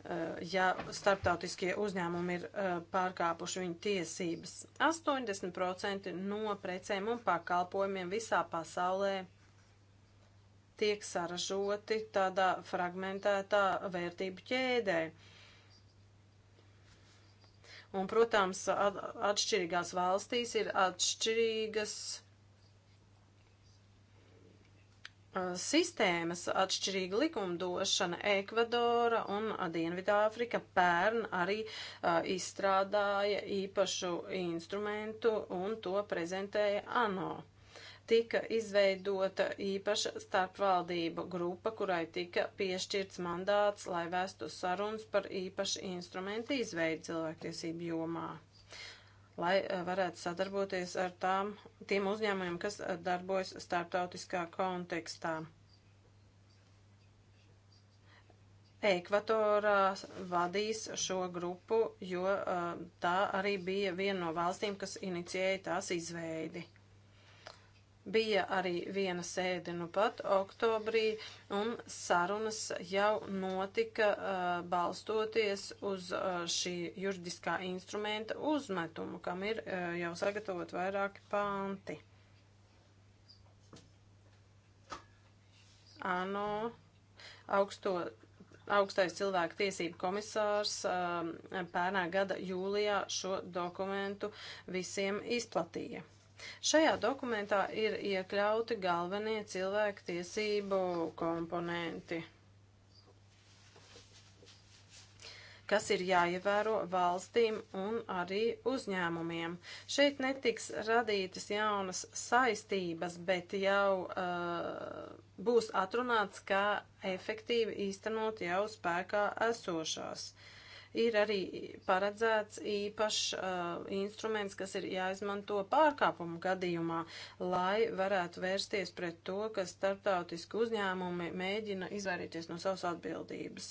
Eh, ja starptautiskie uzņēmumi ir eh, pārkāpuši viņu tiesības. 80% no precēm un pakalpojumiem visā pasaulē tiek saražoti tādā fragmentētā vērtību ķēdē. Un, protams, atšķirīgās valstīs ir atšķirīgas uh, Uh, sistēmas, atšķirīga likumdošana Ekvadora un Dienvidāfrika pērn arī uh, izstrādāja īpašu instrumentu un to prezentēja ANO. Tika izveidota īpaša starpvaldība grupa, kurai tika piešķirts mandāts, lai vēstu sarunas par īpašu instrumentu izveidu cilvēktiesību jomā lai eh, varētu sadarboties ar tām, tiem uzņēmumiem, kas eh, darbojas starptautiskā kontekstā. Ekvatorā vadīs šo grupu, jo eh, tā arī bija viena no valstīm, kas inicijēja tās izveidi. Bija arī viena sēde nu pat oktobrī, un sarunas jau notika uh, balstoties uz uh, šī juridiskā instrumenta uzmetumu, kam ir uh, jau sagatavot vairāki panti. ANO augsto augstais cilvēku tiesību komisārs pērnā gada jūlijā šo dokumentu visiem izplatīja. Šajā dokumentā ir iekļauti galvenie cilvēku tiesību komponenti, kas ir jāievēro valstīm un arī uzņēmumiem. Šeit netiks radītas jaunas saistības, bet jau uh, būs atrunāts, kā efektīvi īstenot jau spēkā esošās. Uh, ir arī paredzēts īpašs uh, instruments, kas ir jāizmanto pārkāpumu gadījumā, lai varētu vērsties pret to, ka starptautiski uzņēmumi mēģina izvairīties no savas atbildības.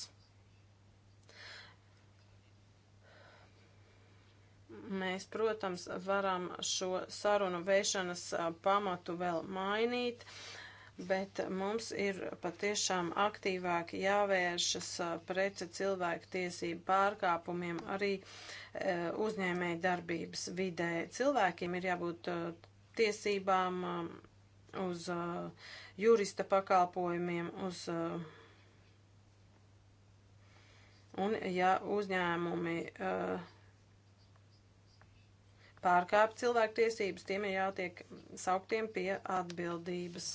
Mēs, protams, varam šo sarunu vēšanas uh, pamatu vēl mainīt. Uh, bet mums ir patiešām aktīvāk jāvēršas uh, pret cilvēku tiesību pārkāpumiem arī uh, uzņēmēja darbības vidē. Cilvēkiem ir jābūt uh, tiesībām um, uz jurista pakalpojumiem, uz un ja uzņēmumi pārkāp cilvēku tiesības, tiem ir jātiek sauktiem pie atbildības.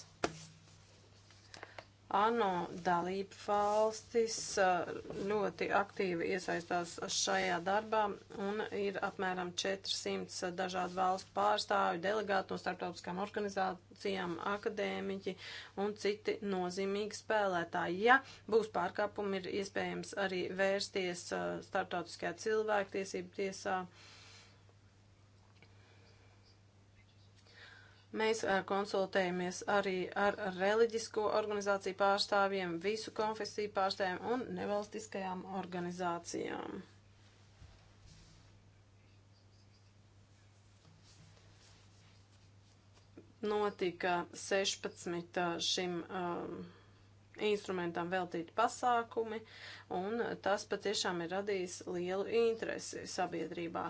ANO dalību valstis eh, ļoti aktīvi iesaistās šajā darbā un ir apmēram 400 dažādu valstu pārstāvi, delegāti no starptautiskām organizācijām, akadēmiķi un citi nozīmīgi spēlētāji. Ja būs pārkāpumi, ir iespējams arī vērsties eh, starptautiskajā cilvēktiesību tiesā. Uh, Mēs konsultējamies arī ar reliģisko organizāciju pārstāvjiem, visu konfesiju pārstāvjiem un nevalstiskajām organizācijām. Notika 16 šim um, instrumentam veltīti pasākumi, un tas patiešām ir radījis lielu interesi sabiedrībā.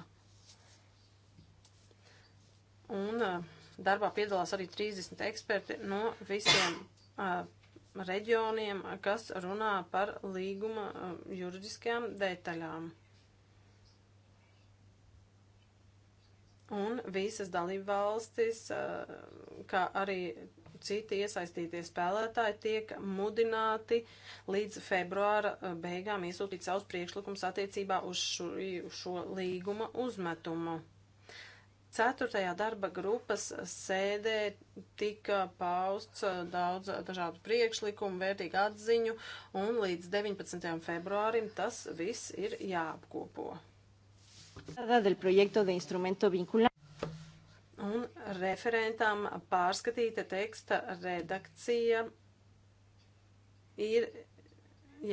Un uh, Darbā piedalās arī 30 eksperti no visiem uh, reģioniem, kas runā par līguma uh, juridiskajām detaļām. Un visas dalību valstis, uh, kā arī citi iesaistītie spēlētāji tiek mudināti līdz februāra beigām iesūtīt savus priekšlikumus attiecībā uz šo, šo līguma uzmetumu. Ceturtajā darba grupas sēdē tika pausts uh, daudz uh, dažādu priekšlikumu, vērtīgu atziņu, un līdz 19. februārim tas viss ir jāapkopo. Un referentam pārskatīta teksta redakcija ir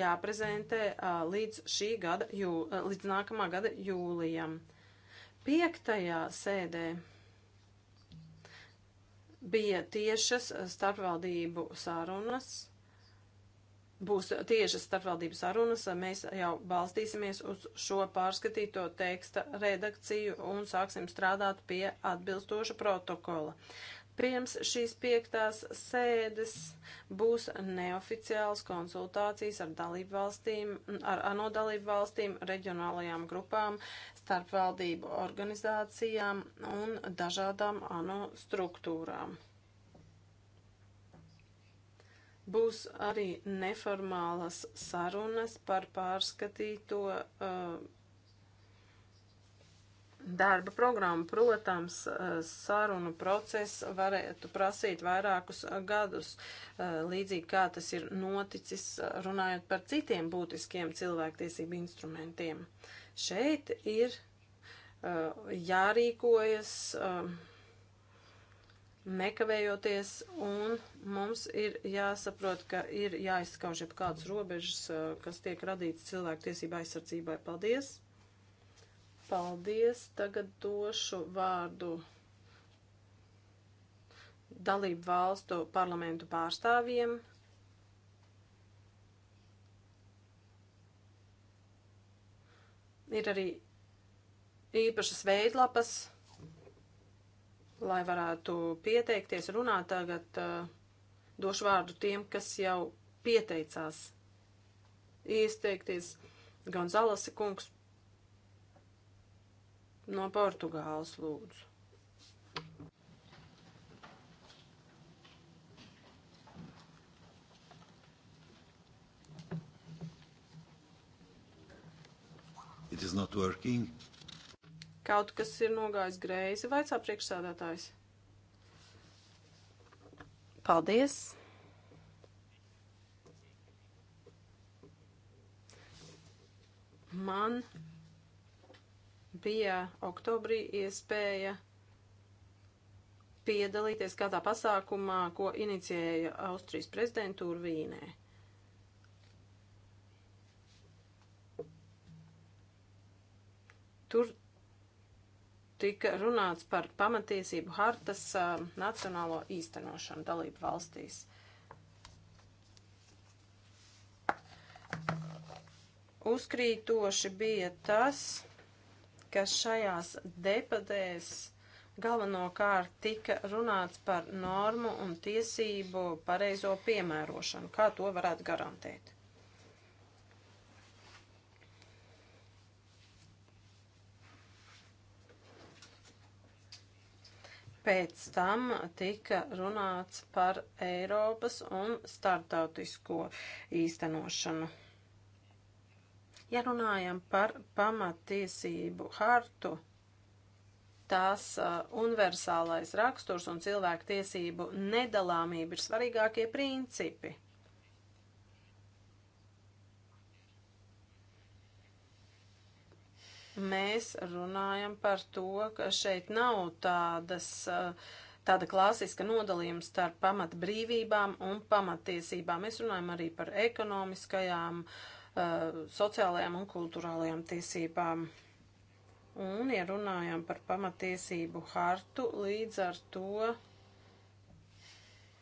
jāprezentē uh, līdz šī gada, jū, līdz nākamā gada jūlijam. Piektajā sēdē bija tiešas starpvaldību sarunas. Būs tiešas starpvaldību sarunas, mēs jau balstīsimies uz šo pārskatīto teksta redakciju un sāksim strādāt pie atbilstoša protokola. Pirms šīs piektās sēdes būs neoficiāls konsultācijas ar dalību valstīm, ar ANO dalību valstīm, reģionālajām grupām, starp valdību organizācijām un dažādām ANO struktūrām. Būs arī neformālas sarunas par pārskatīto uh, darba programmu, protams, uh, sarunu process varētu prasīt vairākus uh, gadus, uh, līdzīgi kā tas ir noticis runājot par citiem būtiskiem cilvēktiesību instrumentiem. Uh, Šeit ir uh, jārīkojas uh, nekavējoties, un mums ir jāsaprot, ka ir jāizskauž jau kādas robežas, uh, kas tiek radītas cilvēku tiesību aizsardzībai. Paldies! Paldies! Tagad došu vārdu dalību valstu parlamentu pārstāvjiem. Ir arī īpašas veidlapas, lai varētu pieteikties runāt tagad. Uh, došu vārdu tiem, kas jau pieteicās iesteikties. Gonzalesa kungs no Portugāles lūdzu. it is not working. Kaut kas ir nogājis greizi, vaicā priekšsēdētājs. Paldies! Man bija oktobrī iespēja piedalīties kādā pasākumā, ko inicijēja Austrijas prezidentūra Vīnē. Tur tika runāts par pamatiesību hartas uh, nacionālo īstenošanu dalību valstīs. Uzkrītoši bija tas, ka šajās debatēs galvenokārt tika runāts par normu un tiesību pareizo piemērošanu, kā to varētu garantēt. Pēc tam tika runāts par Eiropas un startautisko īstenošanu. Ja runājam par pamatiesību hartu, tās uh, universālais raksturs un cilvēku tiesību nedalāmība ir svarīgākie principi. mēs runājam par to, ka šeit nav tādas, tāda klasiska nodalījuma starp pamat brīvībām un pamatiesībām. Mēs runājam arī par ekonomiskajām, eh, sociālajām un kultūrālajām tiesībām. Un, ja runājam par pamatiesību hartu, līdz ar to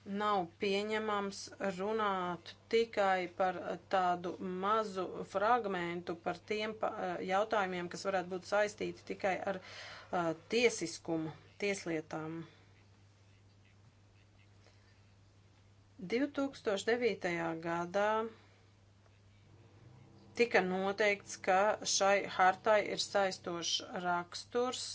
nav pieņemams runāt tikai par tādu mazu fragmentu, par tiem eh, jautājumiem, kas varētu būt saistīti tikai ar uh, tiesiskumu, tieslietām. 2009. gadā tika noteikts, ka šai hartai ir saistošs raksturs,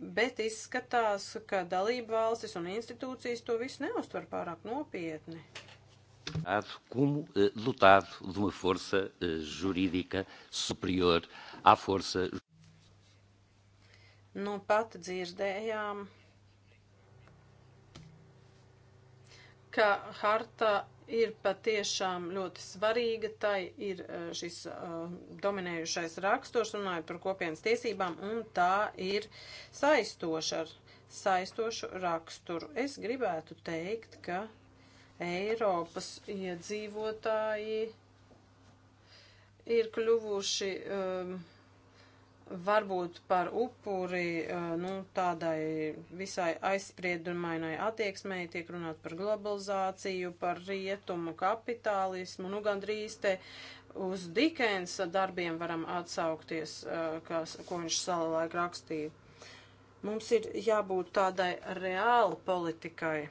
bet izskatās, ka dalība valstis un institūcijas to visu neustver pārāk nopietni. Como dotado eh, de uma força eh, jurídica superior à força. Nu, pat dzirdējām, ka harta ir patiešām ļoti svarīga. Tai ir eh, šis uh, dominējušais raksturs, runājot par kopienas tiesībām, un tā ir saistoša ar saistošu raksturu. Es gribētu teikt, ka Eiropas iedzīvotāji ir kļuvuši. Um, varbūt par upuri eh, nu, tādai visai aizspriedumainai attieksmei tiek runāt par globalizāciju, par rietumu kapitālismu, nu gandrīz te uz Dikensa darbiem varam atsaukties, eh, kas, ko viņš savulaik rakstīja. Mums ir jābūt tādai reāli politikai.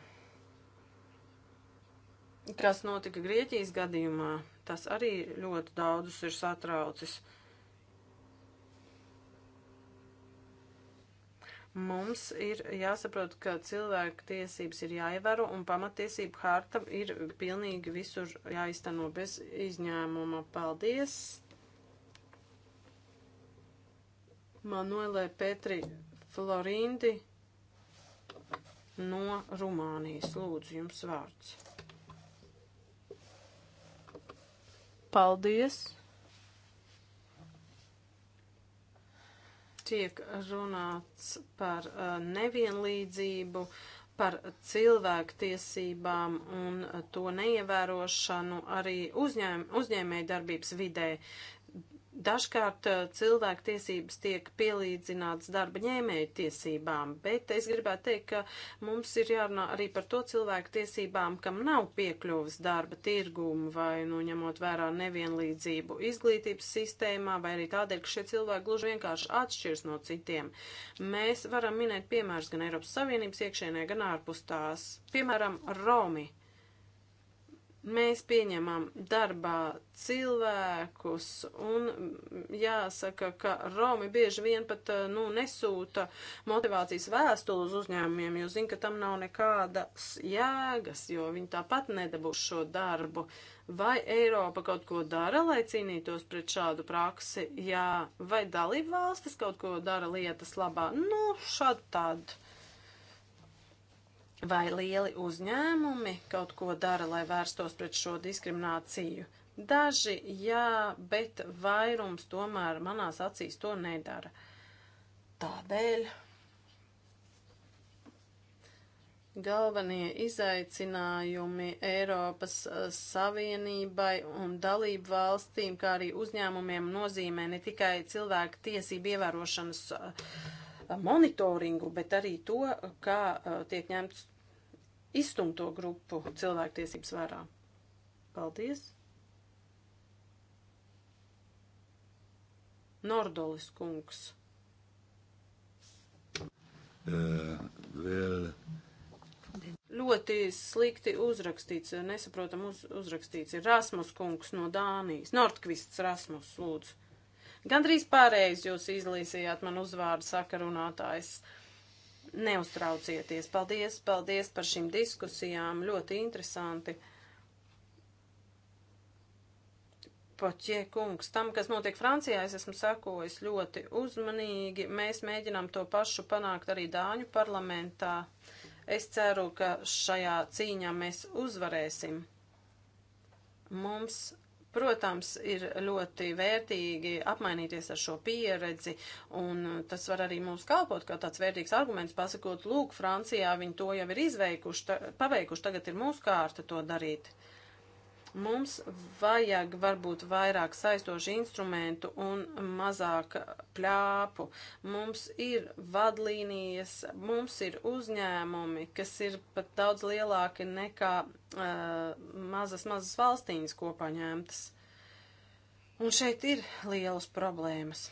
Kas notika Grieķijas gadījumā, tas arī ļoti daudzus ir satraucis. Uh, Mums ir jāsaprot, ka cilvēku tiesības ir jāievēro un pamatiesību harta ir pilnīgi visur jāizteno bez izņēmuma. Paldies! Manuelē Petri Florindi no Rumānijas. Lūdzu, jums vārds. Paldies! tiek runāts par uh, nevienlīdzību, par cilvēktiesībām un to neievērošanu arī uzņēm, uzņēmējdarbības vidē. Dažkārt eh, cilvēku tiesības tiek pielīdzināts darba ņēmēju tiesībām, bet es gribētu teikt, ka mums ir jārunā arī par to cilvēku tiesībām, kam nav piekļuvis darba tirgumu vai, nu, ņemot vērā nevienlīdzību izglītības sistēmā, vai arī tādēļ, ka šie cilvēki gluži vienkārši atšķirs no citiem. Mēs varam minēt piemērus gan Eiropas Savienības iekšēnē, gan ārpus tās. Piemēram, Romi. Mēs pieņemam darbā cilvēkus un mm, jāsaka, ka Romi bieži vien pat, eh, nu, nesūta motivācijas vēstuli uz uzņēmumiem, jo zina, ka tam nav nekādas jēgas, jo viņi tāpat nedabūs šo darbu. Vai Eiropa kaut ko dara, lai cīnītos pret šādu praksi? Jā, vai dalību valstis kaut ko dara lietas labā? Nu, šādi tādu vai lieli uzņēmumi kaut ko dara, lai vērstos pret šo diskrimināciju. Daži jā, bet vairums tomēr manās acīs to nedara. Tādēļ galvenie izaicinājumi Eiropas eh, Savienībai un dalību valstīm, kā arī uzņēmumiem nozīmē ne tikai cilvēku tiesību ievērošanas uh, monitoringu, bet arī to, kā tiek ņemts izstumto grupu cilvēktiesības vērā. Paldies! Nordolis kungs. Uh, vēl. Ļoti slikti uzrakstīts, nesaprotam uz, uzrakstīts ir Rasmus kungs no Dānijas. Nordkvists Rasmus, lūdzu. Gandrīz pareizi jūs izlīsījāt man uzvārdu sakarunātājs. Neuztraucieties. Paldies, paldies par šīm diskusijām. Ļoti interesanti. Poķie kungs, tam, kas notiek Francijā, es esmu sakojis ļoti uzmanīgi. Mēs mēģinām to pašu panākt arī Dāņu parlamentā. Es ceru, ka šajā cīņā mēs uzvarēsim. Mums Protams, ir ļoti vērtīgi apmainīties ar šo pieredzi, un tas var arī mums kalpot kā tāds vērtīgs arguments, pasakot, lūk, Francijā viņi to jau ir izveikuši, ta, paveikuši, tagad ir mūsu kārta to darīt. Mums vajag varbūt vairāk saistošu instrumentu un mazāk pļāpu. Mums ir vadlīnijas, mums ir uzņēmumi, kas ir pat daudz lielāki nekā uh, mazas, mazas valstīņas kopā ņemtas. Un šeit ir lielas problēmas.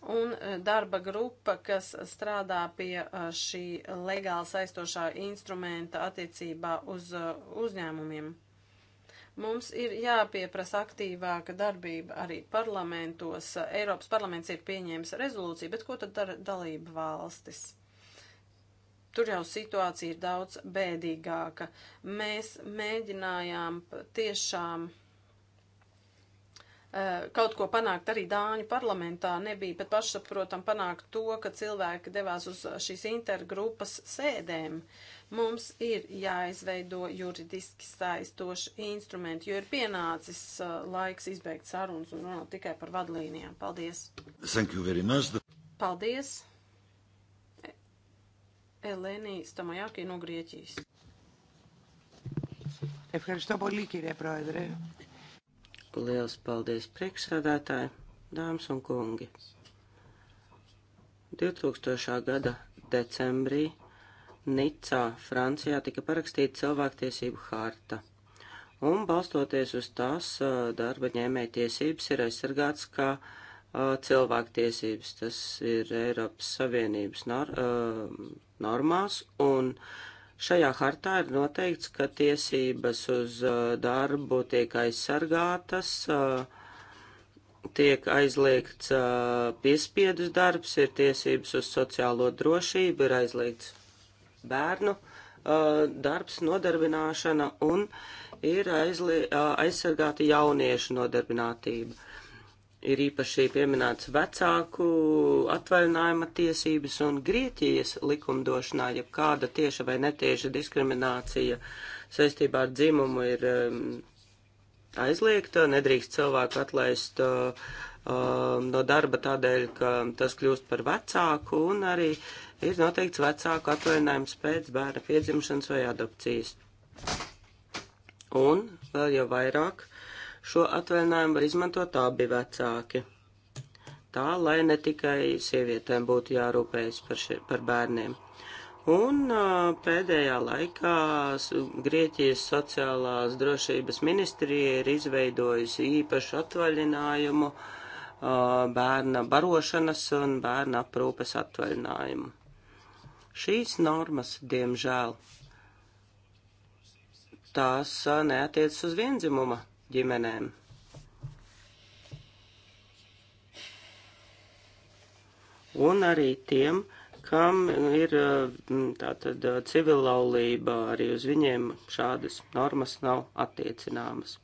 Un eh, darba grupa, kas strādā pie eh, šī legāli saistošā instrumenta attiecībā uz eh, uzņēmumiem. Mums ir jāpieprasa aktīvāka darbība arī parlamentos. Eiropas parlaments ir pieņēmis rezolūciju, bet ko tad dara dalība valstis? Tur jau situācija ir daudz bēdīgāka. Mēs mēģinājām tiešām. Uh, Eh, kaut ko panākt arī Dāņu parlamentā. Nebija pat pašsaprotam panākt to, ka cilvēki devās uz eh, šīs intergrupas sēdēm. Mums ir jāizveido juridiski saistoši instrumenti, jo ir pienācis eh, laiks izbeigt sarunas un runāt tikai par vadlīnijām. Paldies! Thank you very much! Paldies! Ελένη Σταμαγιάκη, Νο Γκριέκης. Ευχαριστώ πολύ κύριε Πρόεδρε. Liels paldies priekšsādātāji, dāmas un kungi. 2000. gada decembrī Nicā, Francijā, tika parakstīta cilvēktiesību harta. Un balstoties uz tās darba ņēmēja tiesības ir aizsargāts kā cilvēktiesības. Tas ir Eiropas Savienības nor, normās un Šajā hartā ir noteikts, ka tiesības uz uh, darbu tiek aizsargātas, uh, tiek aizliegts uh, piespiedus darbs, ir tiesības uz sociālo drošību, ir aizliegts bērnu darbs, nodarbināšana un ir aizli, aizsargāta jauniešu nodarbinātība ir īpaši pieminēts vecāku atvaļinājuma tiesības un Grieķijas likumdošanā, ja kāda tieša vai netieša diskriminācija saistībā ar dzimumu ir um, aizliegta, nedrīkst cilvēku atlaist uh, um, no darba tādēļ, ka tas kļūst par vecāku un arī ir noteikts vecāku atvaļinājums pēc bērna piedzimšanas vai adopcijas. Un vēl jau vairāk. Uh, Šo atvaļinājumu var izmantot abi vecāki. Tā, lai ne tikai sievietēm būtu jārūpējas par, še, par bērniem. Un pēdējā laikā Grieķijas sociālās drošības ministrija ir izveidojusi īpašu atvaļinājumu bērna barošanas un bērna aprūpes atvaļinājumu. Šīs normas, diemžēl, tās neatiecas uz vienzimuma ģimenēm. Un arī tiem, kam ir mm, tātad civillaulība, arī uz viņiem šādas normas nav attiecināmas.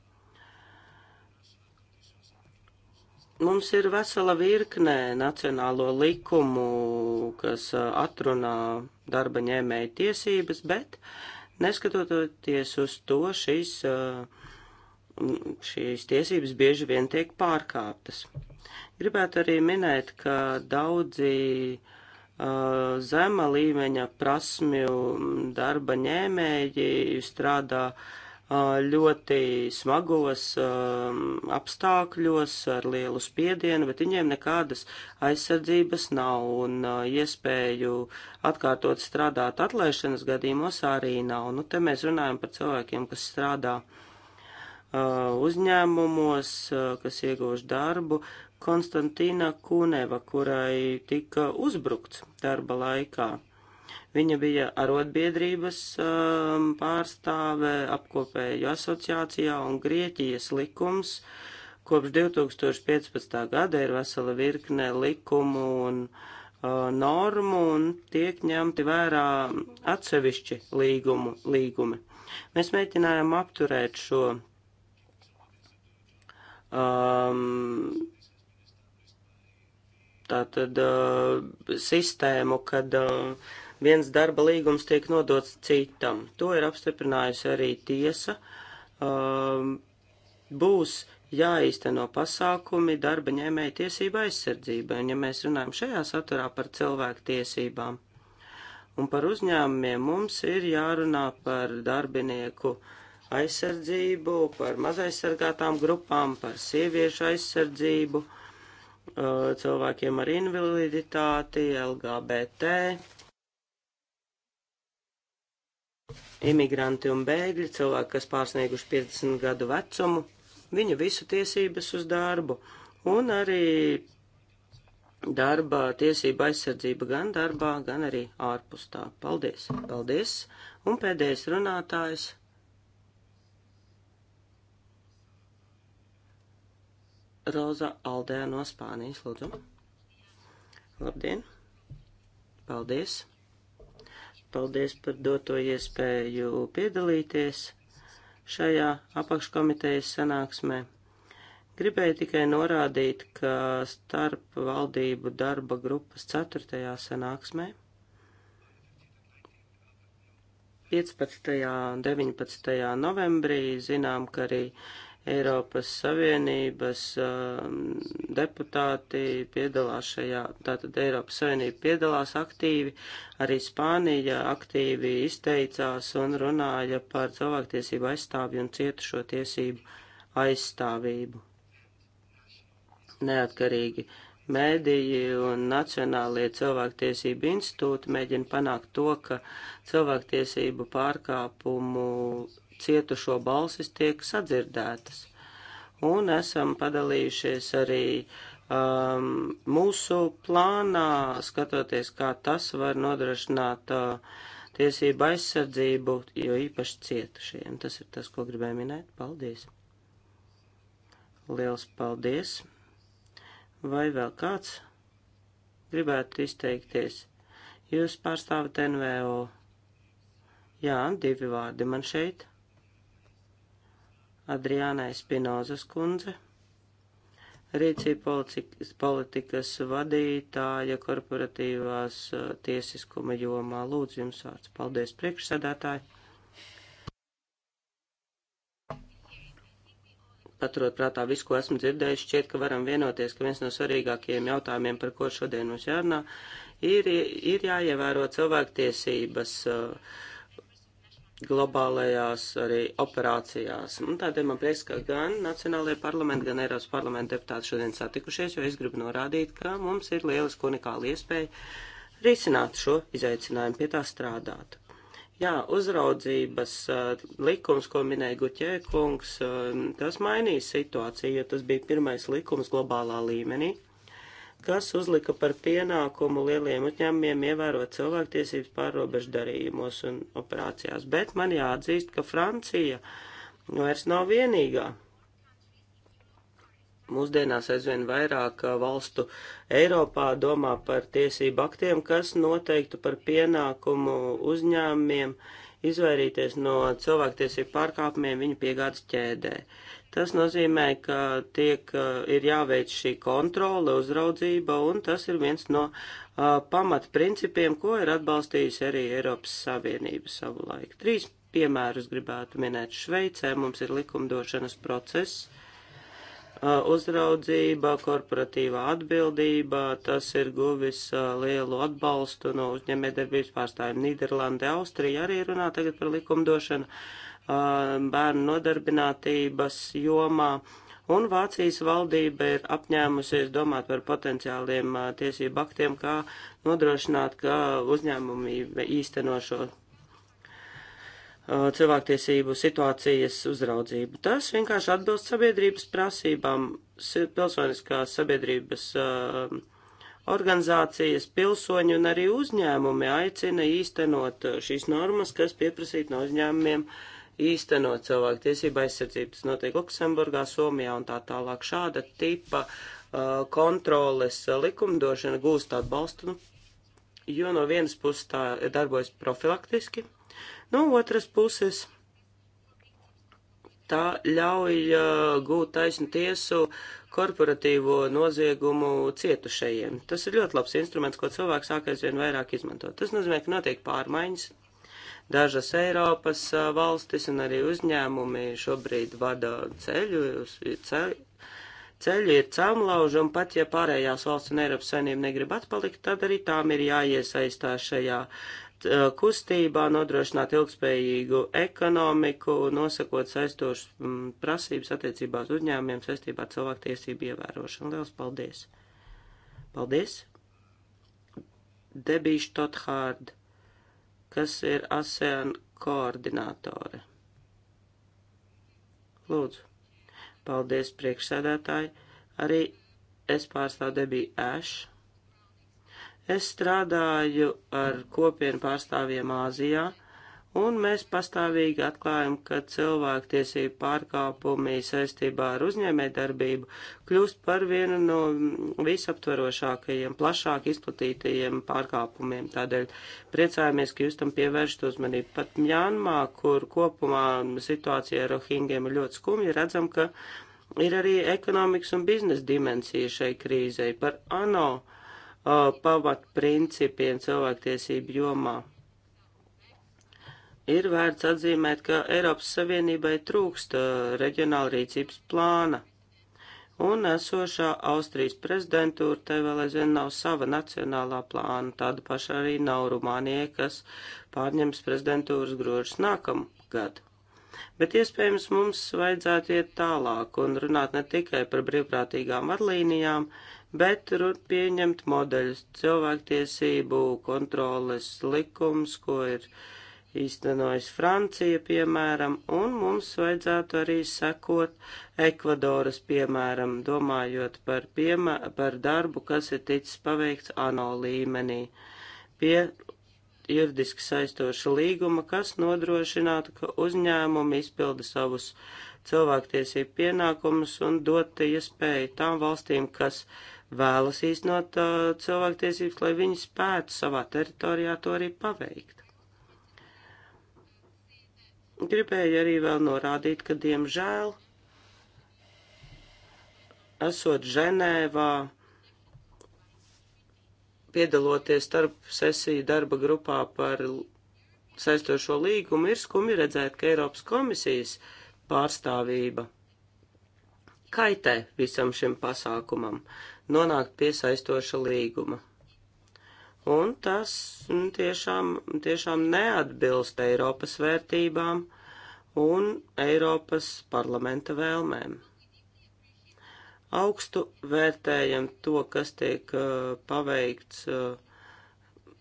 Mums ir vesela virknē nacionālo likumu, kas uh, atrunā darba ņēmēja tiesības, bet neskatoties uz to, šīs uh, šīs tiesības bieži vien tiek pārkāptas. Gribētu arī minēt, ka daudzi uh, zema līmeņa prasmju darba ņēmēji strādā uh, ļoti smagos uh, apstākļos ar lielu spiedienu, bet viņiem nekādas aizsardzības nav un uh, iespēju atkārtot strādāt atlaišanas gadījumos arī nav. Nu, te mēs runājam par cilvēkiem, kas strādā uh, uzņēmumos, kas ieguvuši darbu, Konstantīna Kuneva, kurai tika uzbrukts darba laikā. Viņa bija arotbiedrības pārstāve apkopēju asociācijā un Grieķijas likums. Kopš 2015. gada ir vesela virkne likumu un uh, normu un tiek ņemti vērā atsevišķi līgumu, līgumi. Mēs mēģinājām apturēt šo um, tātad uh, sistēmu, kad uh, viens darba līgums tiek nodots citam. To ir apstiprinājusi arī tiesa. Uh, būs jāīsteno pasākumi darba ņēmēja tiesība aizsardzībai, un ja mēs runājam šajā saturā par cilvēku tiesībām un par uzņēmumiem, mums ir jārunā par darbinieku uh, aizsardzību, par mazaizsargātām grupām, par sieviešu aizsardzību, uh, cilvēkiem ar invaliditāti, LGBT, imigranti un bēgļi, cilvēki, kas pārsnieguši 50 gadu vecumu, viņu visu tiesības uz darbu un arī darba tiesība aizsardzība gan darbā, gan arī ārpus tā. Paldies! Paldies! Un pēdējais runātājs Roza Aldē no Spānijas, lūdzu. Labdien! Paldies! Paldies par doto iespēju piedalīties šajā apakškomitejas sanāksmē. Gribēju tikai norādīt, ka starp valdību darba grupas ceturtajā sanāksmē 15. un 19. novembrī zinām, ka arī Eiropas Savienības um, deputāti piedalās šajā, tātad Eiropas Savienība piedalās aktīvi, arī Spānija aktīvi izteicās un runāja par cilvēktiesību aizstāvju un cietušo tiesību aizstāvību. Neatkarīgi mēdīji un nacionālie cilvēktiesību institūti mēģina panākt to, ka cilvēktiesību pārkāpumu cietušo balsis tiek sadzirdētas. Un esam padalījušies arī um, mūsu plānā, skatoties, kā tas var nodrošināt uh, tiesību aizsardzību, jo īpaši cietušajiem. Tas ir tas, ko gribēju minēt. Paldies! Liels paldies! Vai vēl kāds gribētu izteikties? Jūs pārstāvat NVO. Jā, divi vārdi man šeit. Adriānai Spinozas kundze, rīcība politikas vadītāja korporatīvās tiesiskuma jomā. Lūdzu, jums vārds. Paldies, priekšsēdētāji. Paturot prātā visu, ko esmu dzirdējis, šķiet, ka varam vienoties, ka viens no svarīgākajiem jautājumiem, par ko šodien mums jārunā, ir, ir jāievēro cilvēktiesības. Uh, globālajās arī operācijās. Un tādēļ man prieks, ka gan Nacionālajie parlamenti, gan Eiropas parlamenta deputāti šodien satikušies, jo es gribu norādīt, ka mums ir lieliski unikāla iespēja risināt šo izaicinājumu, pie tā strādāt. Jā, uzraudzības uh, likums, ko minēja Guķē kungs, uh, tas mainīs situāciju, jo tas bija pirmais likums globālā līmenī. Uh, kas uzlika par pienākumu lieliem uzņēmumiem ievērot cilvēktiesības pārrobežu darījumos un operācijās. Bet man jāatzīst, ka Francija vairs nav vienīgā. Mūsdienās aizvien vairāk uh, valstu Eiropā domā par tiesību aktiem, kas noteiktu par pienākumu uzņēmumiem izvairīties no cilvēktiesību pārkāpumiem viņu piegādes ķēdē. Tas nozīmē, ka tiek, uh, ir jāveic šī kontrole, uzraudzība, un tas ir viens no uh, pamatprincipiem, ko ir atbalstījusi arī Eiropas Savienība savulaik. Trīs piemērus gribētu minēt. Šveicē mums ir likumdošanas process, uh, uzraudzība, korporatīvā atbildība, tas ir guvis uh, lielu atbalstu no uzņēmējdarbības pārstāvjiem Nīderlandē, Austrija arī runā tagad par likumdošanu. Uh, Um, bērnu nodarbinātības jomā. Un Vācijas valdība ir apņēmusies domāt par potenciāliem uh, tiesību aktiem, kā nodrošināt, ka uzņēmumi īsteno šo uh, cilvēktiesību situācijas uzraudzību. Tas vienkārši atbilst sabiedrības prasībām, pilsoniskās sabiedrības uh, organizācijas, pilsoņi un arī uzņēmumi aicina īstenot uh, šīs normas, kas pieprasīt no uzņēmumiem uh, īstenot cilvēku tiesību aizsardzības notiek Luksemburgā, Somijā un tā tālāk. Šāda tipa uh, kontroles uh, likumdošana gūst atbalstu, nu, jo no vienas puses tā darbojas profilaktiski, no otras puses tā ļauj uh, gūt taisnu tiesu korporatīvo noziegumu cietušajiem. Tas ir ļoti labs instruments, ko cilvēks sāk aizvien vairāk izmantot. Tas nozīmē, ka notiek pārmaiņas Dažas Eiropas valstis un arī uzņēmumi šobrīd vada ceļu, ceļ, ceļi ir cēmlauži, un pat ja pārējās valsts un Eiropas saimnība negrib atpalikt, tad arī tām ir jāiesaistās šajā kustībā, nodrošināt ilgspējīgu ekonomiku, nosakot saistošas prasības attiecībās uzņēmumiem saistībā ar cilvēktiesību ievērošanu. Liels paldies! Paldies! Debīšu Tothārdu! kas ir ASEAN koordinātore. Lūdzu. Paldies, priekšsēdētāji. Arī es pārstāvu Debiju Ash. Es strādāju ar kopienu pārstāvjiem Āzijā un mēs pastāvīgi atklājam, ka cilvēktiesību pārkāpumi saistībā ar uzņēmējdarbību kļūst par vienu no visaptvarošākajiem, plašāk izplatītajiem pārkāpumiem. Tādēļ priecājamies, ka jūs tam pievēršat uzmanību. Pat Mjānmā, kur kopumā situācija ar Rohingiem ir ļoti skumja, redzam, ka ir arī ekonomikas un biznesa dimensija šai krīzei par ANO uh, pavat principiem cilvēktiesību jomā ir vērts atzīmēt, ka Eiropas Savienībai trūksta uh, reģionāla rīcības plāna, un esošā Austrijas prezidentūra te vēl aizvien nav sava nacionālā plāna, tāda paša arī nav Rumānijai, kas pārņems prezidentūras grožus nākamgad. Bet iespējams mums vajadzētu iet tālāk un runāt ne tikai par brīvprātīgām vadlīnijām, bet pieņemt modeļus cilvēktiesību kontroles likums, ko ir uh, īstenojas Francija, piemēram, un mums vajadzētu arī sekot Ekvadoras, piemēram, domājot par, piemē, par darbu, kas ir ticis paveikts ANO līmenī pie juridiski saistoša līguma, kas nodrošinātu, ka uzņēmumi izpilda savus cilvēktiesību pienākumus un dot iespēju tām valstīm, kas vēlas īstenot uh, cilvēktiesības, lai viņas spētu savā teritorijā to arī paveikt. Gribēju arī vēl norādīt, ka diemžēl esot Ženēvā, piedaloties starp sesiju darba grupā par saistošo līgumu, ir skumji redzēt, ka Eiropas komisijas pārstāvība kaitē visam šim pasākumam nonākt pie saistoša līguma. Un tas un mm, tiešām, tiešām neatbilst Eiropas vērtībām un Eiropas parlamenta vēlmēm. Augstu vērtējam to, kas tiek uh, paveikts uh,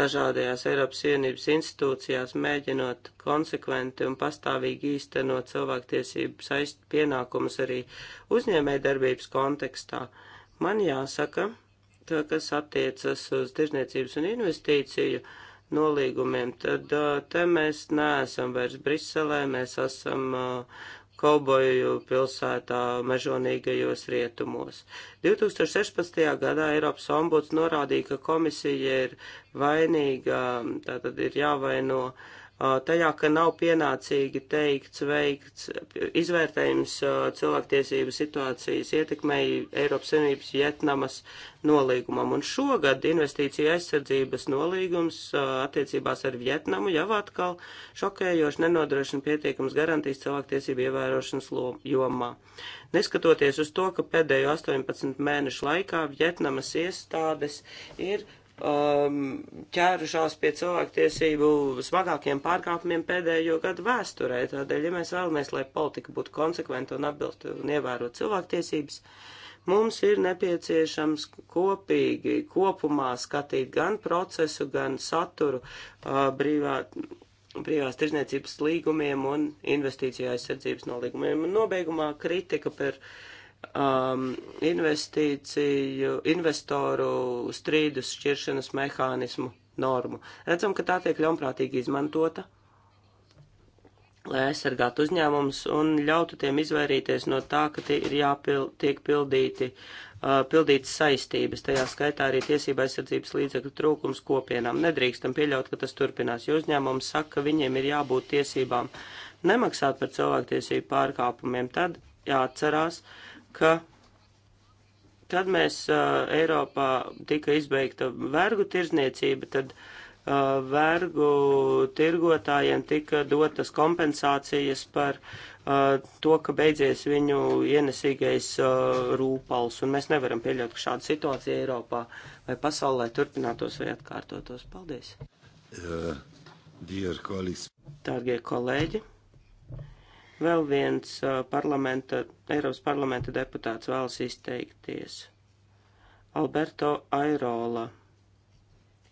dažādajās Eiropas Savienības institūcijās, mēģinot konsekventi un pastāvīgi īstenot cilvēktiesību saist pienākumus arī uzņēmējdarbības kontekstā. Man jāsaka, Eh, kas attiecas uz tirzniecības un investīciju nolīgumiem, tad eh, te mēs neesam vairs Briselē, mēs esam eh, kauboju pilsētā mežonīgajos rietumos. 2016. gadā Eiropas ombuds norādīja, ka komisija ir vainīga, tātad ir jāvaino uh, Uh, tajā, ka nav pienācīgi teikts, veikts izvērtējums uh, cilvēktiesību situācijas ietekmei Eiropas Savienības Vietnamas nolīgumam. Un šogad investīcija aizsardzības nolīgums uh, attiecībās ar Vietnamu jau atkal šokējoši nenodrošina pietiekams garantijas cilvēktiesību ievērošanas jomā. Neskatoties uz to, ka pēdējo 18 mēnešu laikā Vietnamas iestādes ir um, ķērušās pie cilvēktiesību smagākiem pārkāpumiem pēdējo gadu vēsturē. Tādēļ, ja mēs vēlamies, lai politika būtu konsekventa un atbilstu un ievērot cilvēktiesības, mums ir nepieciešams kopīgi, kopumā skatīt gan procesu, gan saturu uh, brīvā brīvās tirzniecības līgumiem un investīcijā aizsardzības nolīgumiem. Un nobeigumā kritika par uh, um, investīciju, investoru strīdus šķiršanas mehānismu normu. Redzam, ka tā tiek ļaunprātīgi izmantota, lai aizsargātu uzņēmumus un ļautu tiem izvairīties no tā, ka tie ir jāpil, tiek pildīti, uh, pildītas saistības, tajā skaitā arī tiesība aizsardzības līdzekļu trūkums kopienām. Nedrīkstam pieļaut, ka tas turpinās, jo uzņēmums saka, ka viņiem ir jābūt tiesībām nemaksāt par cilvēktiesību pārkāpumiem, tad jāatcerās, uh, ka kad mēs uh, Eiropā tika izbeigta vergu tirzniecība, tad uh, vergu tirgotājiem tika dotas kompensācijas par uh, to, ka beidzies viņu ienesīgais uh, rūpals, un mēs nevaram pieļaut, ka šāda situācija Eiropā vai pasaulē turpinātos vai atkārtotos. Paldies! Uh, Dārgie kolēģi! Vēl viens parlamenta, Eiropas parlamenta deputāts vēlas izteikties. Alberto Airola,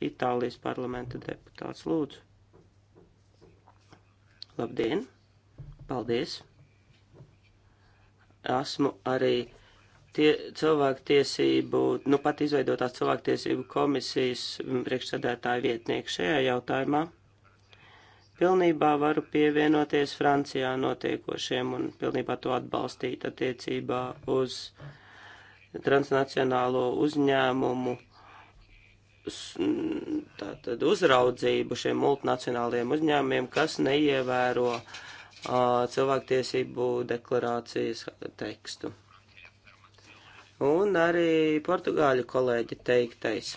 Itālijas parlamenta deputāts, lūdzu. Labdien! Paldies! Esmu arī tie, cilvēktiesību, nu pat izveidotās cilvēktiesību komisijas priekšsēdētāja vietnieks šajā jautājumā. Pilnībā varu pievienoties Francijā notiekošiem un pilnībā to atbalstīt attiecībā uz transnacionālo uzņēmumu tātad uzraudzību šiem multinacionāliem uzņēmumiem, kas neievēro uh, cilvēktiesību deklarācijas tekstu. Un arī portugāļu kolēģi teiktais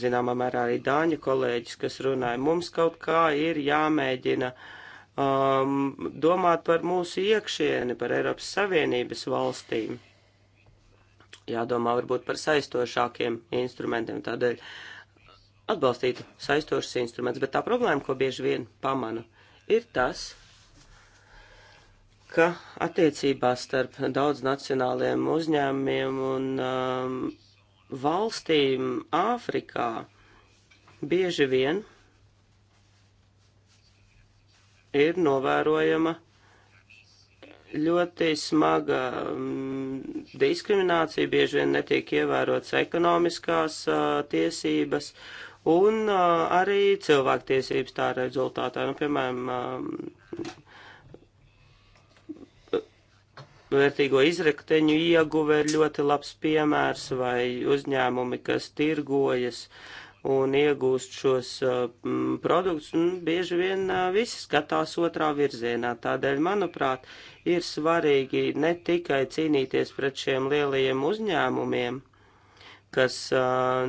zināmā mērā arī Dāņu kolēģis, kas runāja, mums kaut kā ir jāmēģina um, domāt par mūsu iekšieni, par Eiropas Savienības valstīm. Jādomā varbūt par saistošākiem instrumentiem, tādēļ atbalstītu saistošus instrumentus, bet tā problēma, ko bieži vien pamanu, ir tas, ka attiecībās starp daudz nacionāliem uzņēmumiem un um, valstīm Āfrikā bieži vien ir novērojama ļoti smaga mm, diskriminācija, bieži vien netiek ievērotas ekonomiskās uh, tiesības un uh, arī cilvēktiesības tā rezultātā. Nu, piemēram, uh, vērtīgo izrakteņu ieguve ir ļoti labs piemērs vai uzņēmumi, kas tirgojas un iegūst šos mm, produktus, un bieži vien uh, visi skatās otrā virzienā. Tādēļ, manuprāt, ir svarīgi ne tikai cīnīties pret šiem lielajiem uzņēmumiem, kas uh,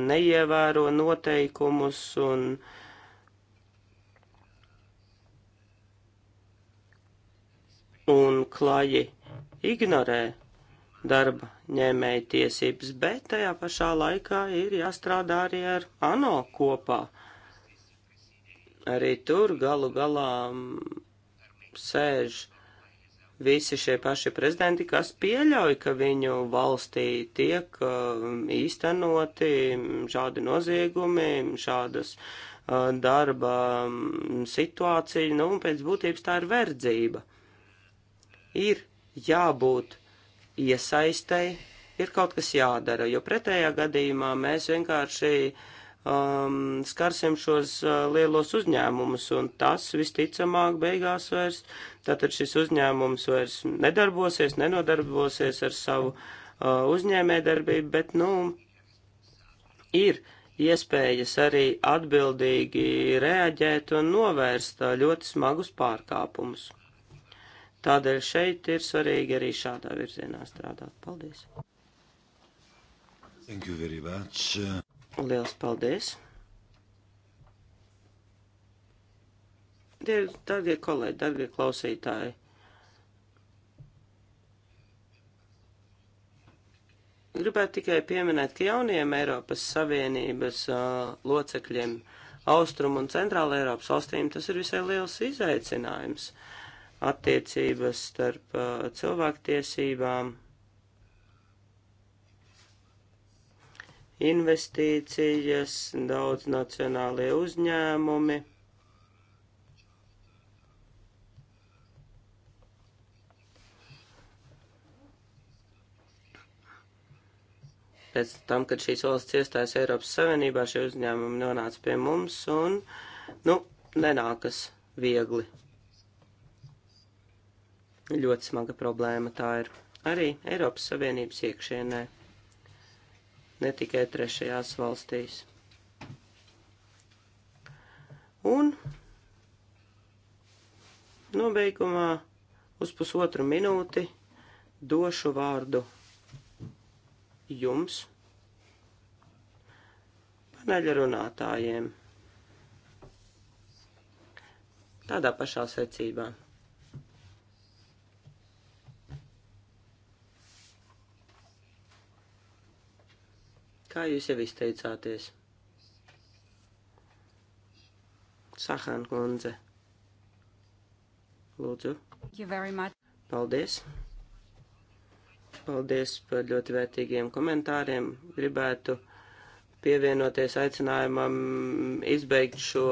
neievēro noteikumus un uh, un klaji ignorē darba ņēmēja tiesības, bet tajā pašā laikā ir jāstrādā arī ar ANO kopā. Arī tur galu galā mm, sēž visi šie paši prezidenti, kas pieļauj, ka viņu valstī tiek mm, īstenoti mm, šādi noziegumi, šādas darba situācija, nu, un pēc būtības tā ir verdzība. Ir jābūt iesaistei, ir kaut kas jādara, jo pretējā gadījumā mēs vienkārši um, skarsim šos uh, lielos uzņēmumus, un tas visticamāk beigās vairs, tātad šis uzņēmums vairs nedarbosies, nenodarbosies ar savu uh, uzņēmējdarbību, bet, nu, ir iespējas arī atbildīgi reaģēt un novērst uh, ļoti smagus pārkāpumus. Tādēļ šeit ir svarīgi arī šādā virzienā strādāt. Paldies! Thank you very much. Liels paldies! Darbie kolēģi, darbie klausītāji! Gribētu tikai pieminēt, ka jauniem Eiropas Savienības uh, locekļiem Austrum un Centrāla Eiropas valstīm tas ir visai liels izaicinājums. Uh, attiecības starp uh, cilvēktiesībām, investīcijas, daudz nacionālie uzņēmumi. Pēc tam, kad šīs valsts iestājas Eiropas Savienībā, šie uzņēmumi nonāca pie mums un, nu, nenākas viegli Ļoti smaga problēma tā ir arī Eiropas Savienības iekšienē, ne tikai trešajās valstīs. Un nobeigumā uz pusotru minūti došu vārdu jums, paneļrunātājiem, tādā pašā secībā. Kā jūs jau izteicāties? Sahāna kundze. Lūdzu. Paldies. Paldies par ļoti vērtīgiem komentāriem. Gribētu pievienoties aicinājumam izbeigt šo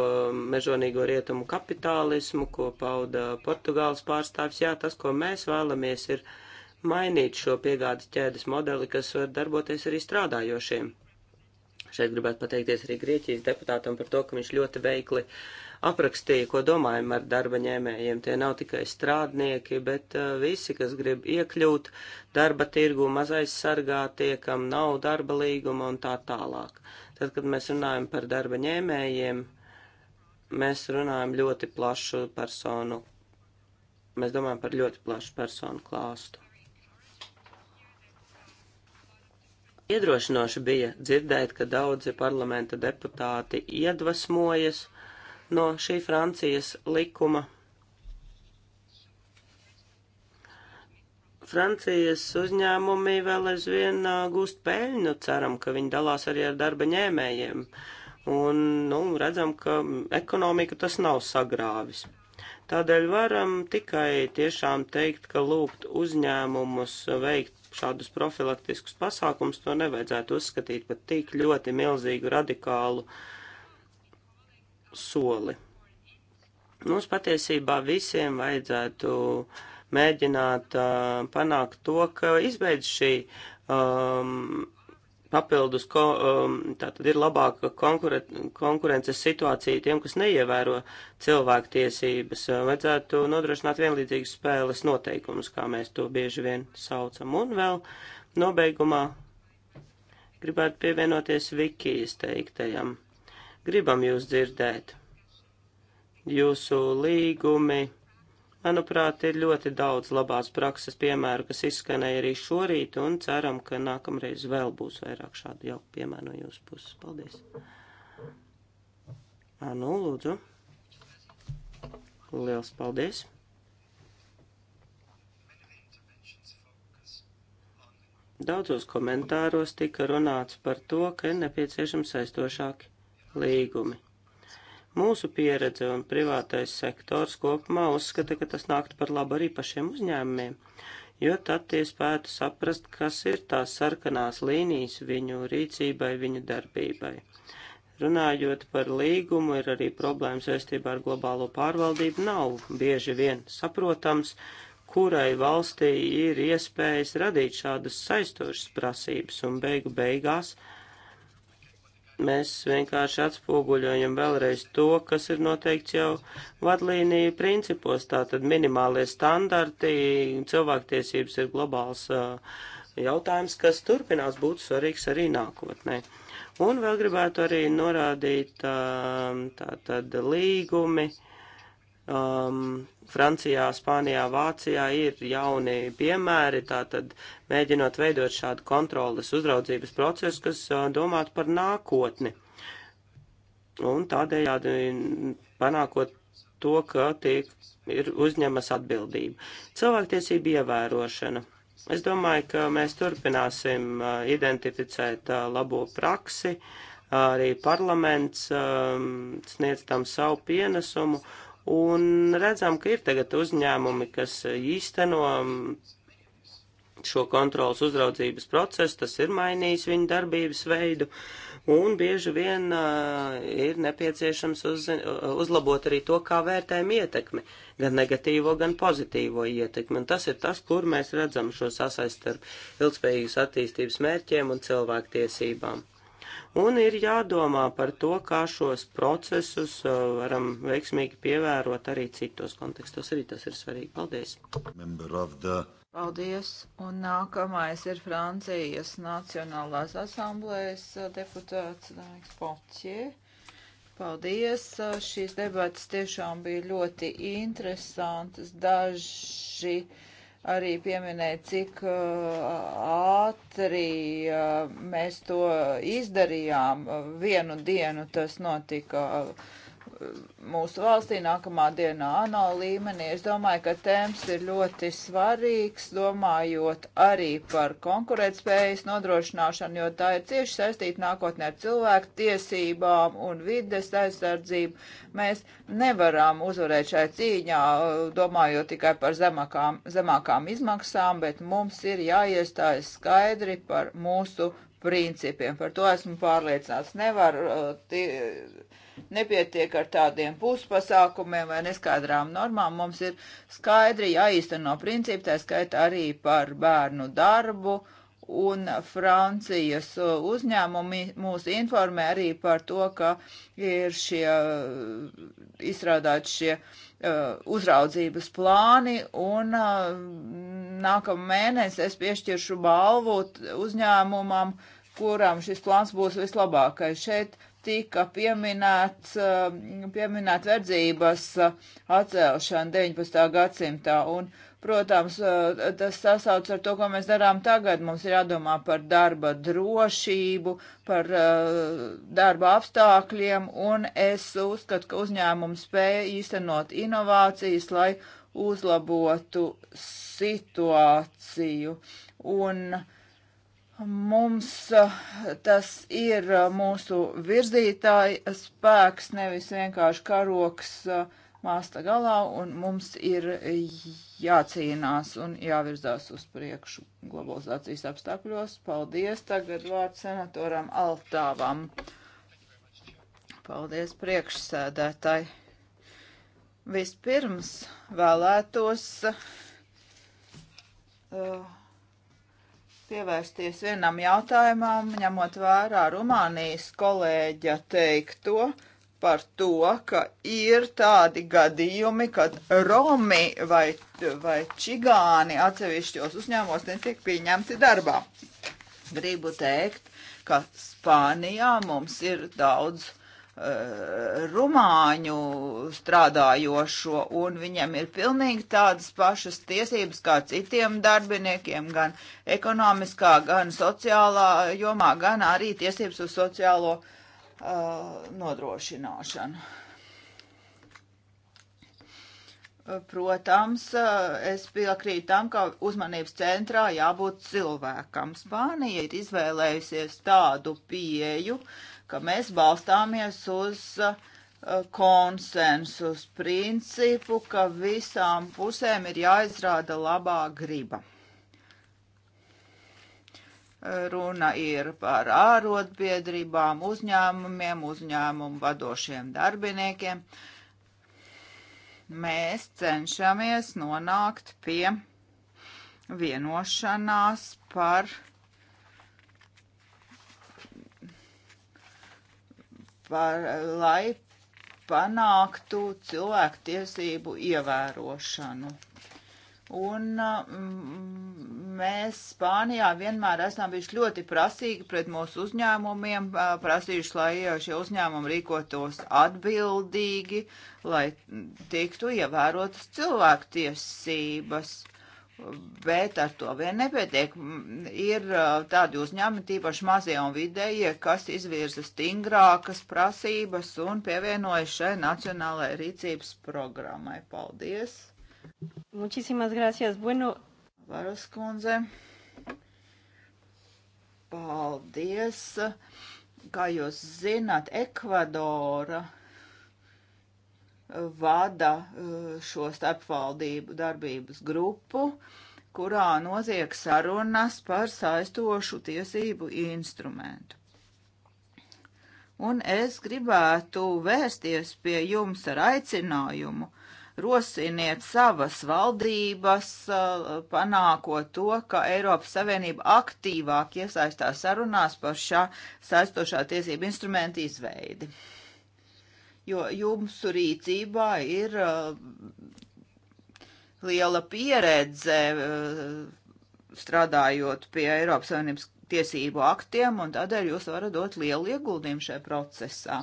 mežonīgo rietumu kapitālismu, ko pauda Portugāles pārstāvs. Jā, tas, ko mēs vēlamies, ir mainīt šo piegādes ķēdes modeli, kas var darboties arī strādājošiem. Šeit gribētu pateikties arī Grieķijas deputātam par to, ka viņš ļoti veikli aprakstīja, ko domājam ar darba ņēmējiem. Tie nav tikai strādnieki, bet uh, visi, kas grib iekļūt darba tirgu, mazais sargātie, kam nav darba līguma un tā tālāk. Tad, kad mēs runājam par darba ņēmējiem, mēs runājam ļoti plašu personu. Mēs domājam par ļoti plašu personu klāstu. Iedrošinoši bija dzirdēt, ka daudzi parlamenta deputāti iedvesmojas no šī Francijas likuma. Francijas uzņēmumi vēl aizvien gūst peļņu, ceram, ka viņi dalās arī ar darba ņēmējiem. Un, nu, redzam, ka ekonomika tas nav sagrāvis. Tādēļ varam tikai tiešām teikt, ka lūgt uzņēmumus veikt šādus profilaktiskus pasākums, to nevajadzētu uzskatīt par tik ļoti milzīgu radikālu soli. Mums patiesībā visiem vajadzētu mēģināt uh, panākt to, ka izbeidz šī um, papildus ko, um, tātad ir labāka konkuret, konkurences situācija tiem, kas neievēro cilvēktiesības. Vajadzētu nodrošināt vienlīdzīgas spēles noteikumus, kā mēs to bieži vien saucam. Un vēl nobeigumā gribētu pievienoties Vikijas teiktajam. Gribam jūs dzirdēt. Jūsu līgumi Manuprāt, ir ļoti daudz labās prakses piemēru, kas izskanēja arī šorīt, un ceram, ka nākamreiz vēl būs vairāk šādu jau piemēru no jūsu puses. Paldies! Ā, nu, lūdzu. Liels paldies! Daudzos komentāros tika runāts par to, ka ir nepieciešami saistošāki līgumi. Mūsu pieredze un privātais sektors kopumā uzskata, ka tas nāktu par labu arī pašiem uzņēmumiem, jo tad tie spētu saprast, kas ir tās sarkanās līnijas viņu rīcībai, viņu darbībai. Runājot par līgumu, ir arī problēmas saistībā ar globālo pārvaldību. Nav bieži vien saprotams, kurai valstī ir iespējas radīt šādas saistošas prasības un beigu beigās. Uh, Mēs vienkārši atspoguļojam vēlreiz to, kas ir noteikts jau vadlīniju principos. Tātad minimālie standarti, cilvēktiesības ir globāls jautājums, kas turpinās būt svarīgs arī nākotnē. Un vēl gribētu arī norādīt tātad līgumi. Tā um, Francijā, Spānijā, Vācijā ir jauni piemēri, tātad mēģinot veidot šādu kontroles uzraudzības procesu, kas uh, domātu par nākotni. Un tādējādi panākot to, ka tiek ir uzņemas atbildība. Cilvēktiesība ievērošana. Es domāju, ka mēs turpināsim uh, identificēt uh, labo praksi, arī parlaments um, sniedz tam savu pienesumu, Un redzam, ka ir tagad uzņēmumi, kas īsteno šo kontrolas uzraudzības procesu, tas ir mainījis viņu darbības veidu, un bieži vien uh, ir nepieciešams uz, uzlabot arī to, kā vērtējam ietekmi, gan negatīvo, gan pozitīvo ietekmi, un tas ir tas, kur mēs redzam šo sasaist ar ilgspējīgas attīstības mērķiem un cilvēktiesībām. Un ir jādomā par to, kā šos procesus uh, varam veiksmīgi pievērot arī citos kontekstos. Arī tas ir svarīgi. Paldies! Paldies! Un nākamais ir Francijas Nacionālās asamblējas uh, deputāts Dārgs Poķie. Paldies! Uh, šīs debatas tiešām bija ļoti interesantas. Daži arī pieminēja, cik uh, ātri uh, mēs to izdarījām. Vienu dienu tas notika. Uh, mūsu valstī nākamā dienā ANO līmenī. Es domāju, ka tēms ir ļoti svarīgs, domājot arī par konkurētspējas nodrošināšanu, jo tā ir cieši saistīta nākotnē ar cilvēku tiesībām un vides aizsardzību. Mēs nevaram uzvarēt šai cīņā, domājot tikai par zemākām, zemākām izmaksām, bet mums ir jāiestājas skaidri par mūsu principiem. Par to esmu pārliecināts. Nevar uh, tie, Nepietiek ar tādiem puspasākumiem vai neskaidrām normām. Mums ir skaidri jāīsteno principi, tā skaita arī par bērnu darbu. Un Francijas uzņēmumi mūs informē arī par to, ka ir šie izstrādāti šie uh, uzraudzības plāni, un uh, nākamā mēnesī es piešķiršu balvu uzņēmumam, kuram šis plāns būs vislabākais. Šeit tika pieminēts, um, pieminēt verdzības uh, atcelšana 19. gadsimtā. Un, protams, uh, tas sasauc ar to, ko mēs darām tagad. Mums ir jādomā par darba drošību, par uh, darba apstākļiem, un es uzskatu, ka uzņēmums spēja īstenot inovācijas, lai uzlabotu situāciju. Un, uh, Mums eh, tas ir eh, mūsu virzītāja spēks, nevis vienkārši karoks eh, māsta galā, un mums ir jācīnās un jāvirzās uz priekšu globalizācijas apstākļos. Paldies! Tagad vārds senatoram Altāvam. Paldies priekšsēdētāji! Vispirms vēlētos. Uh, pievērsties vienam jautājumam, ņemot vērā Rumānijas kolēģa teikto par to, ka ir tādi gadījumi, kad Romi vai, vai Čigāni atsevišķos uzņēmumos netiek pieņemti darbā. Gribu teikt, ka Spānijā mums ir daudz Eh, rumāņu strādājošo, un viņam ir pilnīgi tādas pašas tiesības kā citiem darbiniekiem, gan ekonomiskā, gan sociālā jomā, gan arī tiesības uz sociālo uh, nodrošināšanu. Protams, eh, es piekrītu tam, ka uzmanības centrā jābūt cilvēkam. Spānija ir izvēlējusies tādu pieju, uh, ka mēs balstāmies uz uh, konsensus principu, ka visām pusēm ir jāizrāda labā griba. Runa ir par ārotbiedrībām, uzņēmumiem, uzņēmumu vadošiem darbiniekiem. Mēs cenšamies nonākt pie vienošanās par par, lai panāktu cilvēktiesību ievērošanu. Un mm, mēs Spānijā vienmēr esam bijuši ļoti prasīgi pret mūsu uzņēmumiem, prasījuši, lai šie uzņēmumi rīkotos atbildīgi, lai tiktu ievērotas cilvēktiesības. Bet ar to vien nepietiek. Ir tādi uzņēmumi, tīpaši mazie un vidējie, kas izvirza stingrākas prasības un pievienojas šai nacionālajai rīcības programmai. Paldies! Muchísimas gracias. Bueno. Varas kundze. Paldies. Kā jūs zināt, Ekvadora vada eh, šo starpvaldību darbības grupu, kurā notiek sarunas par saistošu tiesību instrumentu. Un es gribētu vērsties pie jums ar aicinājumu rosiniet savas valdības, eh, panākot to, ka Eiropas Savienība aktīvāk iesaistās sarunās par šā saistošā tiesību instrumenta izveidi jo jūsu rīcībā ir uh, liela pieredze uh, strādājot pie Eiropas Savienības tiesību aktiem, un tādēļ jūs varat dot lielu ieguldījumu šajā procesā.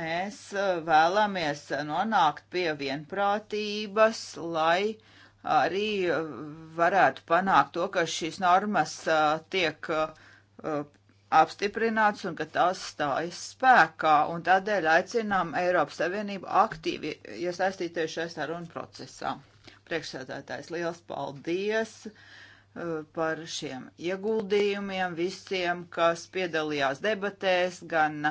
Mēs uh, vēlamies nonākt pie vienprātības, lai arī varētu panākt to, ka šīs normas tiek apstiprināts un ka tās stājas spēkā, un tādēļ aicinām Eiropas Savienību aktīvi iesaistīties šajā sarunu procesā. Priekšsēdētājs, liels paldies uh, par šiem ieguldījumiem visiem, kas piedalījās debatēs, gan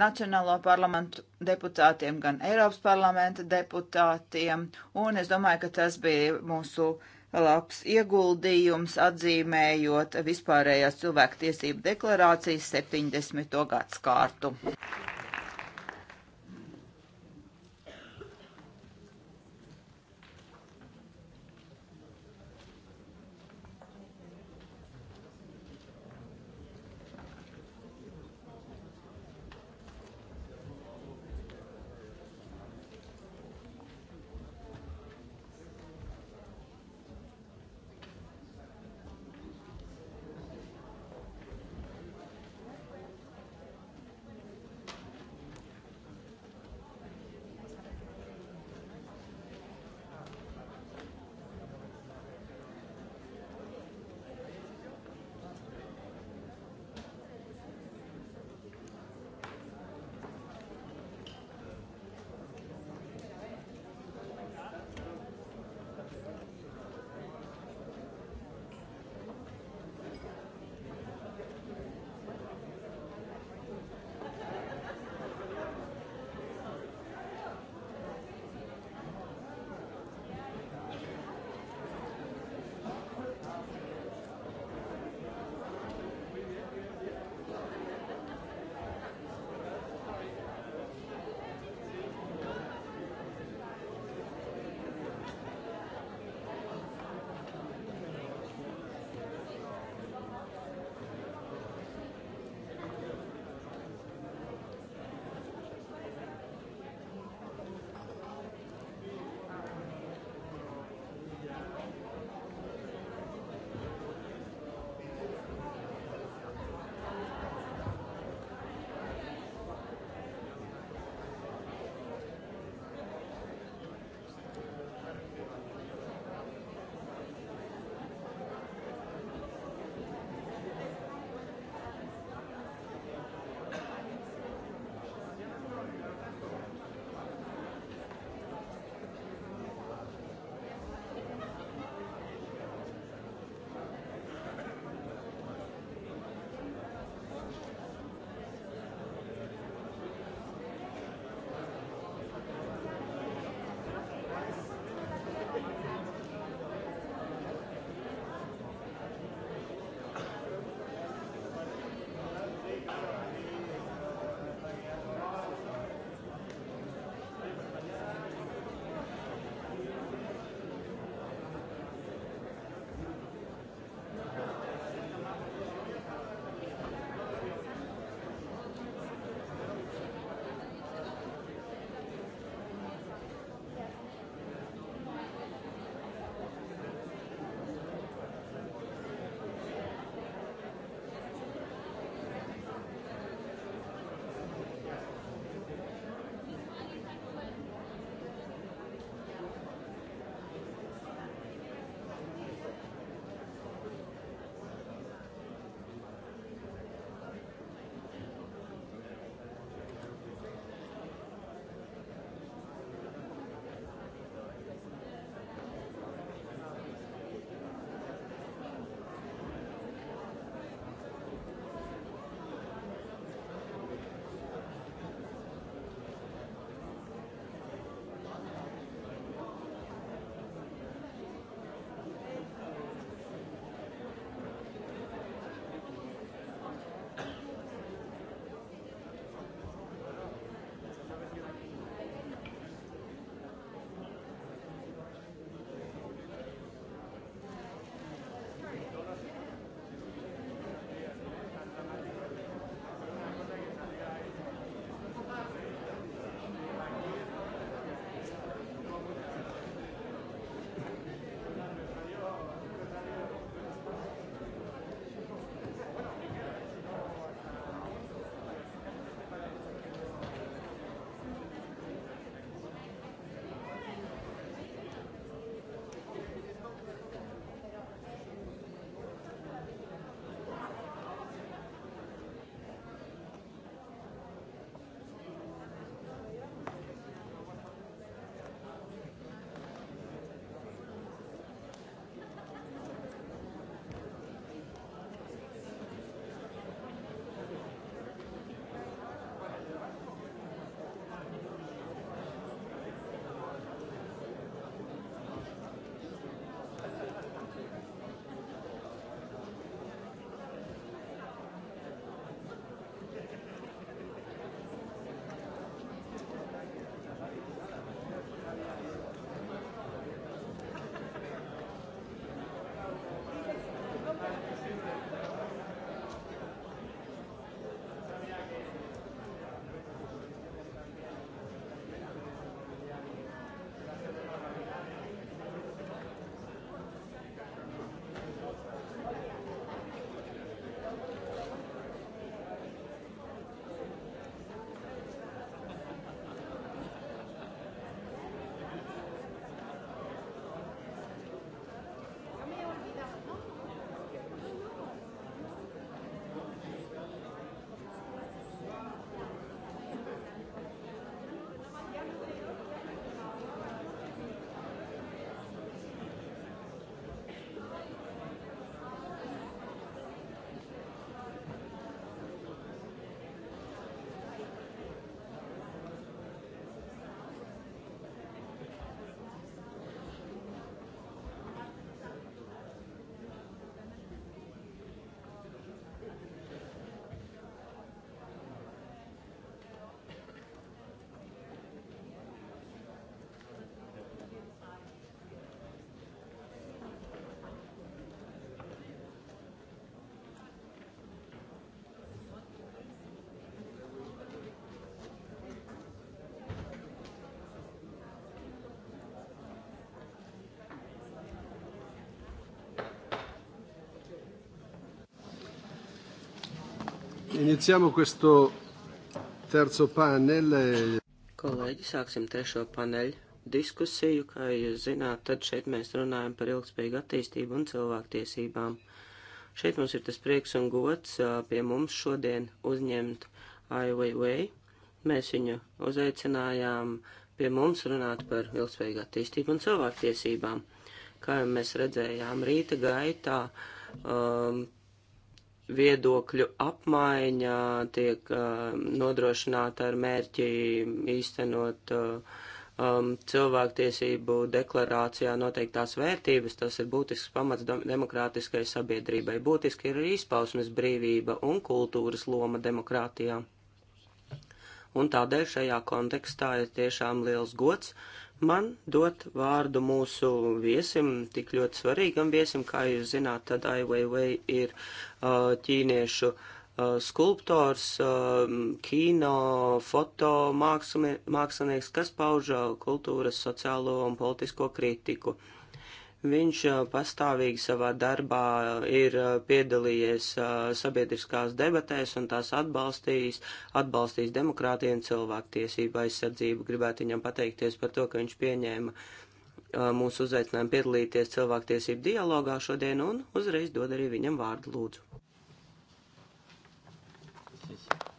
Nacionālo parlamentu deputātiem, gan Eiropas parlamenta deputātiem, un es domāju, ka tas bija mūsu uh, labs ieguldījums, atzīmējot vispārējās cilvēktiesību deklarācijas 70. gads kārtu. Iniziamo questo terzo panel. Kolēģi, sāksim trešo paneļu diskusiju. Kā jūs zināt, tad šeit mēs runājam par ilgspējīgu attīstību un cilvēktiesībām. Šeit mums ir tas prieks un gods pie mums šodien uzņemt Ai Weiwei. Mēs viņu uzaicinājām pie mums runāt par ilgspējīgu attīstību un cilvēktiesībām. Kā jau mēs redzējām rīta gaitā, um, viedokļu apmaiņa tiek uh, nodrošināta ar mērķi īstenot uh, um, cilvēktiesību deklarācijā noteiktās vērtības, tas ir būtisks pamats demokrātiskai sabiedrībai. Būtiski ir arī izpausmes brīvība un kultūras loma demokrātijā. Un tādēļ šajā kontekstā ir tiešām liels gods man dot vārdu mūsu viesim, tik ļoti svarīgam viesim, kā jūs zināt, tad Ai Weiwei ir uh, ķīniešu uh, skulptors, uh, kino, foto mākslinieks, kas pauž kultūras, sociālo un politisko kritiku. Uh, Viņš pastāvīgi savā darbā ir piedalījies sabiedriskās debatēs un tās atbalstījis, atbalstījis demokrātiju un cilvēktiesību aizsardzību. Gribētu viņam pateikties par to, ka viņš pieņēma mūsu uzaicinājumu piedalīties cilvēktiesību dialogā šodien un uzreiz dod arī viņam vārdu lūdzu. Thank you.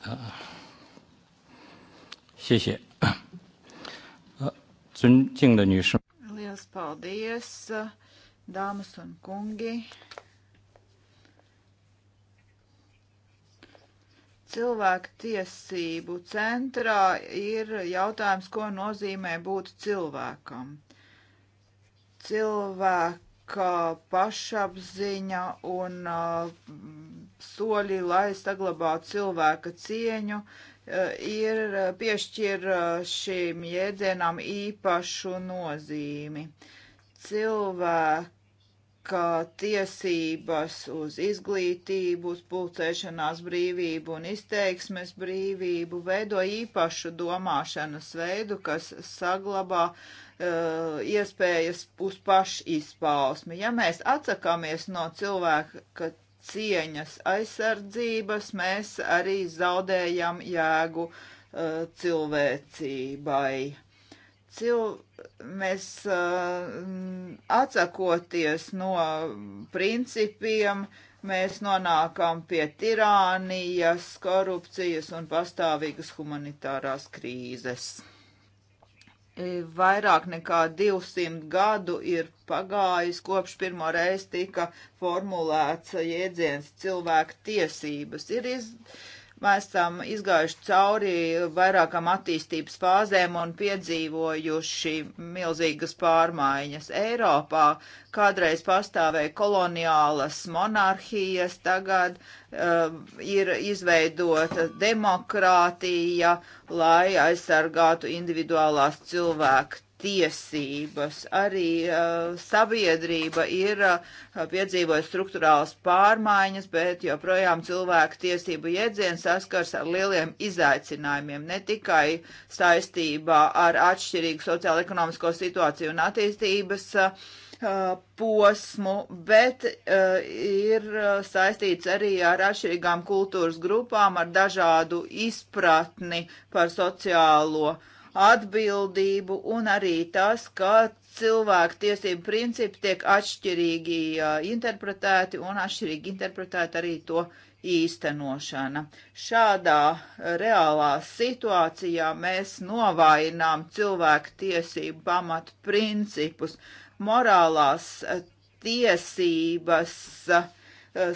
啊，谢谢。啊，尊敬的女士。Liels paldies, dāmas un kungi. Cilvēku tiesību centrā ir jautājums, ko nozīmē būt cilvēkam. Cilvēka pašapziņa un uh, soļi, lai saglabātu cilvēka cieņu, eh, ir eh, piešķir eh, šīm jēdzienām īpašu nozīmi. Cilvēka tiesības uz izglītību, uz pulcēšanās brīvību un izteiksmes brīvību veido īpašu domāšanas veidu, kas saglabā uh, iespējas uz pašizpausmi. Ja mēs atsakāmies no cilvēka cieņas aizsardzības mēs arī zaudējam jēgu uh, cilvēcībai. Cil, mēs uh, atsakoties no principiem, mēs nonākam pie tirānijas, korupcijas un pastāvīgas humanitārās krīzes. E, vairāk nekā 200 gadu ir pagājis kopš pirmo reizi tika formulēts jēdziens cilvēku tiesības. Ir iz, uh, esam izgājuši cauri vairākam attīstības fāzēm un piedzīvojuši milzīgas pārmaiņas. Eiropā kādreiz pastāvēja koloniālas monarhijas, tagad uh, ir izveidota demokrātija, lai aizsargātu individuālās cilvēku tiesības. Arī uh, sabiedrība ir uh, piedzīvojusi struktūrāls pārmaiņas, bet joprojām cilvēku tiesību iedziens saskars ar lieliem izaicinājumiem, ne tikai saistībā ar atšķirīgu sociālo-ekonomisko situāciju un attīstības uh, posmu, bet uh, ir uh, saistīts arī ar atšķirīgām kultūras grupām, ar dažādu izpratni par sociālo uh, atbildību un arī tas, ka cilvēku tiesību principi tiek atšķirīgi interpretēti un atšķirīgi interpretēta arī to īstenošana. Šādā reālā situācijā mēs novainām cilvēku tiesību pamatu principus, morālās tiesības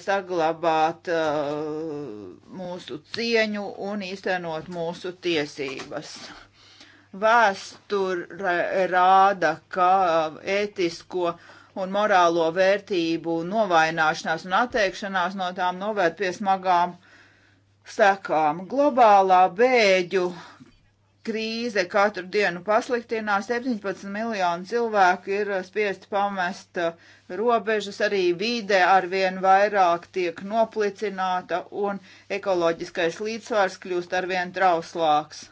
saglabāt uh, mūsu cieņu un īstenot mūsu tiesības. Vēsture rāda, ka um, ētisko un morālo vērtību novaināšanās un atteikšanās no tām noved pie smagām sekām. Globālā bēģu krīze katru dienu pasliktinās. 17 miljoni cilvēku ir spiesti pamest uh, robežas, arī vide arvien vairāk tiek noplicināta un ekoloģiskais līdzsvars kļūst arvien trauslāks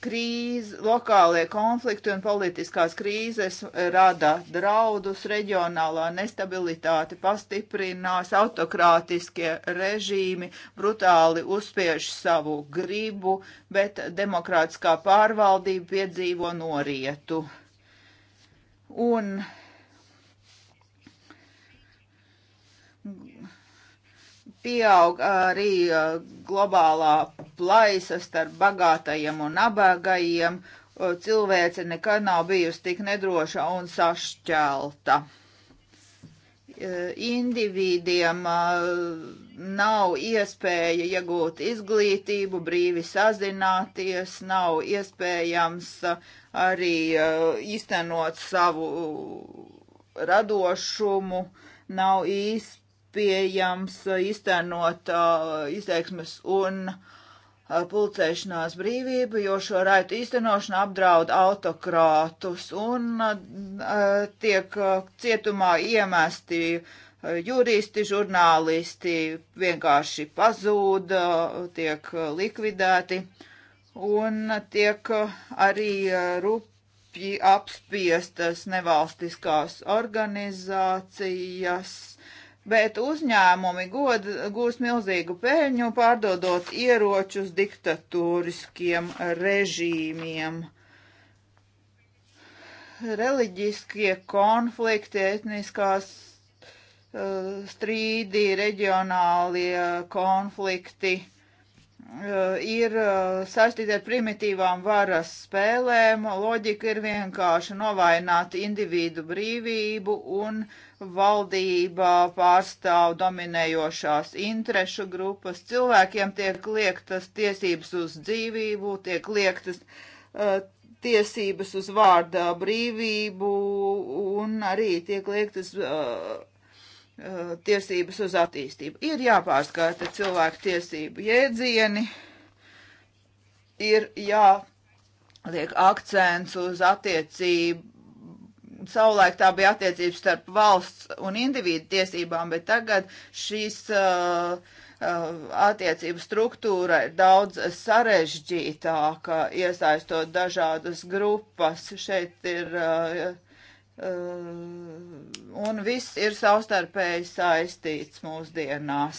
krīze, lokālie konflikti un politiskās krīzes rada draudus, reģionālā nestabilitāte pastiprinās, autokrātiskie režīmi brutāli uzspiež savu gribu, bet demokrātiskā pārvaldība piedzīvo norietu. Un pieaug arī uh, globālā plaisas starp bagātajiem un nabagajiem. Cilvēce nekad nav bijusi tik nedroša un sašķelta. E, individiem nav iespēja iegūt izglītību, brīvi sazināties, nav iespējams arī īstenot savu radošumu, nav īsti pieejams īstenot uh, izteiksmes un Uh, pulcēšanās brīvību, jo šo raitu īstenošana apdraud autokrātus un uh, tiek uh, cietumā iemesti juristi, žurnālisti, vienkārši pazūda, tiek likvidēti un tiek arī rupji apspiestas nevalstiskās organizācijas bet uzņēmumi god, gūs milzīgu peļņu pārdodot ieročus diktatūriskiem režīmiem. Reliģiskie konflikti, etniskās eh, strīdi, reģionālie konflikti Eh, ir eh, saistīti ar primitīvām varas spēlēm. Loģika ir vienkārši novainot individu brīvību un valdībā pārstāv dominējošās interešu grupas. Cilvēkiem tiek liektas tiesības uz dzīvību, tiek liektas uh, tiesības uz vārda brīvību un arī tiek liektas uh, Uh, tiesības uz attīstību. Ir jāpārskata cilvēku tiesību jēdzieni, ir jāliek akcents uz attiecību. Savulaik tā bija attiecības starp valsts un individu tiesībām, bet tagad šīs uh, uh attiecību struktūra ir daudz sarežģītāka, iesaistot dažādas grupas. Šeit ir uh, Uh, un viss ir savstarpēji saistīts mūsdienās.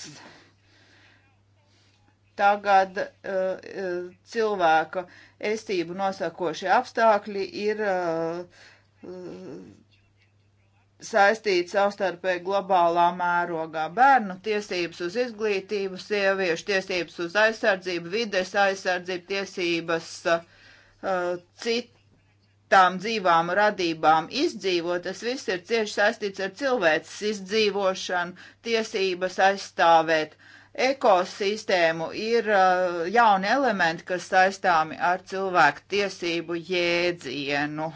Tagad uh, uh, cilvēka estību nosakošie apstākļi ir uh, saistīti savstarpēji globālā mērogā. Bērnu tiesības uz izglītību, sieviešu tiesības uz aizsardzību, vides aizsardzību, tiesības uh, citu tām dzīvām radībām izdzīvo, tas viss ir cieši saistīts ar cilvēces izdzīvošanu, tiesības aizstāvēt. Ekosistēmu ir uh, jauni elementi, kas saistāmi ar cilvēku tiesību jēdzienu.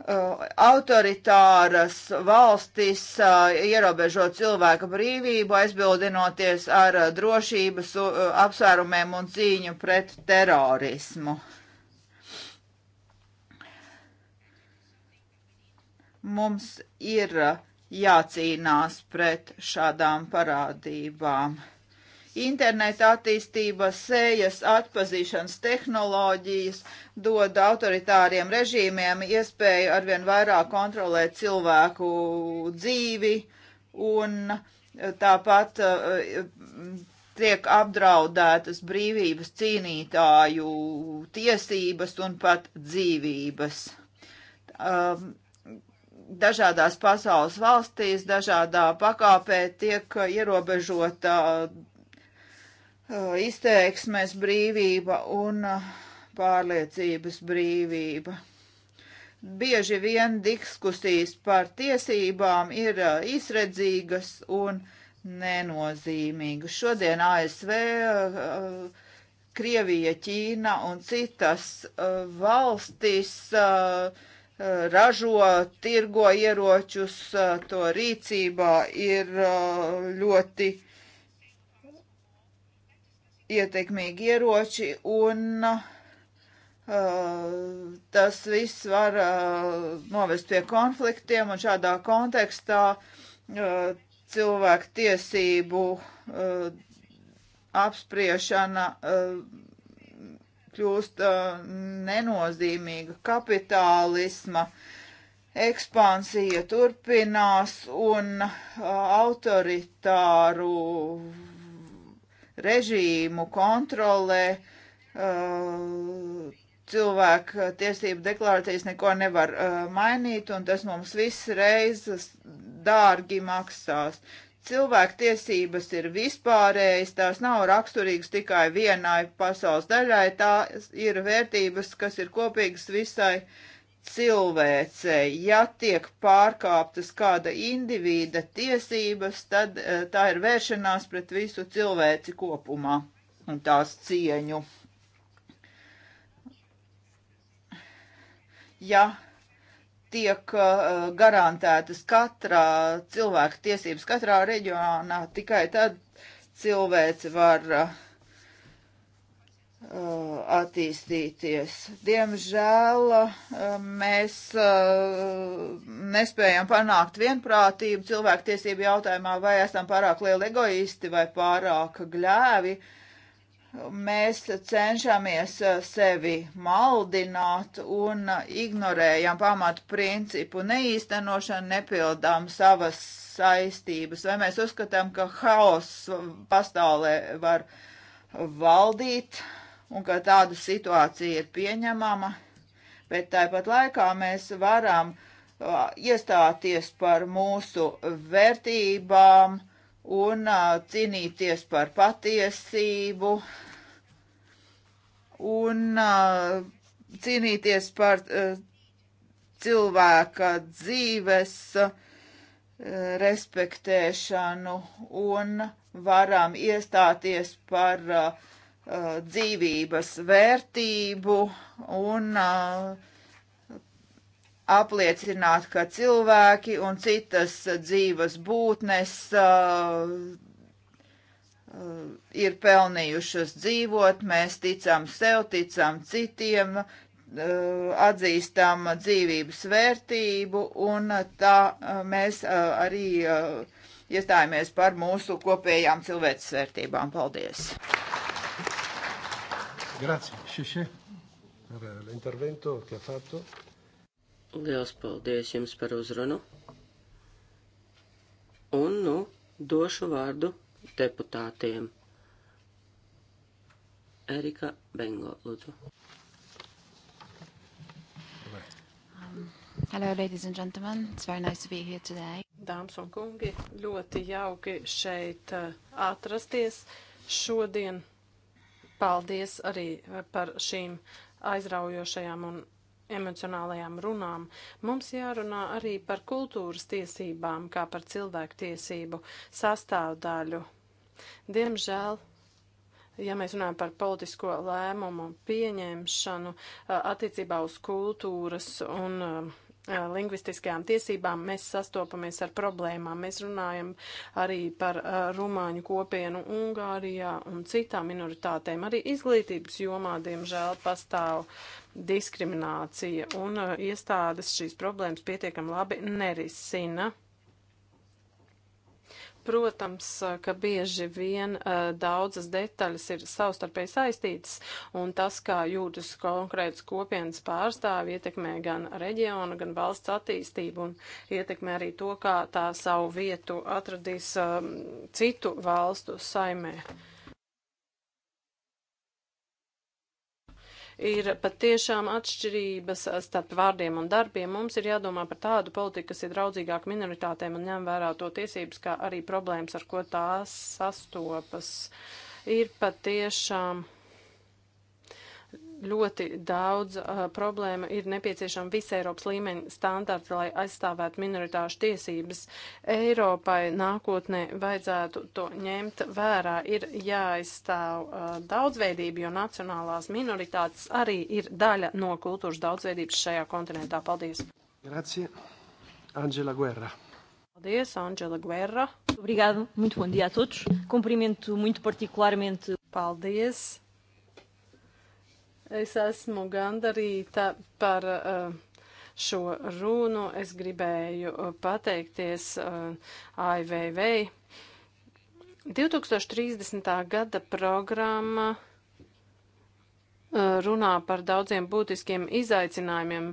Uh, autoritāras valstis uh, ierobežo cilvēka brīvību, aizbildinoties ar uh, drošības uh, apsvērumiem un cīņu pret terorismu. Mums ir uh, jācīnās pret šādām parādībām. Interneta attīstība, sējas atpazīšanas tehnoloģijas dod autoritāriem režīmiem iespēju arvien vairāk kontrolēt cilvēku dzīvi un uh, tāpat uh, tiek apdraudētas brīvības cīnītāju tiesības un pat dzīvības. Um, dažādās pasaules valstīs, dažādā pakāpē tiek ierobežota uh, izteiksmes brīvība un uh, pārliecības brīvība. Bieži vien diskusijas par tiesībām ir uh, izredzīgas un nenozīmīgas. Šodien ASV uh, Krievija, Ķīna un citas uh, valstis uh, ražo, tirgo ieročus, to rīcībā ir ļoti ietekmīgi ieroči un tas viss var novest pie konfliktiem un šādā kontekstā cilvēku tiesību apspriešana uh, kļūst uh, nenozīmīga kapitālisma ekspansija turpinās un uh, autoritāru režīmu kontrolē uh, cilvēku tiesību deklarācijas neko nevar uh, mainīt, un tas mums viss reizes dārgi maksās. Cilvēktiesības ir vispārējas, tās nav raksturīgas tikai vienai pasaules daļai, tās ir vērtības, kas ir kopīgas visai cilvēcei. Ja tiek pārkāptas kāda individa tiesības, tad eh, tā ir vēršanās pret visu cilvēci kopumā un tās cieņu. Ja tiek eh, garantētas katrā cilvēka tiesības, katrā reģionā. Tikai tad cilvēks var eh, attīstīties. Diemžēl eh, mēs nespējam panākt vienprātību cilvēktiesību jautājumā, vai esam pārāk lieli egoisti vai pārāk gļēvi. Uh, mēs cenšamies uh, sevi maldināt un ignorējam pamatu principu neīstenošanu, nepildām savas saistības, vai mēs uzskatām, ka haoss pastāvē var valdīt un ka tāda situācija ir pieņemama, bet tāpat laikā mēs varam uh, iestāties par mūsu vērtībām, un cīnīties par patiesību un cīnīties par cilvēka dzīves respektēšanu un varam iestāties par dzīvības vērtību un uh, apliecināt, ka cilvēki un citas dzīves būtnes uh, uh, ir pelnījušas dzīvot, mēs ticam sev, ticam citiem, uh, atzīstam dzīvības vērtību un tā uh, mēs uh, arī uh, iestājāmies par mūsu kopējām cilvēces vērtībām. Paldies! Grazie, Šiši, per l'intervento che ha fatto. Liels paldies jums par uzrunu. Un, nu, došu vārdu deputātiem. Erika Bengo, lūdzu. Um, hello, ladies and gentlemen. It's very nice to be here today. Dāmas un kungi, ļoti jauki šeit uh, atrasties šodien. Paldies arī uh, par šīm aizraujošajām un emocionālajām runām. Mums jārunā arī par kultūras tiesībām, kā par cilvēktiesību sastāvdaļu. Diemžēl, ja mēs runājam par politisko lēmumu pieņemšanu attiecībā uz kultūras un lingvistiskajām tiesībām, mēs sastopamies ar problēmām. Mēs runājam arī par rumāņu kopienu Ungārijā un citām minoritātēm. Arī izglītības jomā, diemžēl, pastāv uh, diskriminācija, un uh, iestādes šīs problēmas pietiekami labi nerisina. Protams, uh, ka bieži vien uh, daudzas detaļas ir savstarpēji saistītas, un tas, kā jūtas konkrētas kopienas pārstāvi, ietekmē gan reģiona, gan valsts attīstību, un ietekmē arī to, kā tā savu vietu atradīs um, citu valstu saimē. Uh, ir patiešām atšķirības starp vārdiem un darbiem. Mums ir jādomā par tādu politiku, kas ir draudzīgāk minoritātēm un ņem vērā to tiesības, kā arī problēmas, ar ko tās sastopas. Ir patiešām ļoti daudz uh, problēma ir nepieciešama visai Eiropas līmeņa standarti, lai aizstāvētu minoritāšu tiesības. Eiropai nākotnē vajadzētu to ņemt vērā. Ir jāaizstāv uh, daudzveidība, jo nacionālās minoritātes arī ir daļa no kultūras daudzveidības šajā kontinentā. Paldies! Grazie, Angela Guerra. Paldies, Angela Guerra. Obrigado, muito bom dia a todos. Cumprimento muito particularmente. Paldies. Es esmu gandarīta par eh, šo runu. Es gribēju eh, pateikties eh, AIVV. 2030. gada programma runā par daudziem būtiskiem izaicinājumiem,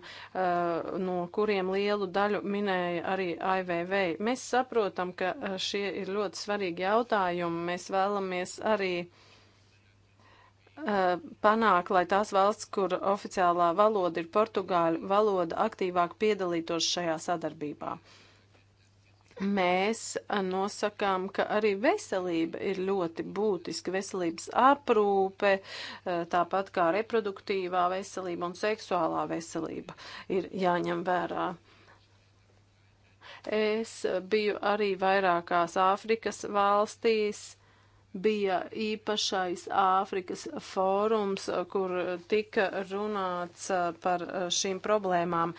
no kuriem lielu daļu minēja arī IVV. Mēs saprotam, ka šie ir ļoti svarīgi jautājumi. Mēs vēlamies arī uh, Eh, panāk, lai tās valsts, kur oficiālā valoda ir portugāļu valoda, aktīvāk piedalītos šajā sadarbībā. Mēs eh, nosakām, ka arī veselība ir ļoti būtiska, veselības aprūpe, eh, tāpat kā reproduktīvā veselība un seksuālā veselība ir jāņem vērā. Es biju arī vairākās Āfrikas valstīs bija īpašais Āfrikas fórums, kur tika runāts uh, par uh, šīm problēmām.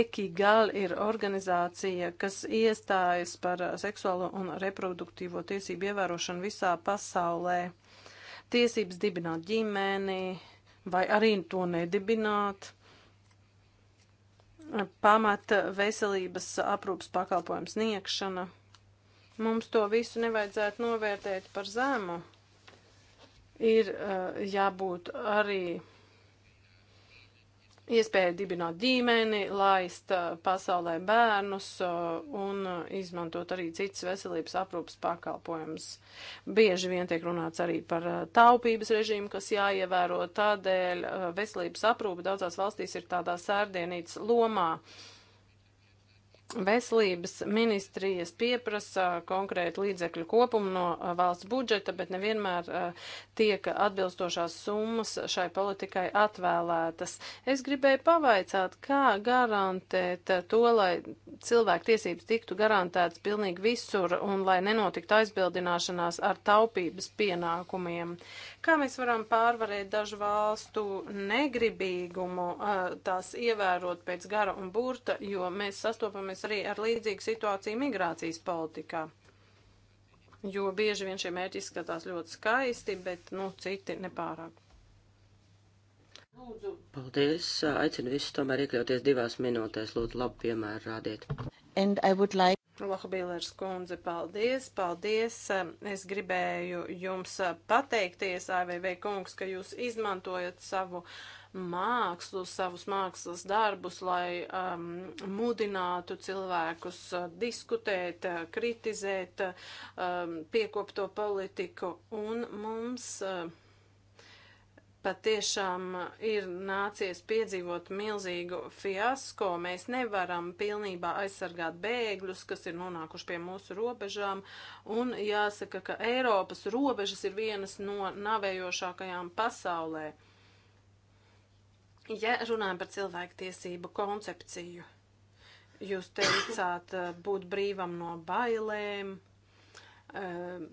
Ekigal ir organizācija, kas iestājas par uh, seksuālo un reproduktīvo tiesību ievērošanu visā pasaulē. Tiesības dibināt ģimeni vai arī to nedibināt pamata veselības aprūpas pakalpojums sniegšana. Mums to visu nevajadzētu novērtēt par zemu. Ir uh, jābūt arī iespēja dibināt ģimeni, laist uh, pasaulē bērnus uh, un uh, izmantot arī citas veselības aprūpas pakalpojumus. Bieži vien tiek runāts arī par taupības režīmu, kas jāievēro tādēļ veselības aprūpa daudzās valstīs ir tādā sērdienītas lomā. Uh, Veselības ministrijas pieprasa konkrētu līdzekļu kopumu no uh, valsts budžeta, bet nevienmēr uh, tiek atbilstošās summas šai politikai atvēlētas. Es gribēju pavaicāt, kā garantēt uh, to, lai cilvēku tiesības tiktu garantētas pilnīgi visur un lai nenotiktu aizbildināšanās ar taupības pienākumiem. Kā mēs varam pārvarēt dažu valstu negribīgumu uh, tās ievērot pēc gara un burta, jo mēs sastopamies saskaramies arī ar līdzīgu situāciju migrācijas politikā. Jo bieži vien šie mērķi izskatās ļoti skaisti, bet, nu, citi nepārāk. Lūdzu. Paldies. Aicinu visus tomēr iekļauties divās minūtēs. Lūdzu, labu piemēru rādiet. Like... Lohbīlers kundze, paldies, paldies. Es gribēju jums pateikties, AVV kungs, ka jūs izmantojat savu mākslu, savus mākslas darbus, lai um, mudinātu cilvēkus diskutēt, kritizēt um, piekopto politiku. Un mums. Uh, patiešām ir nācies piedzīvot milzīgu fiasko. Mēs nevaram pilnībā aizsargāt bēgļus, kas ir nonākuši pie mūsu robežām, un jāsaka, ka Eiropas robežas ir vienas no navējošākajām pasaulē. Ja runājam par cilvēktiesību koncepciju, jūs teicāt būt brīvam no bailēm, eh,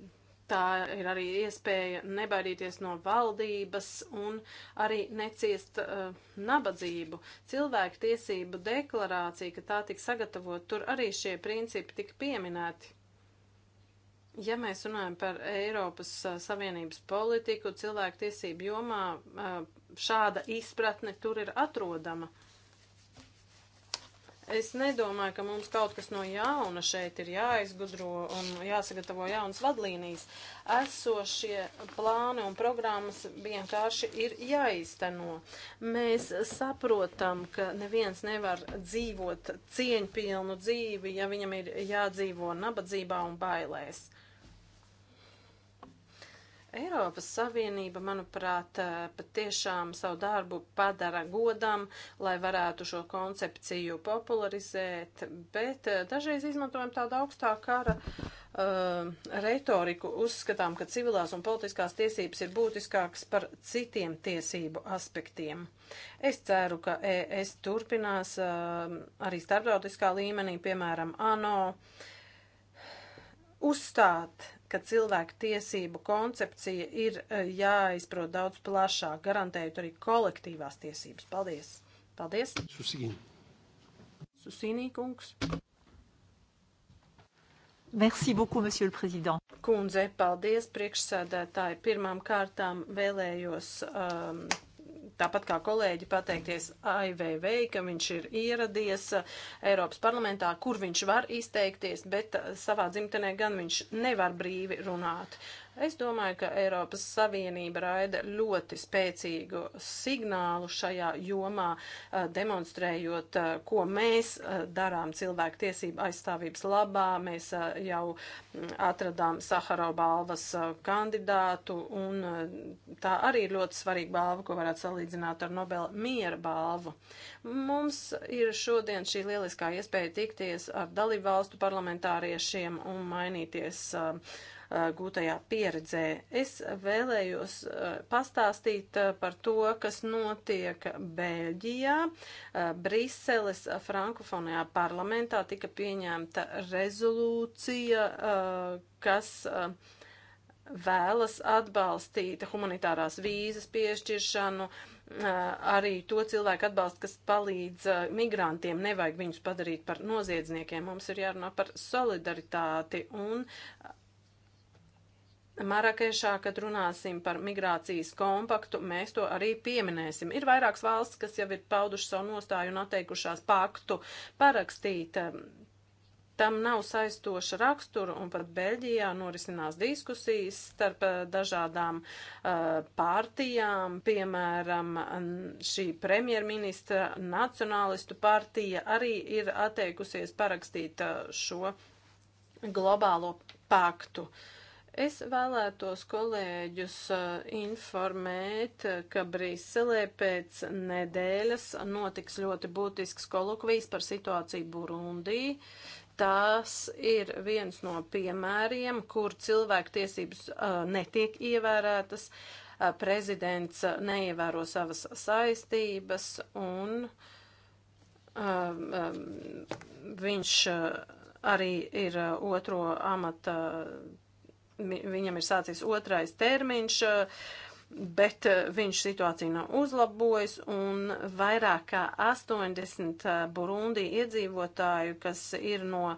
Tā ir arī iespēja nebaidīties no valdības un arī neciest uh, nabadzību. Cilvēku tiesību deklarācija, ka tā tika sagatavot, tur arī šie principi tika pieminēti. Ja mēs runājam par Eiropas uh, Savienības politiku, cilvēku tiesību jomā, uh, šāda izpratne tur ir atrodama. Uh, Es nedomāju, ka mums kaut kas no jauna šeit ir jāizgudro un jāsagatavo jaunas vadlīnijas. Esošie plāni un programmas vienkārši ir jāizteno. Mēs saprotam, ka neviens nevar dzīvot cieņpilnu dzīvi, ja viņam ir jādzīvo nabadzībā un bailēs. Uh, Eiropas Savienība, manuprāt, eh, patiešām savu darbu padara godam, lai varētu šo koncepciju popularizēt, bet eh, dažreiz izmantojam tādu augstā kara uh, retoriku, uzskatām, ka civilās un politiskās tiesības ir būtiskākas par citiem tiesību aspektiem. Es ceru, ka es turpinās uh, arī starptautiskā līmenī, piemēram, ANO, uzstāt ka cilvēku tiesību koncepcija ir e, jāizprot daudz plašāk, garantējot arī kolektīvās tiesības. Paldies! Paldies! Susīni! Susīnī kungs! Merci beaucoup, monsieur le président. Kundze, paldies priekšsēdētāji. Pirmām kārtām vēlējos um, tāpat kā kolēģi pateikties AIVV, ka viņš ir ieradies Eiropas parlamentā, kur viņš var izteikties, bet savā dzimtenē gan viņš nevar brīvi runāt. Es domāju, ka Eiropas Savienība raida ļoti spēcīgu signālu šajā jomā, eh, demonstrējot, eh, ko mēs eh, darām cilvēku tiesību aizstāvības labā. Mēs jau mm, atradām Sahara balvas kandidātu, un tā arī ir ļoti svarīga balva, ko varētu salīdzināt ar Nobela miera balvu. Mums ir šodien šī lieliskā iespēja tikties ar dalībvalstu parlamentāriešiem un mainīties uh, Uh, gūtajā pieredzē. Es vēlējos uh, pastāstīt uh, par to, kas notiek Bēļģijā. Briseles frankofonajā parlamentā tika pieņemta rezolūcija, kas vēlas atbalstīt humanitārās vīzas piešķiršanu, arī to cilvēku atbalstu, kas palīdz migrantiem. Nevajag viņus padarīt par noziedzniekiem. Mums ir jārunā par solidaritāti un Marakešā, kad runāsim par migrācijas kompaktu, mēs to arī pieminēsim. Ir vairākas valsts, kas jau ir pauduši savu nostāju un atteikušās paktu parakstīt. Tam nav saistoša rakstura, un pat Beļģijā norisinās diskusijas starp eh, dažādām uh, partijām. Piemēram, šī premjerministra Nacionālistu partija arī ir atteikusies parakstīt uh, šo globālo paktu. Uh, Es vēlētos kolēģus eh, informēt, eh, ka Briselē pēc nedēļas notiks ļoti būtisks kolokvijas par situāciju Burundī. Tas ir viens no piemēriem, kur cilvēktiesības uh, netiek ievērētas, uh, prezidents neievēro savas saistības un uh, viņš arī ir otro amata viņam ir sācies otrais termiņš. Eh, bet eh, viņš situāciju nav uzlabojis, un vairāk kā 80 eh, Burundi iedzīvotāju, kas, ir no,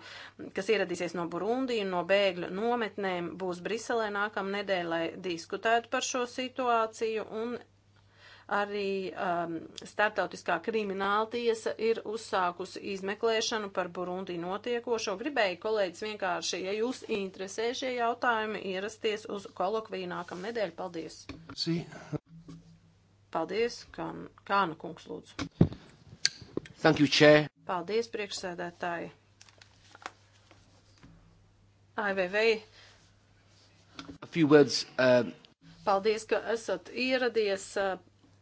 kas ieradīsies no Burundi, no bēgļu nometnēm, būs Briselē nākamnedēļ, lai diskutētu par šo situāciju, un Arī um, Startautiskā krimināla tiesa ir uzsākusi izmeklēšanu par Burundi notiekošo. Gribēju, kolēģis, vienkārši, ja jūs interesē šie jautājumi, ierasties uz kolokviju nākamnedēļ. Paldies! Si. Paldies, Kāna, Kāna kungs, lūdzu. Thank you, Chair. Paldies, priekšsēdētāji. AVV. A few words. Um... Paldies, ka esat ieradies. Uh,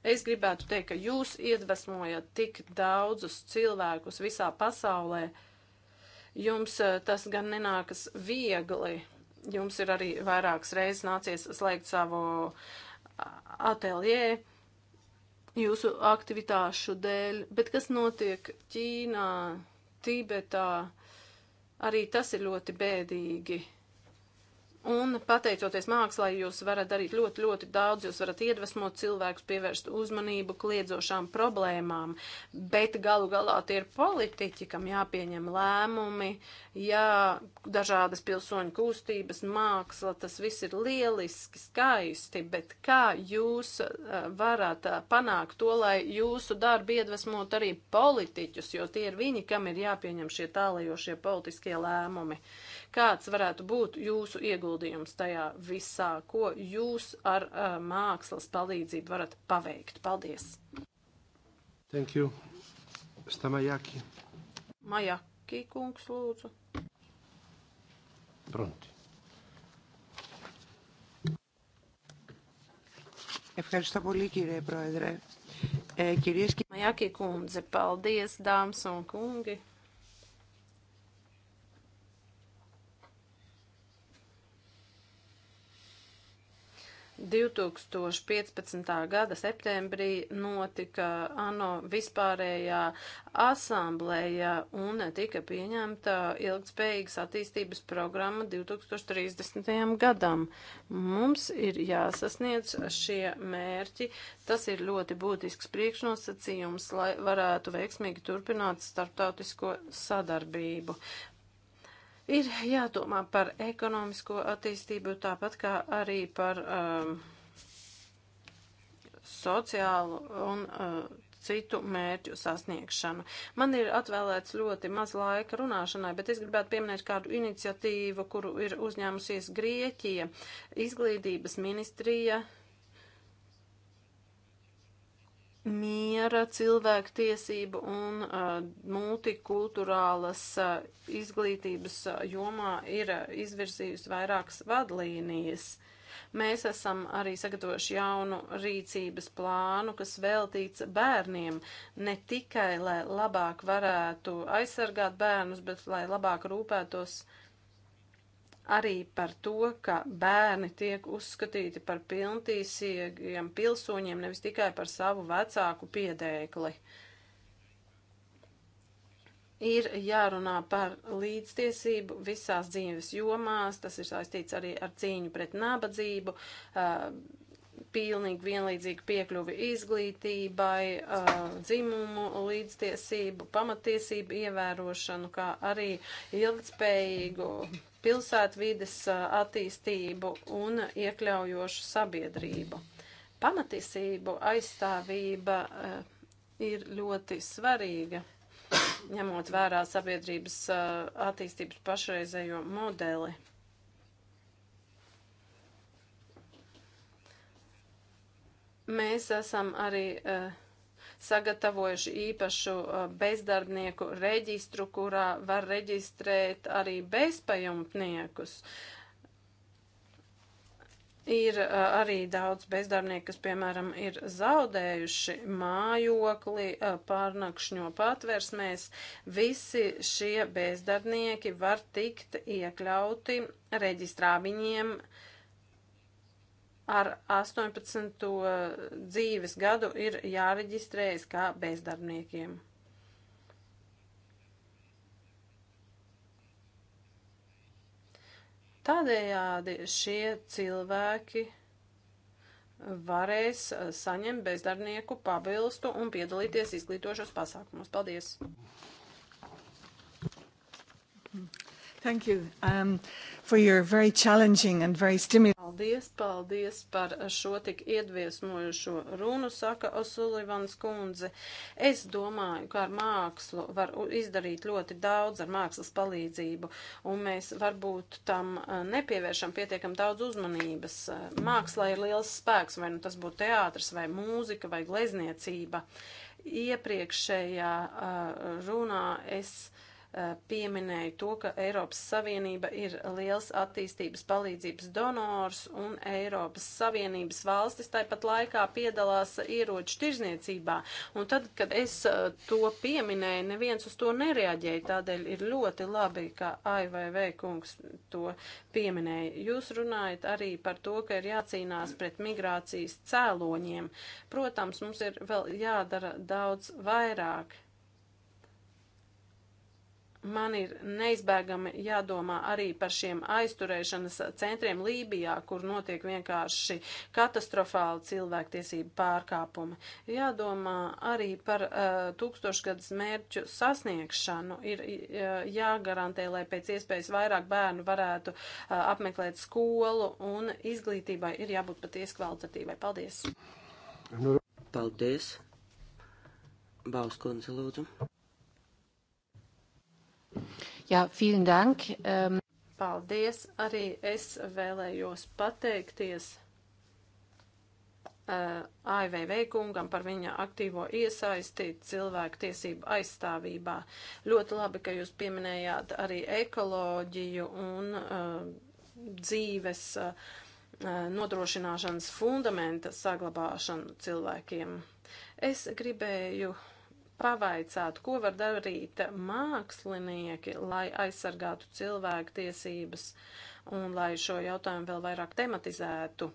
Es gribētu teikt, ka jūs iedvesmojat tik daudzus cilvēkus visā pasaulē. Jums eh, tas gan nenākas viegli. Jums ir arī vairākas reizes nācies slēgt savu ateljē jūsu aktivitāšu dēļ. Bet kas notiek Ķīnā, Tibetā, arī tas ir ļoti bēdīgi. Un pateicoties mākslai, jūs varat darīt ļoti, ļoti daudz, jūs varat iedvesmot cilvēkus, pievērst uzmanību kliedzošām problēmām, bet galu galā tie ir politiķi, kam jāpieņem lēmumi, jā, dažādas pilsoņu kustības, māksla, tas viss ir lieliski, skaisti, bet kā jūs eh, varat eh, panākt to, lai jūsu darbi iedvesmot arī politiķus, jo tie ir viņi, kam ir jāpieņem šie tālajošie politiskie lēmumi. Uh, Kāds varētu būt jūsu ieguldījums tajā visā, ko jūs ar uh, mākslas palīdzību varat paveikt? Paldies! Thank you. Stamajaki. Majaki kungs lūdzu. Pronti. Ευχαριστώ πολύ κύριε Πρόεδρε. Ε, κυρίες και... Majaki kundze, paldies, dāmas un kungi. 2015. gada septembrī notika ANO vispārējā asamblēja un tika pieņemta ilgspējīgas attīstības programma 2030. gadam. Mums ir jāsasniedz šie mērķi. Tas ir ļoti būtisks priekšnosacījums, lai varētu veiksmīgi turpināt starptautisko sadarbību. Ir jādomā par ekonomisko attīstību, tāpat kā arī par um, sociālu un uh, citu mērķu sasniegšanu. Man ir atvēlēts ļoti maz laika runāšanai, bet es gribētu pieminēt kādu iniciatīvu, kuru ir uzņēmusies Grieķija, izglītības ministrija. Uh, miera, cilvēktiesību un uh, multikulturālas uh, izglītības uh, jomā ir uh, izvirzījusi vairākas vadlīnijas. Mēs esam arī sagatavojuši jaunu rīcības plānu, kas veltīts bērniem ne tikai, lai labāk varētu aizsargāt bērnus, bet lai labāk rūpētos uh, arī par to, ka bērni tiek uzskatīti par pilntīsīgiem pilsoņiem, nevis tikai par savu vecāku piedēkli. Ir jārunā par līdztiesību visās dzīves jomās, tas ir saistīts arī ar cīņu pret nabadzību, pilnīgi vienlīdzīgu piekļuvi izglītībai, dzimumu līdztiesību, pamatiesību ievērošanu, kā arī ilgtspējīgu pilsētvides attīstību un iekļaujošu sabiedrību. Pamatīsību aizstāvība ir ļoti svarīga, ņemot vērā sabiedrības attīstības pašreizējo modeli. Mēs esam arī uh, sagatavojuši īpašu uh, bezdarbnieku reģistru, kurā var reģistrēt arī bezpajumtniekus. Ir uh, arī daudz bezdarbnieku, kas, piemēram, ir zaudējuši mājokli, uh, pārnakšņo patversmēs. Visi šie bezdarbnieki var tikt iekļauti reģistrā viņiem. Uh, ar 18. dzīves gadu ir jāreģistrējas kā bezdarbniekiem. Tādējādi šie cilvēki varēs uh, saņemt bezdarbnieku pabilstu un piedalīties izglītošos pasākumos. Paldies! Thank you. Um, for your very challenging and very stimulating. Paldies, paldies par šo tik iedviesmojošo runu, saka Osulivans kundze. Es domāju, ka ar mākslu var izdarīt ļoti daudz ar mākslas palīdzību, un mēs varbūt tam eh, nepievēršam pietiekam daudz uzmanības. Eh, Mākslā ir liels spēks, vai nu tas būtu teātris, vai mūzika, vai glezniecība. Iepriekšējā eh, runā es Eh, pieminēju to, ka Eiropas Savienība ir liels attīstības palīdzības donors un Eiropas Savienības valstis tāpat laikā piedalās ieroču tirzniecībā. Un tad, kad es eh, to pieminēju, neviens uz to nereaģēja, tādēļ ir ļoti labi, ka AIVV kungs to pieminēja. Jūs runājat arī par to, ka ir jācīnās pret migrācijas cēloņiem. Protams, mums ir vēl jādara daudz vairāk man ir neizbēgami jādomā arī par šiem aizturēšanas centriem Lībijā, kur notiek vienkārši katastrofāli cilvēktiesību pārkāpumi. Jādomā arī par uh, tūkstošgadus mērķu sasniegšanu. Ir uh, jāgarantē, lai pēc iespējas vairāk bērnu varētu uh, apmeklēt skolu un izglītībai ir jābūt patiesi kvalitatīvai. Paldies! Paldies! Bauskundze, lūdzu. Jā, vielen dank. Um... Paldies. Arī es vēlējos pateikties uh, eh, AIVV kungam par viņa aktīvo iesaisti cilvēku tiesību aizstāvībā. Ļoti labi, ka jūs pieminējāt arī ekoloģiju un uh, dzīves uh, nodrošināšanas fundamenta saglabāšanu cilvēkiem. Es gribēju pavaicāt, ko var darīt mākslinieki, lai aizsargātu cilvēku tiesības un lai šo jautājumu vēl vairāk tematizētu.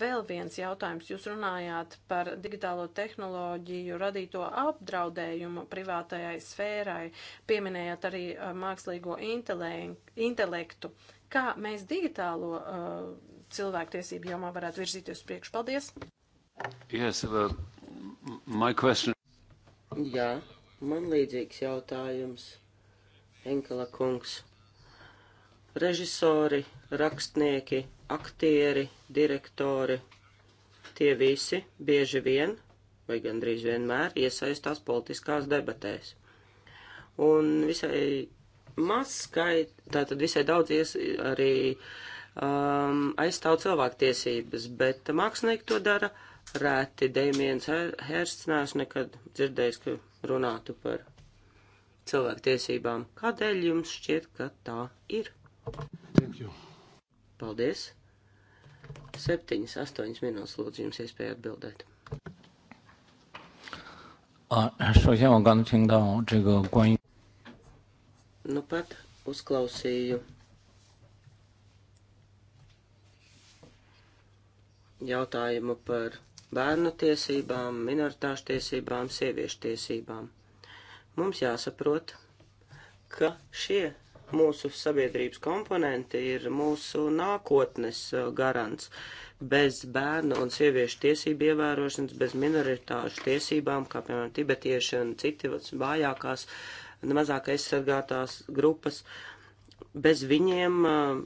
Vēl viens jautājums. Jūs runājāt par digitālo tehnoloģiju radīto apdraudējumu privātajai sfērai, pieminējāt arī uh, mākslīgo intelektu. Kā mēs digitālo uh, cilvēktiesību jomā varētu virzīties priekš? Paldies! Yes, well, my question Jā, man līdzīgs jautājums, Enkela kungs. Režisori, rakstnieki, aktieri, direktori, tie visi bieži vien, vai gandrīz vienmēr, iesaistās politiskās debatēs. Un visai maz skait, tātad visai daudz ies, arī um, aizstāv cilvēktiesības, bet mākslinieki to dara rēti Dēmiens Hersts nāšu nekad dzirdējis, ka runātu par cilvēktiesībām. Kādēļ jums šķiet, ka tā ir? Thank you. Paldies. Septiņas, astoņas minūtes lūdzu jums iespēja atbildēt. 啊，首先我刚听到这个关于。Nu pat uzklausīju jautājumu par bērnu tiesībām, minoritāšu tiesībām, sieviešu tiesībām. Mums jāsaprot, ka šie mūsu sabiedrības komponenti ir mūsu nākotnes uh, garants. Bez bērnu un sieviešu tiesību ievērošanas, bez minoritāšu tiesībām, kā piemēram tibetieši un citi vājākās, mazāk aizsargātās grupas, bez viņiem uh,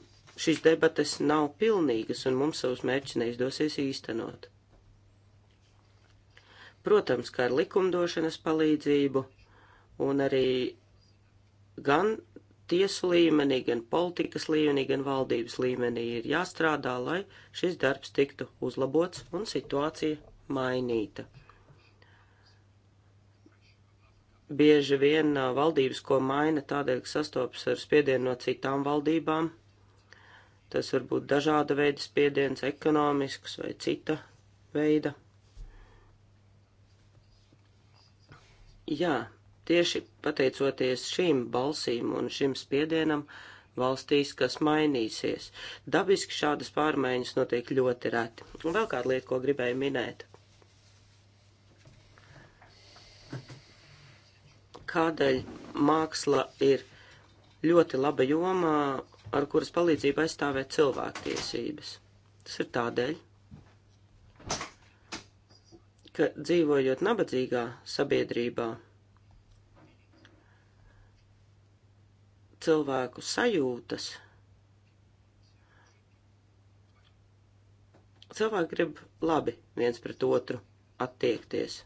šīs debates nav pilnīgas un mums savus mērķus neizdosies īstenot. Protams, kā ar likumdošanas palīdzību un arī gan tiesu līmenī, gan politikas līmenī, gan valdības līmenī ir jāstrādā, lai šis darbs tiktu uzlabots un situācija mainīta. Bieži vien valdības, ko maina tādēļ, ka sastopas ar spiedienu no citām valdībām, tas var būt dažāda veida spiediens, ekonomisks vai cita veida. Jā, tieši pateicoties šīm balsīm un šim spiedienam valstīs, kas mainīsies. Dabiski šādas pārmaiņas notiek ļoti reti. Un vēl kāda lieta, ko gribēju minēt. Kādēļ māksla ir ļoti laba jomā, ar kuras palīdzību aizstāvēt cilvēktiesības? Tas ir tādēļ, ka dzīvojot nabadzīgā sabiedrībā, cilvēku sajūtas, cilvēki grib labi viens pret otru attiekties.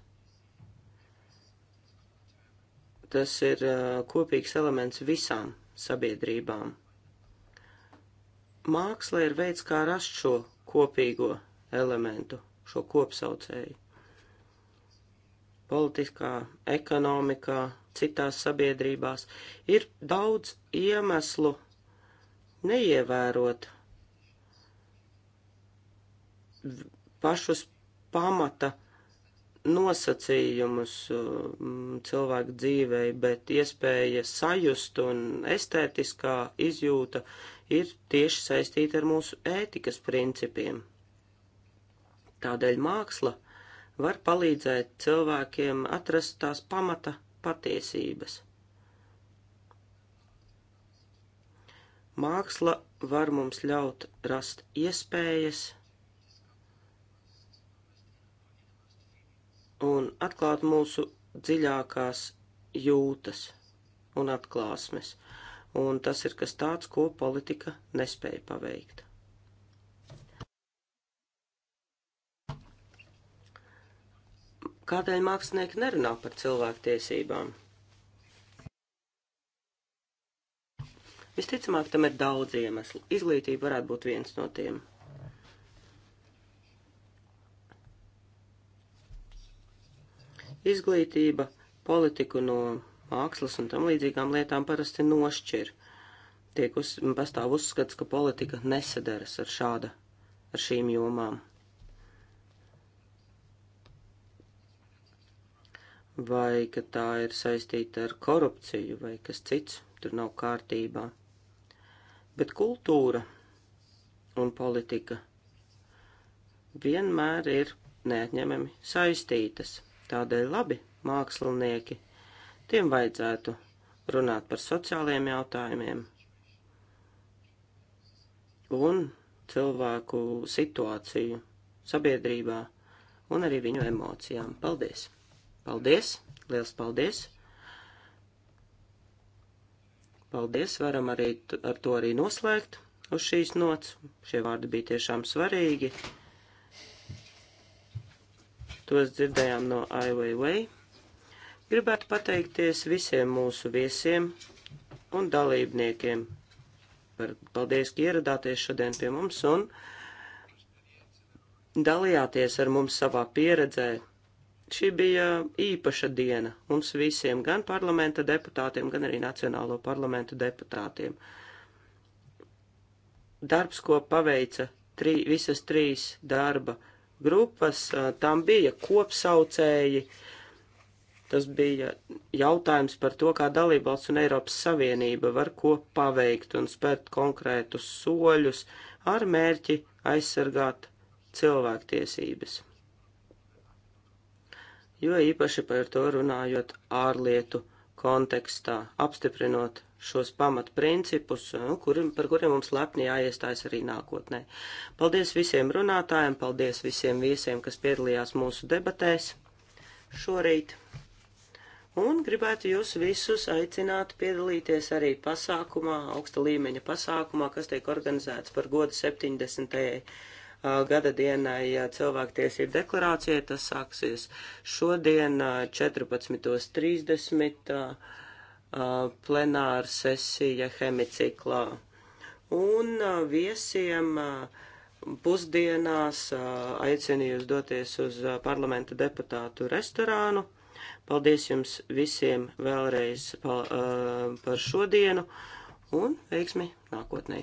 Tas ir uh, kopīgs elements visām sabiedrībām. Māksla ir veids, kā rast šo kopīgo elementu, šo kopsaucēju politiskā, ekonomikā, citās sabiedrībās. Ir daudz iemeslu neievērot pašus pamata nosacījumus mm, cilvēku dzīvei, bet iespēja sajust un estētiskā izjūta ir tieši saistīta ar mūsu ētikas principiem. Tādēļ māksla var palīdzēt cilvēkiem atrast tās pamata patiesības. Māksla var mums ļaut rast iespējas un atklāt mūsu dziļākās jūtas un atklāsmes, un tas ir kas tāds, ko politika nespēja paveikt. Kādēļ mākslinieki nerunā par cilvēktiesībām? Visticamāk, tam ir daudz iemeslu. Izglītība varētu būt viens no tiem. Izglītība politiku no mākslas un tam līdzīgām lietām parasti nošķir. Tiek uz, pastāv uzskats, ka politika nesadaras ar šāda, ar šīm jomām. vai ka tā ir saistīta ar korupciju vai kas cits, tur nav kārtībā. Bet kultūra un politika vienmēr ir neatņemami saistītas. Tādēļ labi mākslinieki, tiem vajadzētu runāt par sociāliem jautājumiem un cilvēku situāciju sabiedrībā un arī viņu emocijām. Paldies! Paldies! Liels paldies! Paldies! Varam arī ar to arī noslēgt uz šīs nots. Šie vārdi bija tiešām svarīgi. Tos dzirdējām no Ai Weiwei. Gribētu pateikties visiem mūsu viesiem un dalībniekiem. Par, paldies, ka ieradāties šodien pie mums un dalījāties ar mums savā pieredzē Šī bija īpaša diena mums visiem, gan parlamenta deputātiem, gan arī Nacionālo parlamentu deputātiem. Darbs, ko paveica trī, visas trīs darba grupas, tam bija kopsaucēji. Tas bija jautājums par to, kā dalībvalsts un Eiropas Savienība var ko paveikt un spērt konkrētus soļus ar mērķi aizsargāt cilvēktiesības jo īpaši par to runājot ārlietu kontekstā, apstiprinot šos pamatprincipus, nu, kuri, par kuriem mums lepni jāiestājas arī nākotnē. Paldies visiem runātājiem, paldies visiem viesiem, kas piedalījās mūsu debatēs šorīt. Un gribētu jūs visus aicināt piedalīties arī pasākumā, augsta līmeņa pasākumā, kas tiek organizēts par godu 70 gada dienai cilvēktiesību deklarācijai. Tas sāksies šodien 14.30 plenāra sesija hemiciklā. Un viesiem pusdienās aicinu jūs doties uz parlamenta deputātu restorānu. Paldies jums visiem vēlreiz par šodienu un veiksmi nākotnē!